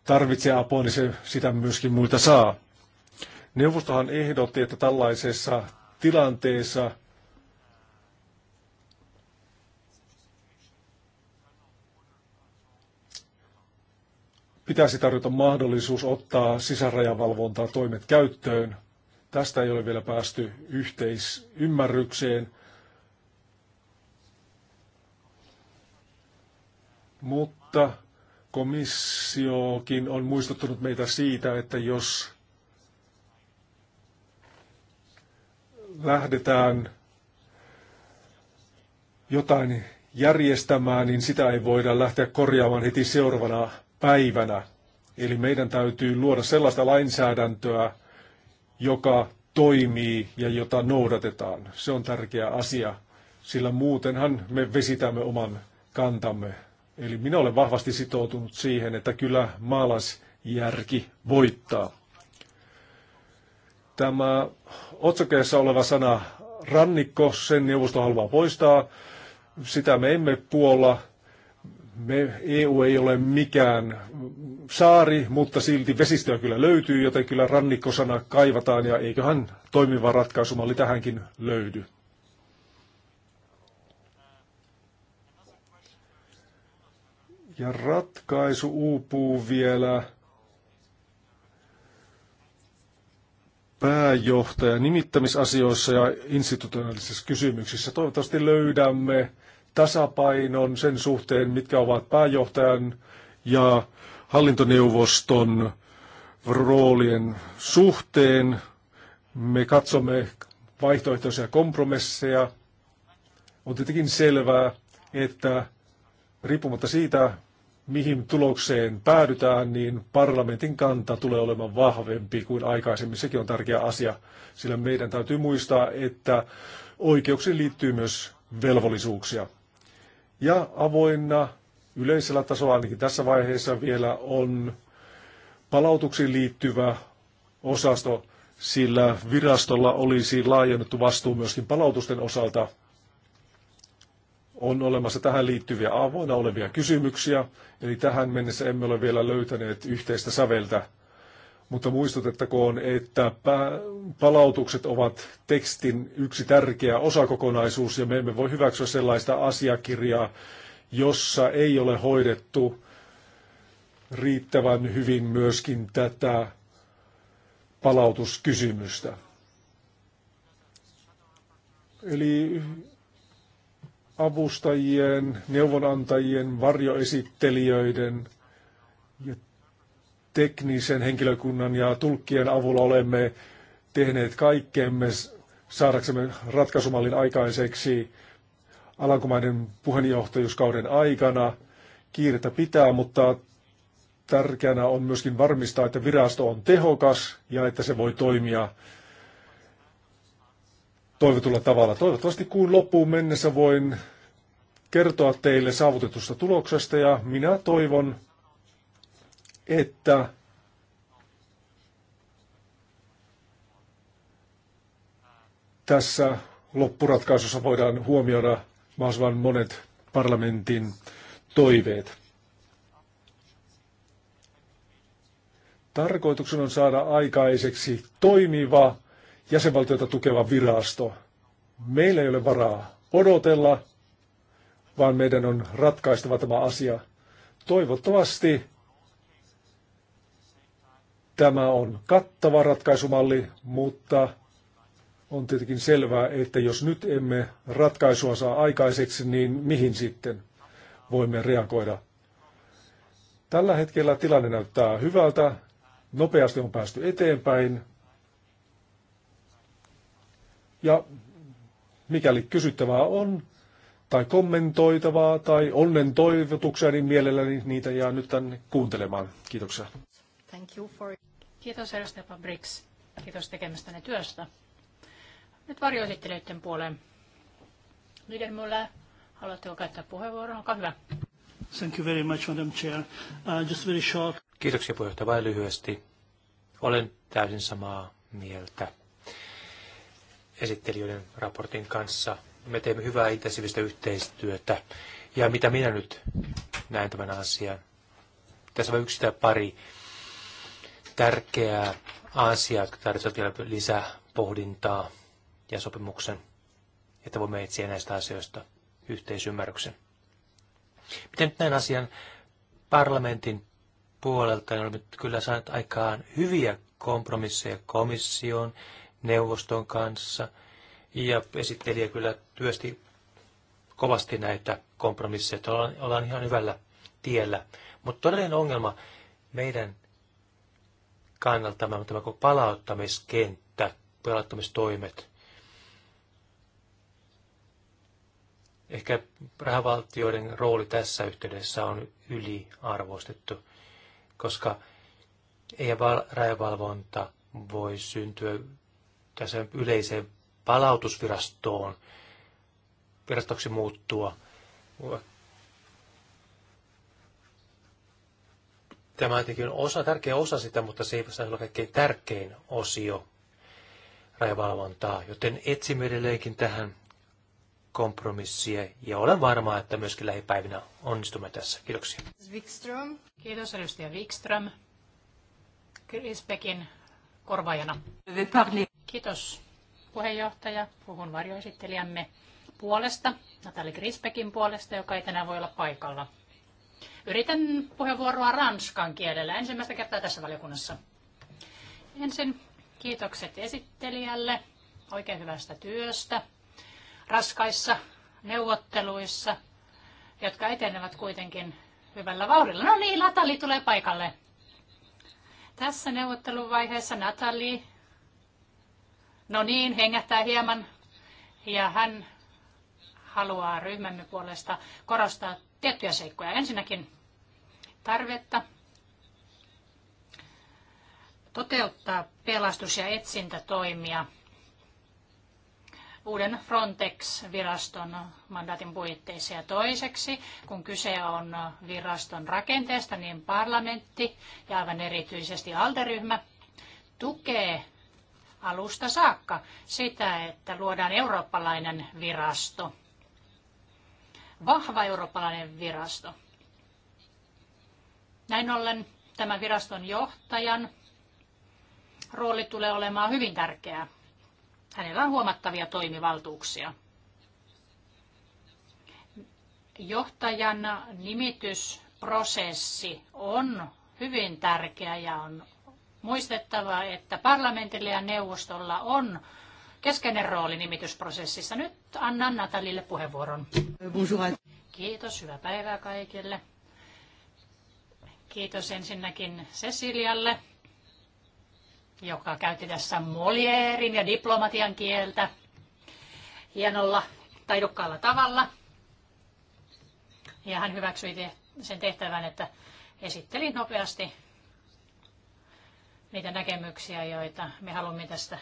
tarvitsee apua, niin se sitä myöskin muilta saa. Neuvostohan ehdotti, että tällaisessa tilanteessa pitäisi tarjota mahdollisuus ottaa sisärajavalvontaa toimet käyttöön. Tästä ei ole vielä päästy yhteisymmärrykseen. Mutta mutta komissiokin on muistuttanut meitä siitä, että jos lähdetään jotain järjestämään, niin sitä ei voida lähteä korjaamaan heti seuraavana päivänä. Eli meidän täytyy luoda sellaista lainsäädäntöä, joka toimii ja jota noudatetaan. Se on tärkeä asia, sillä muutenhan me vesitämme oman kantamme. Eli minä olen vahvasti sitoutunut siihen, että kyllä maalaisjärki voittaa. Tämä otsakeessa oleva sana rannikko, sen neuvosto haluaa poistaa. Sitä me emme puolla. Me, EU ei ole mikään saari, mutta silti vesistöä kyllä löytyy, joten kyllä rannikkosana kaivataan ja eiköhän toimiva ratkaisumalli tähänkin löydy. Ja ratkaisu uupuu vielä pääjohtaja nimittämisasioissa ja institutionaalisissa kysymyksissä. Toivottavasti löydämme tasapainon sen suhteen, mitkä ovat pääjohtajan ja hallintoneuvoston roolien suhteen. Me katsomme vaihtoehtoisia kompromisseja. On tietenkin selvää, että riippumatta siitä, mihin tulokseen päädytään, niin parlamentin kanta tulee olemaan vahvempi kuin aikaisemmin. Sekin on tärkeä asia, sillä meidän täytyy muistaa, että oikeuksiin liittyy myös velvollisuuksia. Ja avoinna yleisellä tasolla ainakin tässä vaiheessa vielä on palautuksiin liittyvä osasto, sillä virastolla olisi laajennettu vastuu myöskin palautusten osalta – on olemassa tähän liittyviä avoina olevia kysymyksiä, eli tähän mennessä emme ole vielä löytäneet yhteistä säveltä. Mutta muistutettakoon, että palautukset ovat tekstin yksi tärkeä osakokonaisuus ja me emme voi hyväksyä sellaista asiakirjaa, jossa ei ole hoidettu riittävän hyvin myöskin tätä palautuskysymystä. Eli avustajien, neuvonantajien, varjoesittelijöiden ja teknisen henkilökunnan ja tulkkien avulla olemme tehneet kaikkemme saadaksemme ratkaisumallin aikaiseksi Alankomaiden puheenjohtajuuskauden aikana. Kiirettä pitää, mutta tärkeänä on myöskin varmistaa, että virasto on tehokas ja että se voi toimia toivotulla tavalla. Toivottavasti kuun loppuun mennessä voin kertoa teille saavutetusta tuloksesta ja minä toivon, että tässä loppuratkaisussa voidaan huomioida mahdollisimman monet parlamentin toiveet. Tarkoituksena on saada aikaiseksi toimiva jäsenvaltiota tukeva virasto. Meillä ei ole varaa odotella, vaan meidän on ratkaistava tämä asia. Toivottavasti tämä on kattava ratkaisumalli, mutta on tietenkin selvää, että jos nyt emme ratkaisua saa aikaiseksi, niin mihin sitten voimme reagoida? Tällä hetkellä tilanne näyttää hyvältä, nopeasti on päästy eteenpäin. Ja mikäli kysyttävää on, tai kommentoitavaa tai onnen toivotuksia, niin mielelläni niitä jää nyt tänne kuuntelemaan. Kiitoksia. Thank you for... Kiitos Stefan Briggs. Kiitos tekemästäne työstä. Nyt varjoesittelijöiden puoleen. Miten mulle haluatteko käyttää puheenvuoron? Olkaa hyvä. Thank you very much, Madam Chair. Uh, just very short. Kiitoksia puheenjohtaja. Vain lyhyesti. Olen täysin samaa mieltä esittelijöiden raportin kanssa – me teemme hyvää intensiivistä yhteistyötä. Ja mitä minä nyt näen tämän asian? Tässä on yksi tai pari tärkeää asiaa, jotka tarvitsevat vielä lisää pohdintaa ja sopimuksen, että voimme etsiä näistä asioista yhteisymmärryksen. Miten nyt näin asian parlamentin puolelta, niin olemme kyllä saaneet aikaan hyviä kompromisseja komission, neuvoston kanssa – ja esittelijä kyllä työsti kovasti näitä kompromisseja, että ollaan, ollaan ihan hyvällä tiellä. Mutta todellinen ongelma meidän kannaltamme on tämä palauttamiskenttä, palauttamistoimet. Ehkä rahavaltioiden rooli tässä yhteydessä on yliarvostettu, koska ei rajavalvonta voi syntyä tässä yleiseen palautusvirastoon, virastoksi muuttua. Tämä on tietenkin osa, tärkeä osa sitä, mutta se ei saa olla kaikkein tärkein osio rajavalvontaa, joten etsimme edelleenkin tähän kompromissia ja olen varma, että myöskin lähipäivinä onnistumme tässä. Kiitoksia. Wikström. Kiitos edustaja Wikström. Chris Beckin korvaajana. Kiitos puheenjohtaja, puhun varjoesittelijämme puolesta, Natali Grisbekin puolesta, joka ei tänään voi olla paikalla. Yritän puheenvuoroa ranskan kielellä ensimmäistä kertaa tässä valiokunnassa. Ensin kiitokset esittelijälle oikein hyvästä työstä raskaissa neuvotteluissa, jotka etenevät kuitenkin hyvällä vauhdilla. No niin, Natali tulee paikalle. Tässä neuvotteluvaiheessa Natali No niin, hengähtää hieman. Ja hän haluaa ryhmämme puolesta korostaa tiettyjä seikkoja. Ensinnäkin tarvetta toteuttaa pelastus- ja etsintätoimia uuden Frontex-viraston mandaatin puitteissa. Ja toiseksi, kun kyse on viraston rakenteesta, niin parlamentti ja aivan erityisesti alderyhmä tukee alusta saakka sitä, että luodaan eurooppalainen virasto, vahva eurooppalainen virasto. Näin ollen tämän viraston johtajan rooli tulee olemaan hyvin tärkeä. Hänellä on huomattavia toimivaltuuksia. Johtajan nimitysprosessi on hyvin tärkeä ja on muistettava, että parlamentilla ja neuvostolla on keskeinen rooli nimitysprosessissa. Nyt annan Natalille puheenvuoron. Bonjour. Kiitos, hyvää päivää kaikille. Kiitos ensinnäkin Cecilialle, joka käytti tässä Molierin ja diplomatian kieltä hienolla, taidokkaalla tavalla. Ja hän hyväksyi sen tehtävän, että esittelin nopeasti niitä näkemyksiä, joita me haluamme tästä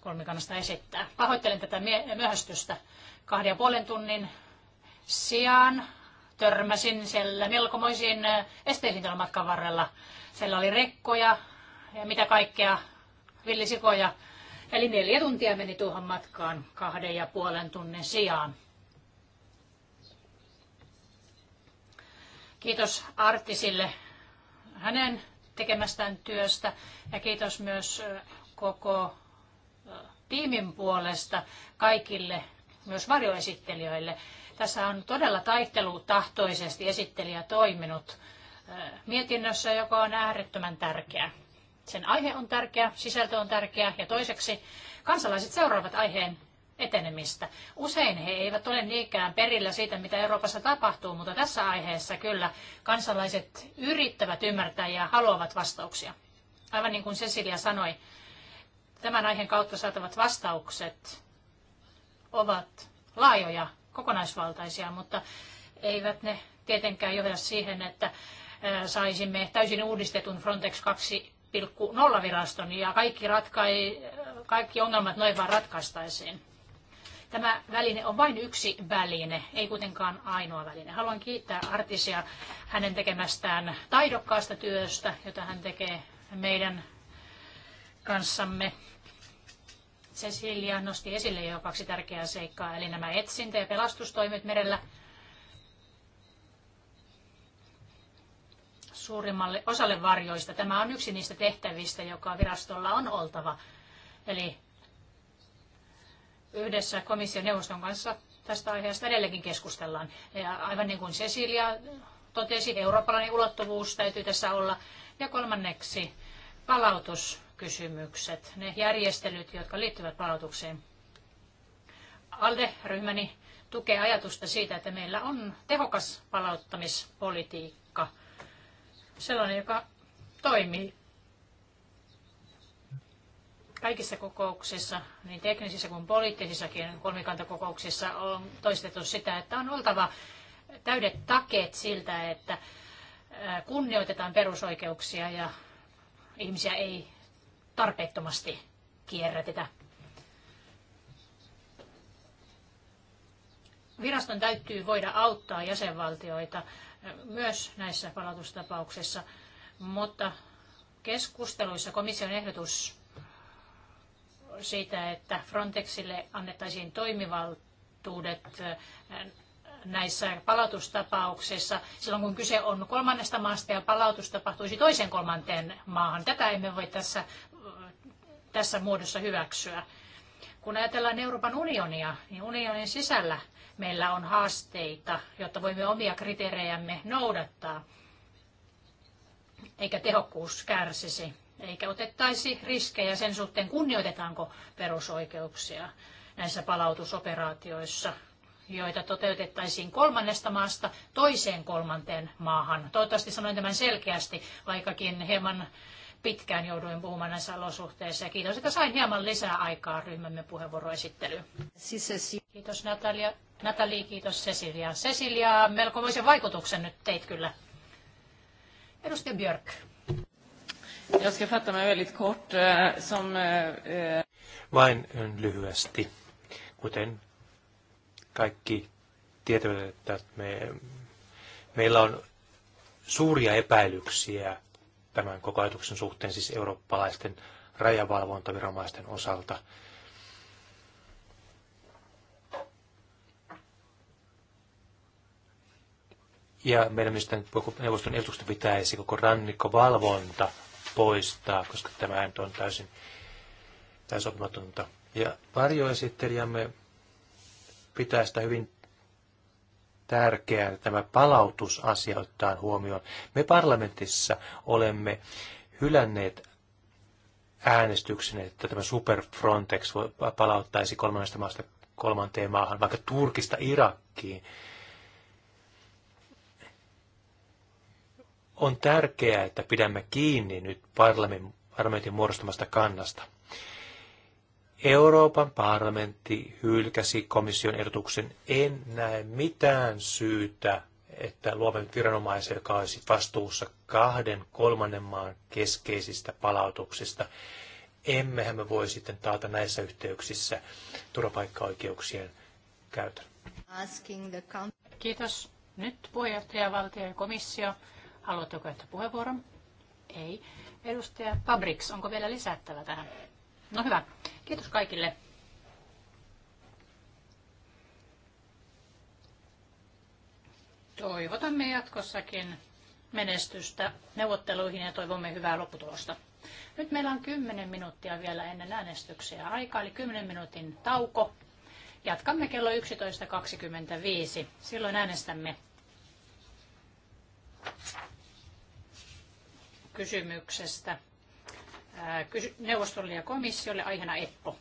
kolmikannasta esittää. Pahoittelen tätä myöhästystä kahden ja puolen tunnin sijaan. Törmäsin siellä melkomoisiin äh, esteisiin tällä matkan varrella. Siellä oli rekkoja ja mitä kaikkea, villisikoja. Eli neljä tuntia meni tuohon matkaan kahden ja puolen tunnin sijaan. Kiitos Artisille hänen tekemästään työstä ja kiitos myös koko tiimin puolesta kaikille, myös varjoesittelijöille. Tässä on todella taittelutahtoisesti esittelijä toiminut mietinnössä, joka on äärettömän tärkeä. Sen aihe on tärkeä, sisältö on tärkeä ja toiseksi kansalaiset seuraavat aiheen etenemistä. Usein he eivät ole niinkään perillä siitä, mitä Euroopassa tapahtuu, mutta tässä aiheessa kyllä kansalaiset yrittävät ymmärtää ja haluavat vastauksia. Aivan niin kuin Cecilia sanoi, tämän aiheen kautta saatavat vastaukset ovat laajoja, kokonaisvaltaisia, mutta eivät ne tietenkään johda siihen, että saisimme täysin uudistetun Frontex 2.0-viraston ja kaikki, kaikki ongelmat noin vaan ratkaistaisiin. Tämä väline on vain yksi väline, ei kuitenkaan ainoa väline. Haluan kiittää Artisia hänen tekemästään taidokkaasta työstä, jota hän tekee meidän kanssamme. Cecilia nosti esille jo kaksi tärkeää seikkaa, eli nämä etsintä- ja pelastustoimet merellä. Suurimmalle osalle varjoista tämä on yksi niistä tehtävistä, joka virastolla on oltava. Eli yhdessä komission neuvoston kanssa tästä aiheesta edelleenkin keskustellaan. Ja aivan niin kuin Cecilia totesi, eurooppalainen ulottuvuus täytyy tässä olla. Ja kolmanneksi palautuskysymykset, ne järjestelyt, jotka liittyvät palautukseen. ALDE-ryhmäni tukee ajatusta siitä, että meillä on tehokas palauttamispolitiikka, sellainen, joka toimii kaikissa kokouksissa, niin teknisissä kuin poliittisissakin kolmikantakokouksissa on toistettu sitä, että on oltava täydet takeet siltä, että kunnioitetaan perusoikeuksia ja ihmisiä ei tarpeettomasti kierrätetä. Viraston täytyy voida auttaa jäsenvaltioita myös näissä palautustapauksissa, mutta keskusteluissa komission ehdotus siitä, että Frontexille annettaisiin toimivaltuudet näissä palautustapauksissa silloin, kun kyse on kolmannesta maasta ja palautus tapahtuisi toisen kolmanteen maahan. Tätä emme voi tässä, tässä muodossa hyväksyä. Kun ajatellaan Euroopan unionia, niin unionin sisällä meillä on haasteita, jotta voimme omia kriteerejämme noudattaa, eikä tehokkuus kärsisi eikä otettaisi riskejä sen suhteen, kunnioitetaanko perusoikeuksia näissä palautusoperaatioissa, joita toteutettaisiin kolmannesta maasta toiseen kolmanteen maahan. Toivottavasti sanoin tämän selkeästi, vaikkakin hieman pitkään jouduin puhumaan näissä olosuhteissa. kiitos, että sain hieman lisää aikaa ryhmämme puheenvuoroesittelyyn. Kiitos Natalia. Natali, kiitos Cecilia. Cecilia, melkoisen vaikutuksen nyt teit kyllä. Edustaja Björk. Jag ska fatta mig väldigt kort. Eh, som, äh, Vain lyhyesti. Kuten kaikki tietävät, että me, meillä on suuria epäilyksiä tämän koko ajatuksen suhteen, siis eurooppalaisten rajavalvontaviranomaisten osalta. Ja meidän mielestä neuvoston edustuksesta pitäisi koko rannikkovalvonta poistaa, koska tämä nyt on täysin, täysin sopimatonta. Ja varjoesittelijämme pitää sitä hyvin tärkeää, tämä palautusasia otetaan huomioon. Me parlamentissa olemme hylänneet äänestyksen, että tämä Super Frontex palauttaisi kolmannesta maasta kolmanteen maahan, vaikka Turkista Irakkiin. on tärkeää, että pidämme kiinni nyt parlamentin muodostamasta kannasta. Euroopan parlamentti hylkäsi komission ehdotuksen. En näe mitään syytä, että luomme viranomaisen, joka olisi vastuussa kahden kolmannen maan keskeisistä palautuksista. Emmehän me voi sitten taata näissä yhteyksissä turvapaikkaoikeuksien käytön. Kiitos. Nyt puheenjohtajavaltio ja komissio Haluatteko käyttää puheenvuoron? Ei. Edustaja Fabriks, onko vielä lisättävä tähän? No hyvä. Kiitos kaikille. Toivotamme jatkossakin menestystä neuvotteluihin ja toivomme hyvää lopputulosta. Nyt meillä on 10 minuuttia vielä ennen äänestyksiä aikaa, eli 10 minuutin tauko. Jatkamme kello 11.25. Silloin äänestämme kysymyksestä neuvostolle ja komissiolle aiheena EPPO.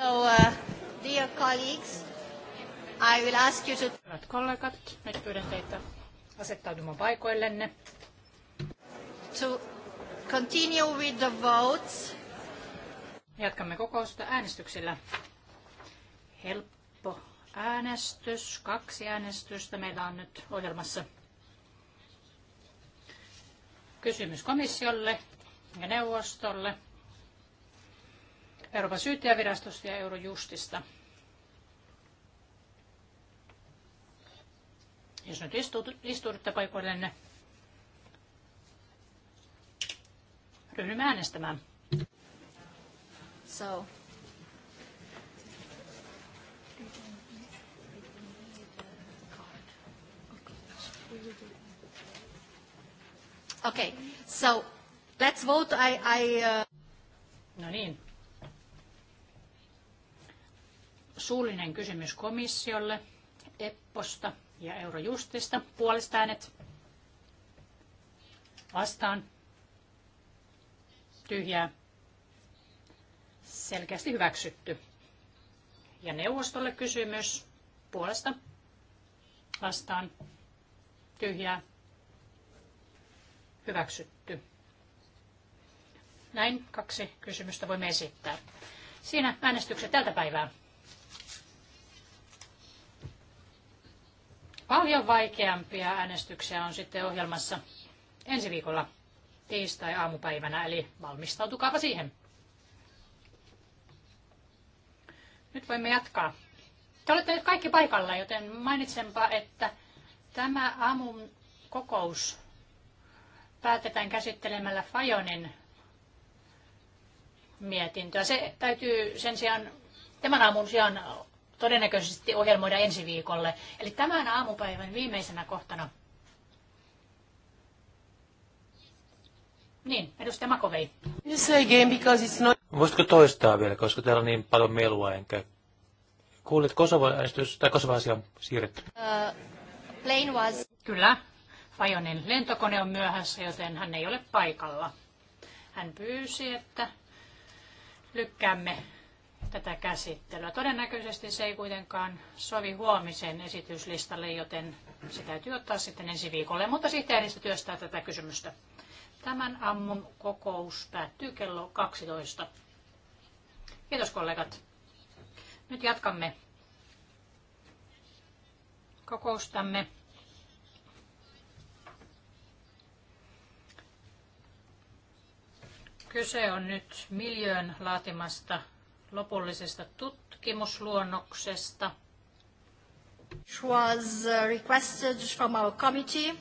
So, uh, dear colleagues, I will ask you to... Hyvät kollegat, nyt pyydän teitä asettautumaan paikoillenne. To continue with the votes. Jatkamme kokousta äänestyksillä. Helppo äänestys, kaksi äänestystä meillä on nyt ohjelmassa. Kysymys komissiolle ja neuvostolle Euroopan syyttäjävirastosta ja Eurojustista. Jos nyt istuudutte paikoillenne, ryhdymme äänestämään. So. Okay, so let's vote. I, I, uh... No niin, suullinen kysymys komissiolle, EPPOsta ja Eurojustista. Puolesta äänet vastaan. Tyhjää. Selkeästi hyväksytty. Ja neuvostolle kysymys puolesta vastaan. Tyhjää. Hyväksytty. Näin kaksi kysymystä voimme esittää. Siinä äänestykset tältä päivää. Paljon vaikeampia äänestyksiä on sitten ohjelmassa ensi viikolla tiistai-aamupäivänä, eli valmistautukaapa siihen. Nyt voimme jatkaa. Te olette nyt kaikki paikalla, joten mainitsenpa, että tämä aamun kokous päätetään käsittelemällä Fajonin mietintöä. Se täytyy sen sijaan, tämän aamun sijaan todennäköisesti ohjelmoida ensi viikolle. Eli tämän aamupäivän viimeisenä kohtana. Niin, edustaja Makovei. Voisitko toistaa vielä, koska täällä on niin paljon melua, enkä kuulit Kosovan äänestys, tai Kosovan asia on siirretty. Uh, plane was... Kyllä. Fajonin lentokone on myöhässä, joten hän ei ole paikalla. Hän pyysi, että lykkäämme tätä käsittelyä. Todennäköisesti se ei kuitenkaan sovi huomisen esityslistalle, joten se täytyy ottaa sitten ensi viikolle. Mutta sihteeristä työstää tätä kysymystä. Tämän ammun kokous päättyy kello 12. Kiitos kollegat. Nyt jatkamme kokoustamme. Kyse on nyt miljöön laatimasta lopullisesta tutkimusluonnoksesta. It was uh, requested from our committee.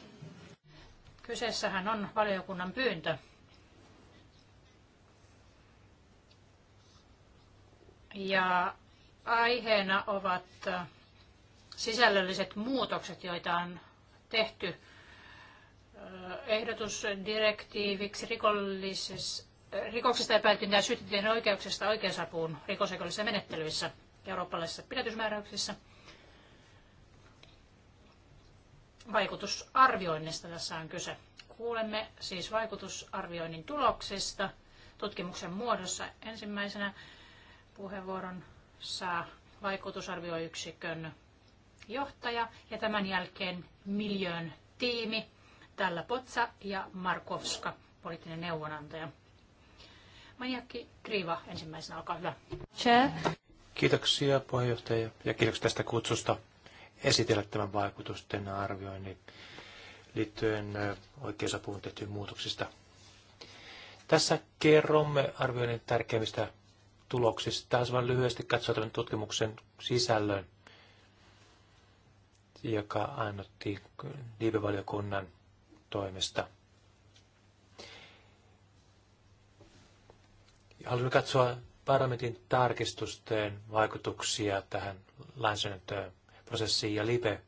Kyseessähän on valiokunnan pyyntö. Ja aiheena ovat uh, sisällölliset muutokset, joita on tehty uh, ehdotusdirektiiviksi rikollisessa rikoksesta epäiltyjen ja syytettyjen oikeuksista oikeusapuun rikosoikeudellisissa menettelyissä eurooppalaisissa pidätysmääräyksissä. Vaikutusarvioinnista tässä on kyse. Kuulemme siis vaikutusarvioinnin tuloksista tutkimuksen muodossa. Ensimmäisenä puheenvuoron saa vaikutusarvioyksikön johtaja ja tämän jälkeen miljoon tiimi, tällä Potsa ja Markovska, poliittinen neuvonantaja. Maniakki Triiva ensimmäisenä, olkaa hyvä. Chair. Kiitoksia puheenjohtaja ja kiitoksia tästä kutsusta esitellä tämän vaikutusten arvioinnin liittyen oikeusapuun tehtyyn muutoksista. Tässä kerromme arvioinnin tärkeimmistä tuloksista. Tässä vain lyhyesti katsoa tämän tutkimuksen sisällön, joka annettiin liivevaliokunnan toimesta – Haluamme katsoa parlamentin tarkistusten vaikutuksia tähän lainsäädäntöprosessiin ja LIBE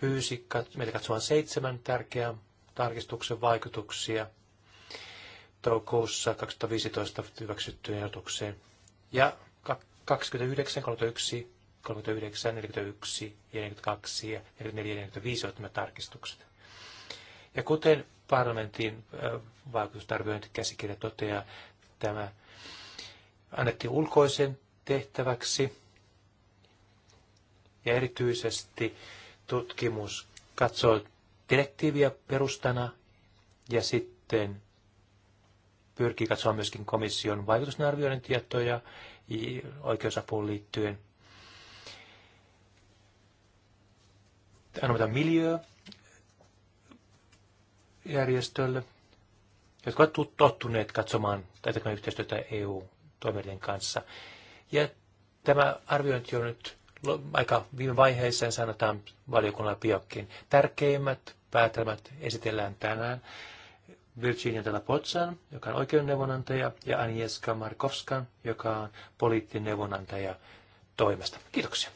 pyysi meitä katsomaan seitsemän tärkeää tarkistuksen vaikutuksia toukokuussa 2015 hyväksyttyyn ehdotukseen. Ja 29, 31, 39, 41 ja 42 ja 44 ja 45 ovat nämä tarkistukset. Ja kuten parlamentin vaikutustarviointikäsikirja toteaa, tämä annettiin ulkoisen tehtäväksi ja erityisesti tutkimus katsoi direktiiviä perustana ja sitten pyrkii katsoa myöskin komission vaikutusarvioiden tietoja oikeusapuun liittyen. Annetaan miljöö järjestölle jotka ovat tottuneet katsomaan tai tekemään yhteistyötä EU-toimijoiden kanssa. Ja tämä arviointi on nyt aika viime vaiheeseen, sanotaan valiokunnalla piokkin. Tärkeimmät päätelmät esitellään tänään. Virginia Della Potsan, joka on oikeudenneuvonantaja, ja Anieska Markovska, joka on poliittinen neuvonantaja toimesta. Kiitoksia.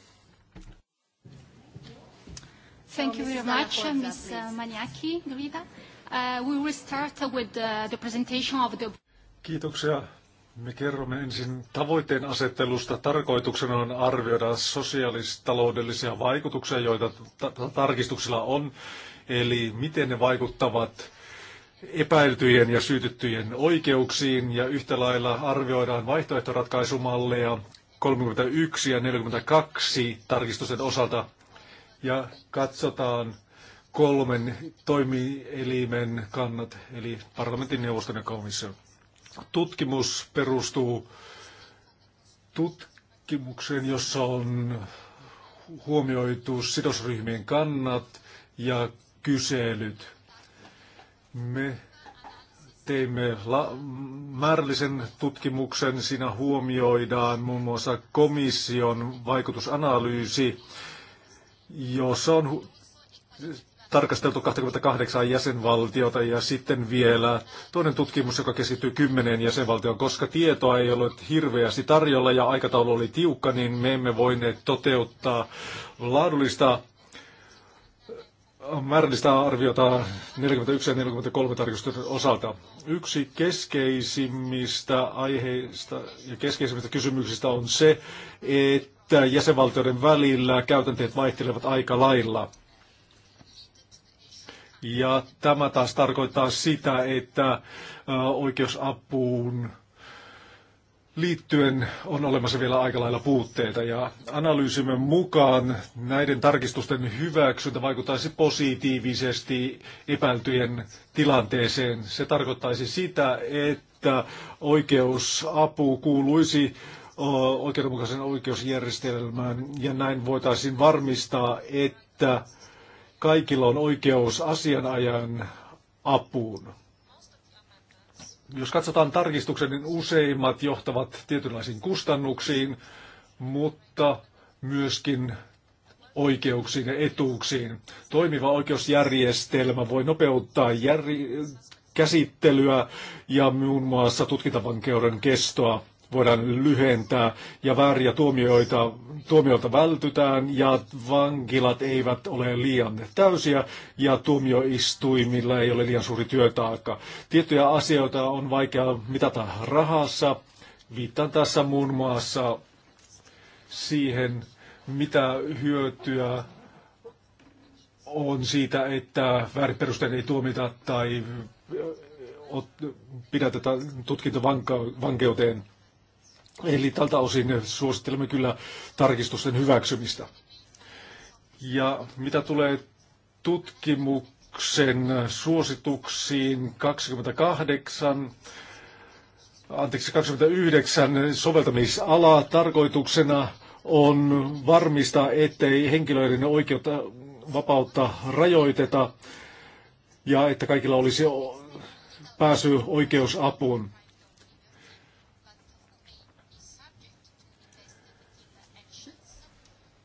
Thank you very much, uh, Ms. Uh, Maniaki Grida. Uh, we will start with the presentation of the... Kiitoksia. Me kerromme ensin tavoitteen asettelusta. Tarkoituksena on arvioida sosiaalistaloudellisia vaikutuksia, joita tarkistuksilla on, eli miten ne vaikuttavat epäiltyjen ja syytettyjen oikeuksiin ja yhtä lailla arvioidaan vaihtoehtoratkaisumalleja 31 ja 42 tarkistusten osalta ja katsotaan kolmen toimielimen kannat, eli parlamentin neuvoston ja komission. Tutkimus perustuu tutkimukseen, jossa on huomioitu sidosryhmien kannat ja kyselyt. Me teimme la- määrällisen tutkimuksen. Siinä huomioidaan muun muassa komission vaikutusanalyysi, jossa on tarkasteltu 28 jäsenvaltiota ja sitten vielä toinen tutkimus, joka keskittyy 10 jäsenvaltioon. Koska tietoa ei ollut hirveästi tarjolla ja aikataulu oli tiukka, niin me emme voineet toteuttaa laadullista määrällistä arviota 41 ja 43 tarkistusten osalta. Yksi keskeisimmistä aiheista ja keskeisimmistä kysymyksistä on se, että jäsenvaltioiden välillä käytänteet vaihtelevat aika lailla. Ja tämä taas tarkoittaa sitä, että oikeusapuun liittyen on olemassa vielä aika lailla puutteita ja analyysimme mukaan näiden tarkistusten hyväksyntä vaikuttaisi positiivisesti epäiltyjen tilanteeseen. Se tarkoittaisi sitä, että oikeusapu kuuluisi oikeudenmukaisen oikeusjärjestelmään ja näin voitaisiin varmistaa, että kaikilla on oikeus asianajan apuun. Jos katsotaan tarkistuksen, niin useimmat johtavat tietynlaisiin kustannuksiin, mutta myöskin oikeuksiin ja etuuksiin. Toimiva oikeusjärjestelmä voi nopeuttaa jär... käsittelyä ja muun muassa tutkintavankeuden kestoa voidaan lyhentää ja vääriä tuomioita, tuomioita vältytään ja vankilat eivät ole liian täysiä ja tuomioistuimilla ei ole liian suuri työtaakka. Tiettyjä asioita on vaikea mitata rahassa. Viittaan tässä muun muassa siihen, mitä hyötyä on siitä, että väärin ei tuomita tai pidätetä tutkintovankeuteen. vankeuteen. Eli tältä osin suosittelemme kyllä tarkistusten hyväksymistä. Ja mitä tulee tutkimuksen suosituksiin 28, anteeksi 29 soveltamisala tarkoituksena on varmistaa, ettei henkilöiden oikeutta vapautta rajoiteta ja että kaikilla olisi pääsy oikeusapuun.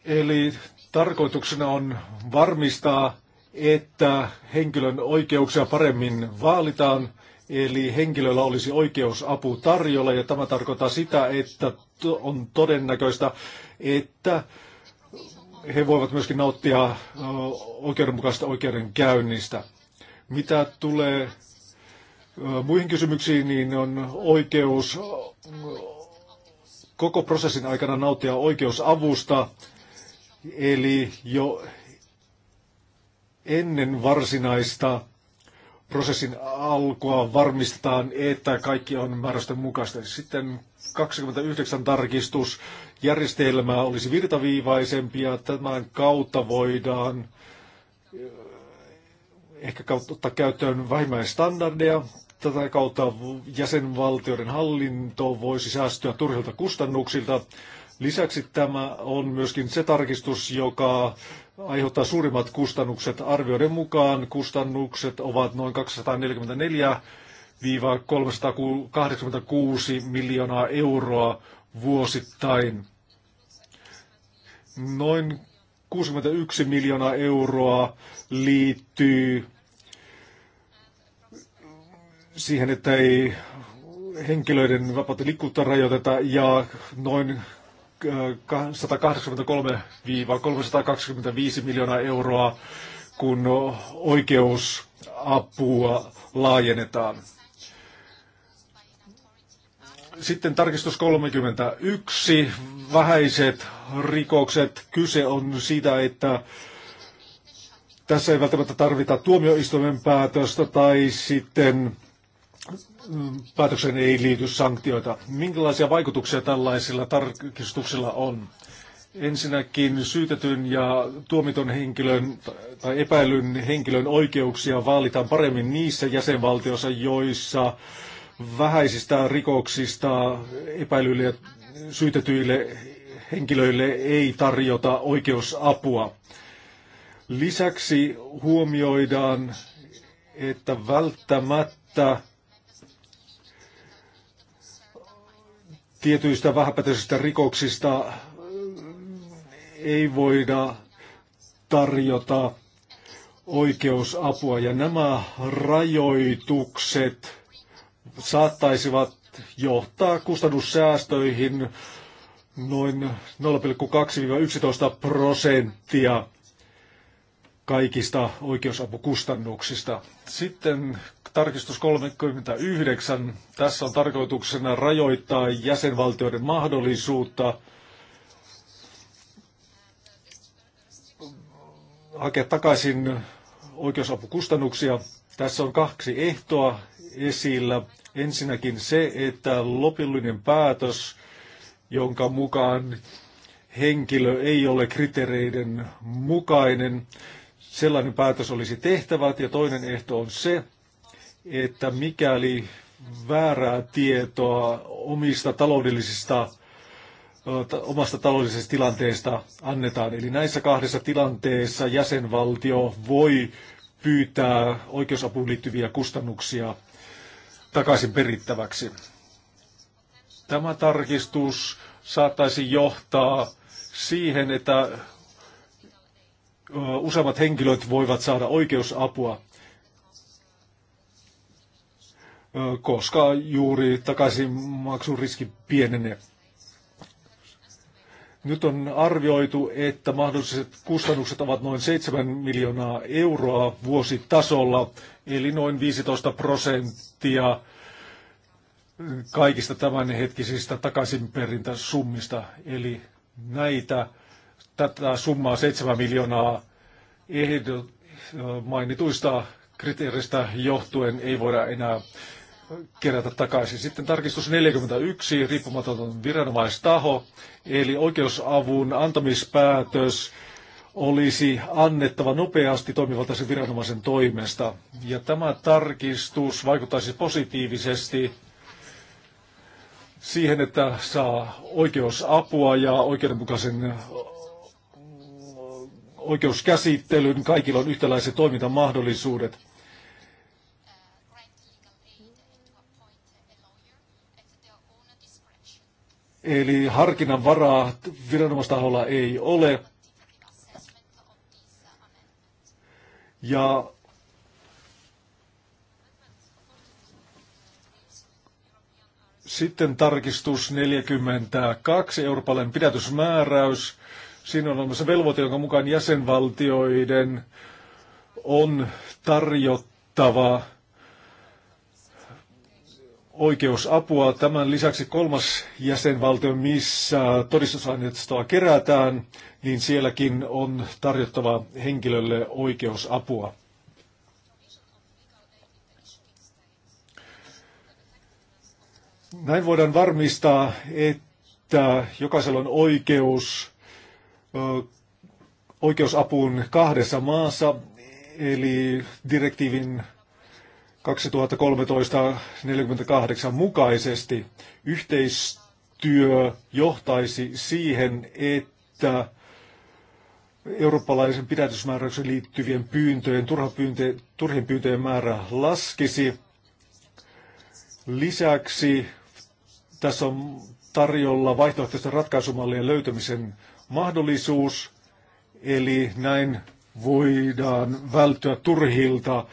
Eli tarkoituksena on varmistaa, että henkilön oikeuksia paremmin vaalitaan, eli henkilöllä olisi oikeus apu tarjolla, ja tämä tarkoittaa sitä, että on todennäköistä, että he voivat myöskin nauttia oikeudenmukaisesta oikeudenkäynnistä. Mitä tulee muihin kysymyksiin, niin on oikeus koko prosessin aikana nauttia oikeusavusta Eli jo ennen varsinaista prosessin alkua varmistetaan, että kaikki on määräysten mukaista. Sitten 29 tarkistus. Järjestelmää olisi virtaviivaisempi ja tämän kautta voidaan eh, ehkä ottaa käyttöön vähimmäistandardeja. Tätä kautta jäsenvaltioiden hallinto voisi säästyä turhilta kustannuksilta Lisäksi tämä on myöskin se tarkistus, joka aiheuttaa suurimmat kustannukset. Arvioiden mukaan kustannukset ovat noin 244 386 miljoonaa euroa vuosittain. Noin 61 miljoonaa euroa liittyy siihen, että ei henkilöiden vapautta liikkuutta rajoiteta ja noin 183-325 miljoonaa euroa, kun oikeusapua laajennetaan. Sitten tarkistus 31, vähäiset rikokset. Kyse on siitä, että tässä ei välttämättä tarvita tuomioistuimen päätöstä tai sitten päätökseen ei liity sanktioita. Minkälaisia vaikutuksia tällaisilla tarkistuksilla on? Ensinnäkin syytetyn ja tuomiton henkilön tai epäilyn henkilön oikeuksia vaalitaan paremmin niissä jäsenvaltioissa, joissa vähäisistä rikoksista epäilyille ja syytetyille henkilöille ei tarjota oikeusapua. Lisäksi huomioidaan, että välttämättä tietyistä vähäpätöisistä rikoksista ei voida tarjota oikeusapua. Ja nämä rajoitukset saattaisivat johtaa kustannussäästöihin noin 0,2-11 prosenttia kaikista oikeusapukustannuksista. Sitten tarkistus 39. Tässä on tarkoituksena rajoittaa jäsenvaltioiden mahdollisuutta hakea takaisin oikeusapukustannuksia. Tässä on kaksi ehtoa esillä. Ensinnäkin se, että lopullinen päätös, jonka mukaan henkilö ei ole kriteereiden mukainen, sellainen päätös olisi tehtävä. Ja toinen ehto on se, että mikäli väärää tietoa omista taloudellisista omasta taloudellisesta tilanteesta annetaan. Eli näissä kahdessa tilanteessa jäsenvaltio voi pyytää oikeusapuun liittyviä kustannuksia takaisin perittäväksi. Tämä tarkistus saattaisi johtaa siihen, että useammat henkilöt voivat saada oikeusapua koska juuri takaisin maksuriski pienenee. Nyt on arvioitu, että mahdolliset kustannukset ovat noin 7 miljoonaa euroa vuositasolla, eli noin 15 prosenttia kaikista tämänhetkisistä takaisinperintäsummista. Eli näitä, tätä summaa 7 miljoonaa ehdot, mainituista kriteeristä johtuen ei voida enää kerätä takaisin. Sitten tarkistus 41, riippumaton viranomaistaho, eli oikeusavun antamispäätös olisi annettava nopeasti toimivaltaisen viranomaisen toimesta. Ja tämä tarkistus vaikuttaisi positiivisesti siihen, että saa oikeusapua ja oikeudenmukaisen oikeuskäsittelyn. Kaikilla on yhtäläiset toimintamahdollisuudet. Eli harkinnan varaa viranomaistaholla ei ole. Ja sitten tarkistus 42, Euroopan pidätysmääräys. Siinä on olemassa velvoite, jonka mukaan jäsenvaltioiden on tarjottava oikeusapua. Tämän lisäksi kolmas jäsenvaltio, missä todistusaineistoa kerätään, niin sielläkin on tarjottava henkilölle oikeusapua. Näin voidaan varmistaa, että jokaisella on oikeus oikeusapuun kahdessa maassa, eli direktiivin 2013-48 mukaisesti yhteistyö johtaisi siihen, että eurooppalaisen pidätysmääräyksen liittyvien pyyntöjen, turhien pyyntöjen määrä laskisi. Lisäksi tässä on tarjolla vaihtoehtoisten ratkaisumallien löytämisen mahdollisuus, eli näin voidaan välttyä turhilta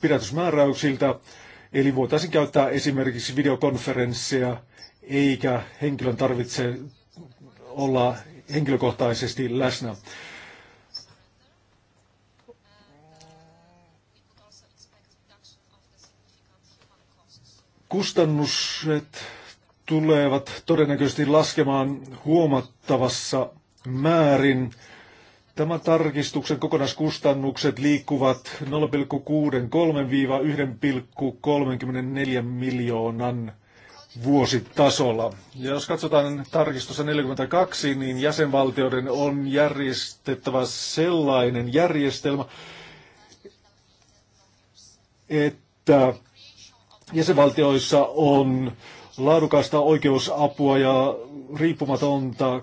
pidätysmääräyksiltä, eli voitaisiin käyttää esimerkiksi videokonferenssia, eikä henkilön tarvitse olla henkilökohtaisesti läsnä. Kustannukset tulevat todennäköisesti laskemaan huomattavassa määrin Tämän tarkistuksen kokonaiskustannukset liikkuvat 0,63-1,34 miljoonan vuositasolla. Ja jos katsotaan tarkistusta 42, niin jäsenvaltioiden on järjestettävä sellainen järjestelmä, että jäsenvaltioissa on laadukasta oikeusapua ja riippumatonta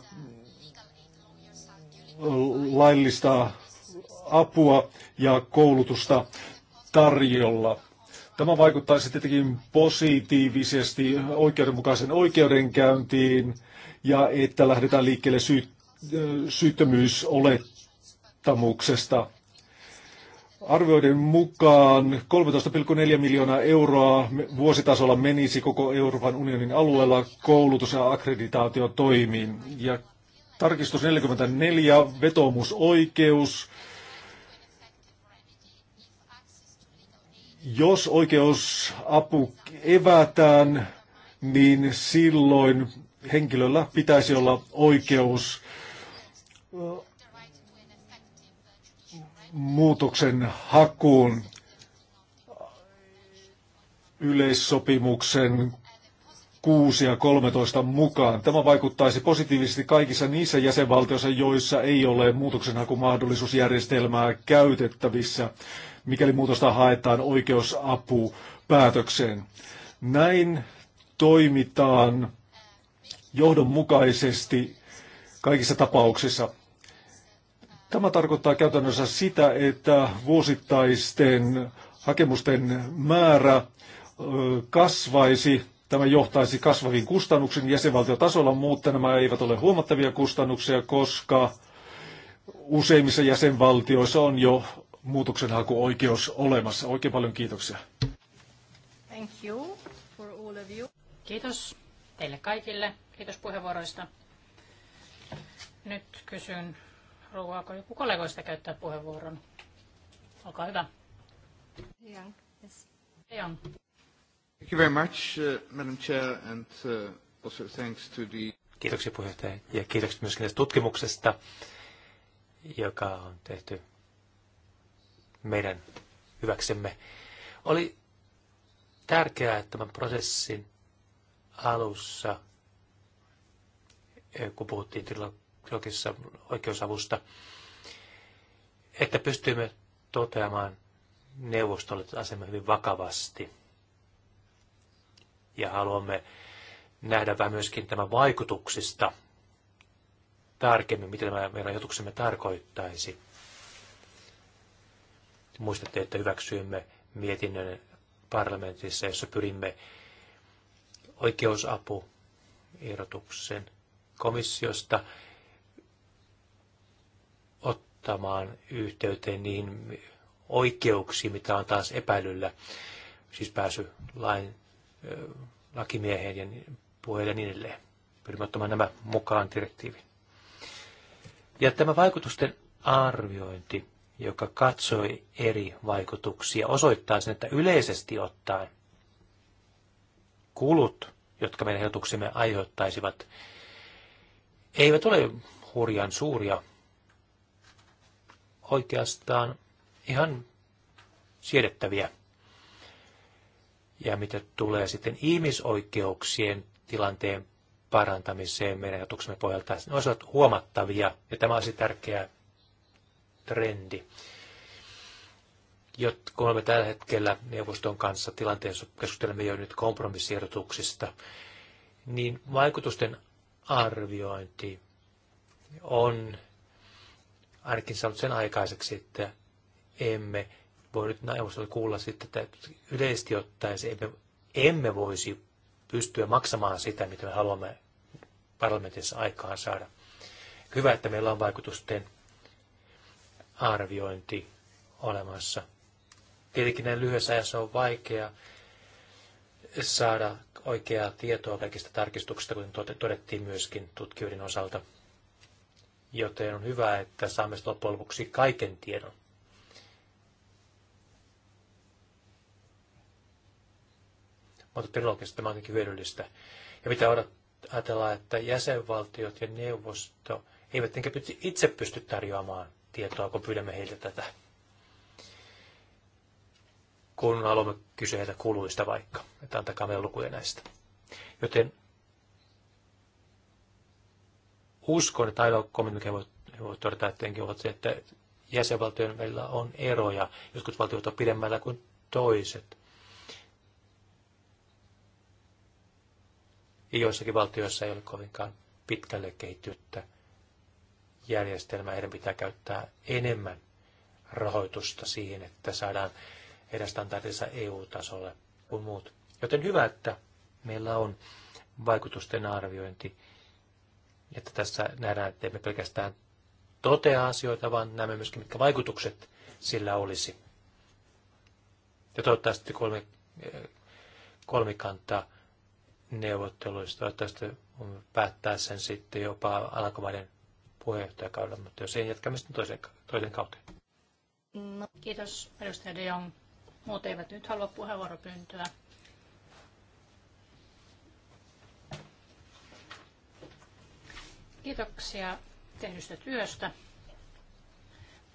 laillista apua ja koulutusta tarjolla. Tämä vaikuttaisi tietenkin positiivisesti oikeudenmukaisen oikeudenkäyntiin ja että lähdetään liikkeelle syy, syyttömyysolettamuksesta. Arvioiden mukaan 13,4 miljoonaa euroa vuositasolla menisi koko Euroopan unionin alueella koulutus- ja akkreditaatiotoimiin. Ja Tarkistus 44, vetoomusoikeus. Jos oikeusapu evätään, niin silloin henkilöllä pitäisi olla oikeus äh, muutoksen hakuun yleissopimuksen 6 ja 13 mukaan. Tämä vaikuttaisi positiivisesti kaikissa niissä jäsenvaltioissa, joissa ei ole muutoksenhakumahdollisuusjärjestelmää käytettävissä, mikäli muutosta haetaan oikeusapu päätökseen. Näin toimitaan johdonmukaisesti kaikissa tapauksissa. Tämä tarkoittaa käytännössä sitä, että vuosittaisten hakemusten määrä kasvaisi Tämä johtaisi kasvaviin kustannuksiin jäsenvaltiotasolla, mutta nämä eivät ole huomattavia kustannuksia, koska useimmissa jäsenvaltioissa on jo muutoksenhakuoikeus olemassa. Oikein paljon kiitoksia. Thank you for all of you. Kiitos teille kaikille. Kiitos puheenvuoroista. Nyt kysyn, haluaako joku kollegoista käyttää puheenvuoron? Olkaa hyvä. Yeah, Yes. Young. Thank you very much, uh, Madam Chair, and uh, also thanks to the... Kiitoksia puheenjohtaja ja kiitokset myöskin tästä tutkimuksesta, joka on tehty meidän hyväksemme. Oli tärkeää, että tämän prosessin alussa, eh, kun puhuttiin trilogissa oikeusavusta, että pystyimme toteamaan neuvostolle asema hyvin vakavasti ja haluamme nähdä vähän myöskin tämä vaikutuksista tarkemmin, mitä tämä meidän rajoituksemme tarkoittaisi. Muistatte, että hyväksyimme mietinnön parlamentissa, jossa pyrimme oikeusapu ehdotuksen komissiosta ottamaan yhteyteen niihin oikeuksiin, mitä on taas epäilyllä, siis pääsy lain lakimieheen ja niin- puheille ja niin edelleen. Pyrimme ottamaan nämä mukaan direktiiviin. Ja tämä vaikutusten arviointi, joka katsoi eri vaikutuksia, osoittaa sen, että yleisesti ottaen kulut, jotka meidän ehdotuksemme aiheuttaisivat, eivät ole hurjan suuria. Oikeastaan ihan siedettäviä. Ja mitä tulee sitten ihmisoikeuksien tilanteen parantamiseen meidän ajatuksemme pohjalta, ne olisivat huomattavia, ja tämä olisi tärkeä trendi. kun olemme tällä hetkellä neuvoston kanssa tilanteessa, keskustelemme jo nyt kompromissiehdotuksista, niin vaikutusten arviointi on ainakin saanut sen aikaiseksi, että emme voi nyt neuvostolta kuulla sitten, että yleisesti ottaen emme, emme voisi pystyä maksamaan sitä, mitä me haluamme parlamentissa aikaan saada. Hyvä, että meillä on vaikutusten arviointi olemassa. Tietenkin näin lyhyessä ajassa on vaikea saada oikeaa tietoa kaikista tarkistuksista, kuten todettiin myöskin tutkijoiden osalta. Joten on hyvä, että saamme loppujen lopuksi kaiken tiedon mutta trilogissa tämä onkin hyödyllistä. Ja pitää ajatellaan, että jäsenvaltiot ja neuvosto eivät itse pysty tarjoamaan tietoa, kun pyydämme heiltä tätä. Kun haluamme kysyä heiltä kuluista vaikka, että antakaa meille lukuja näistä. Joten uskon, että ainoa kommentti, mikä voi, voi todeta, että enkin se, että jäsenvaltioiden välillä on eroja. Jotkut valtiot ovat pidemmällä kuin toiset. Ja joissakin valtioissa ei ole kovinkaan pitkälle kehittynyttä järjestelmää. Heidän pitää käyttää enemmän rahoitusta siihen, että saadaan heidän standardinsa EU-tasolle kuin muut. Joten hyvä, että meillä on vaikutusten arviointi, että tässä nähdään, että emme pelkästään totea asioita, vaan näemme myöskin, mitkä vaikutukset sillä olisi. Ja toivottavasti kolme, kolmikantaa neuvotteluista. Tästä päättää sen sitten jopa Alankomaiden puheenjohtajakaudella, mutta jos ei, jatkamme sitten toisen, toisen kauteen. No, kiitos edustaja De Jong. Muut eivät nyt halua puheenvuoropyyntöä. Kiitoksia tehdystä työstä.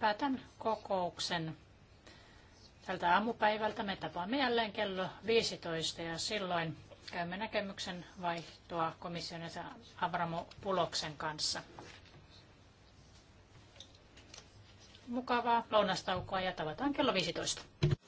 Päätän kokouksen tältä aamupäivältä. Me tapaamme jälleen kello 15 ja silloin käymme näkemyksen vaihtoa komission Avramo Puloksen kanssa. Mukavaa lounastaukoa ja tavataan kello 15.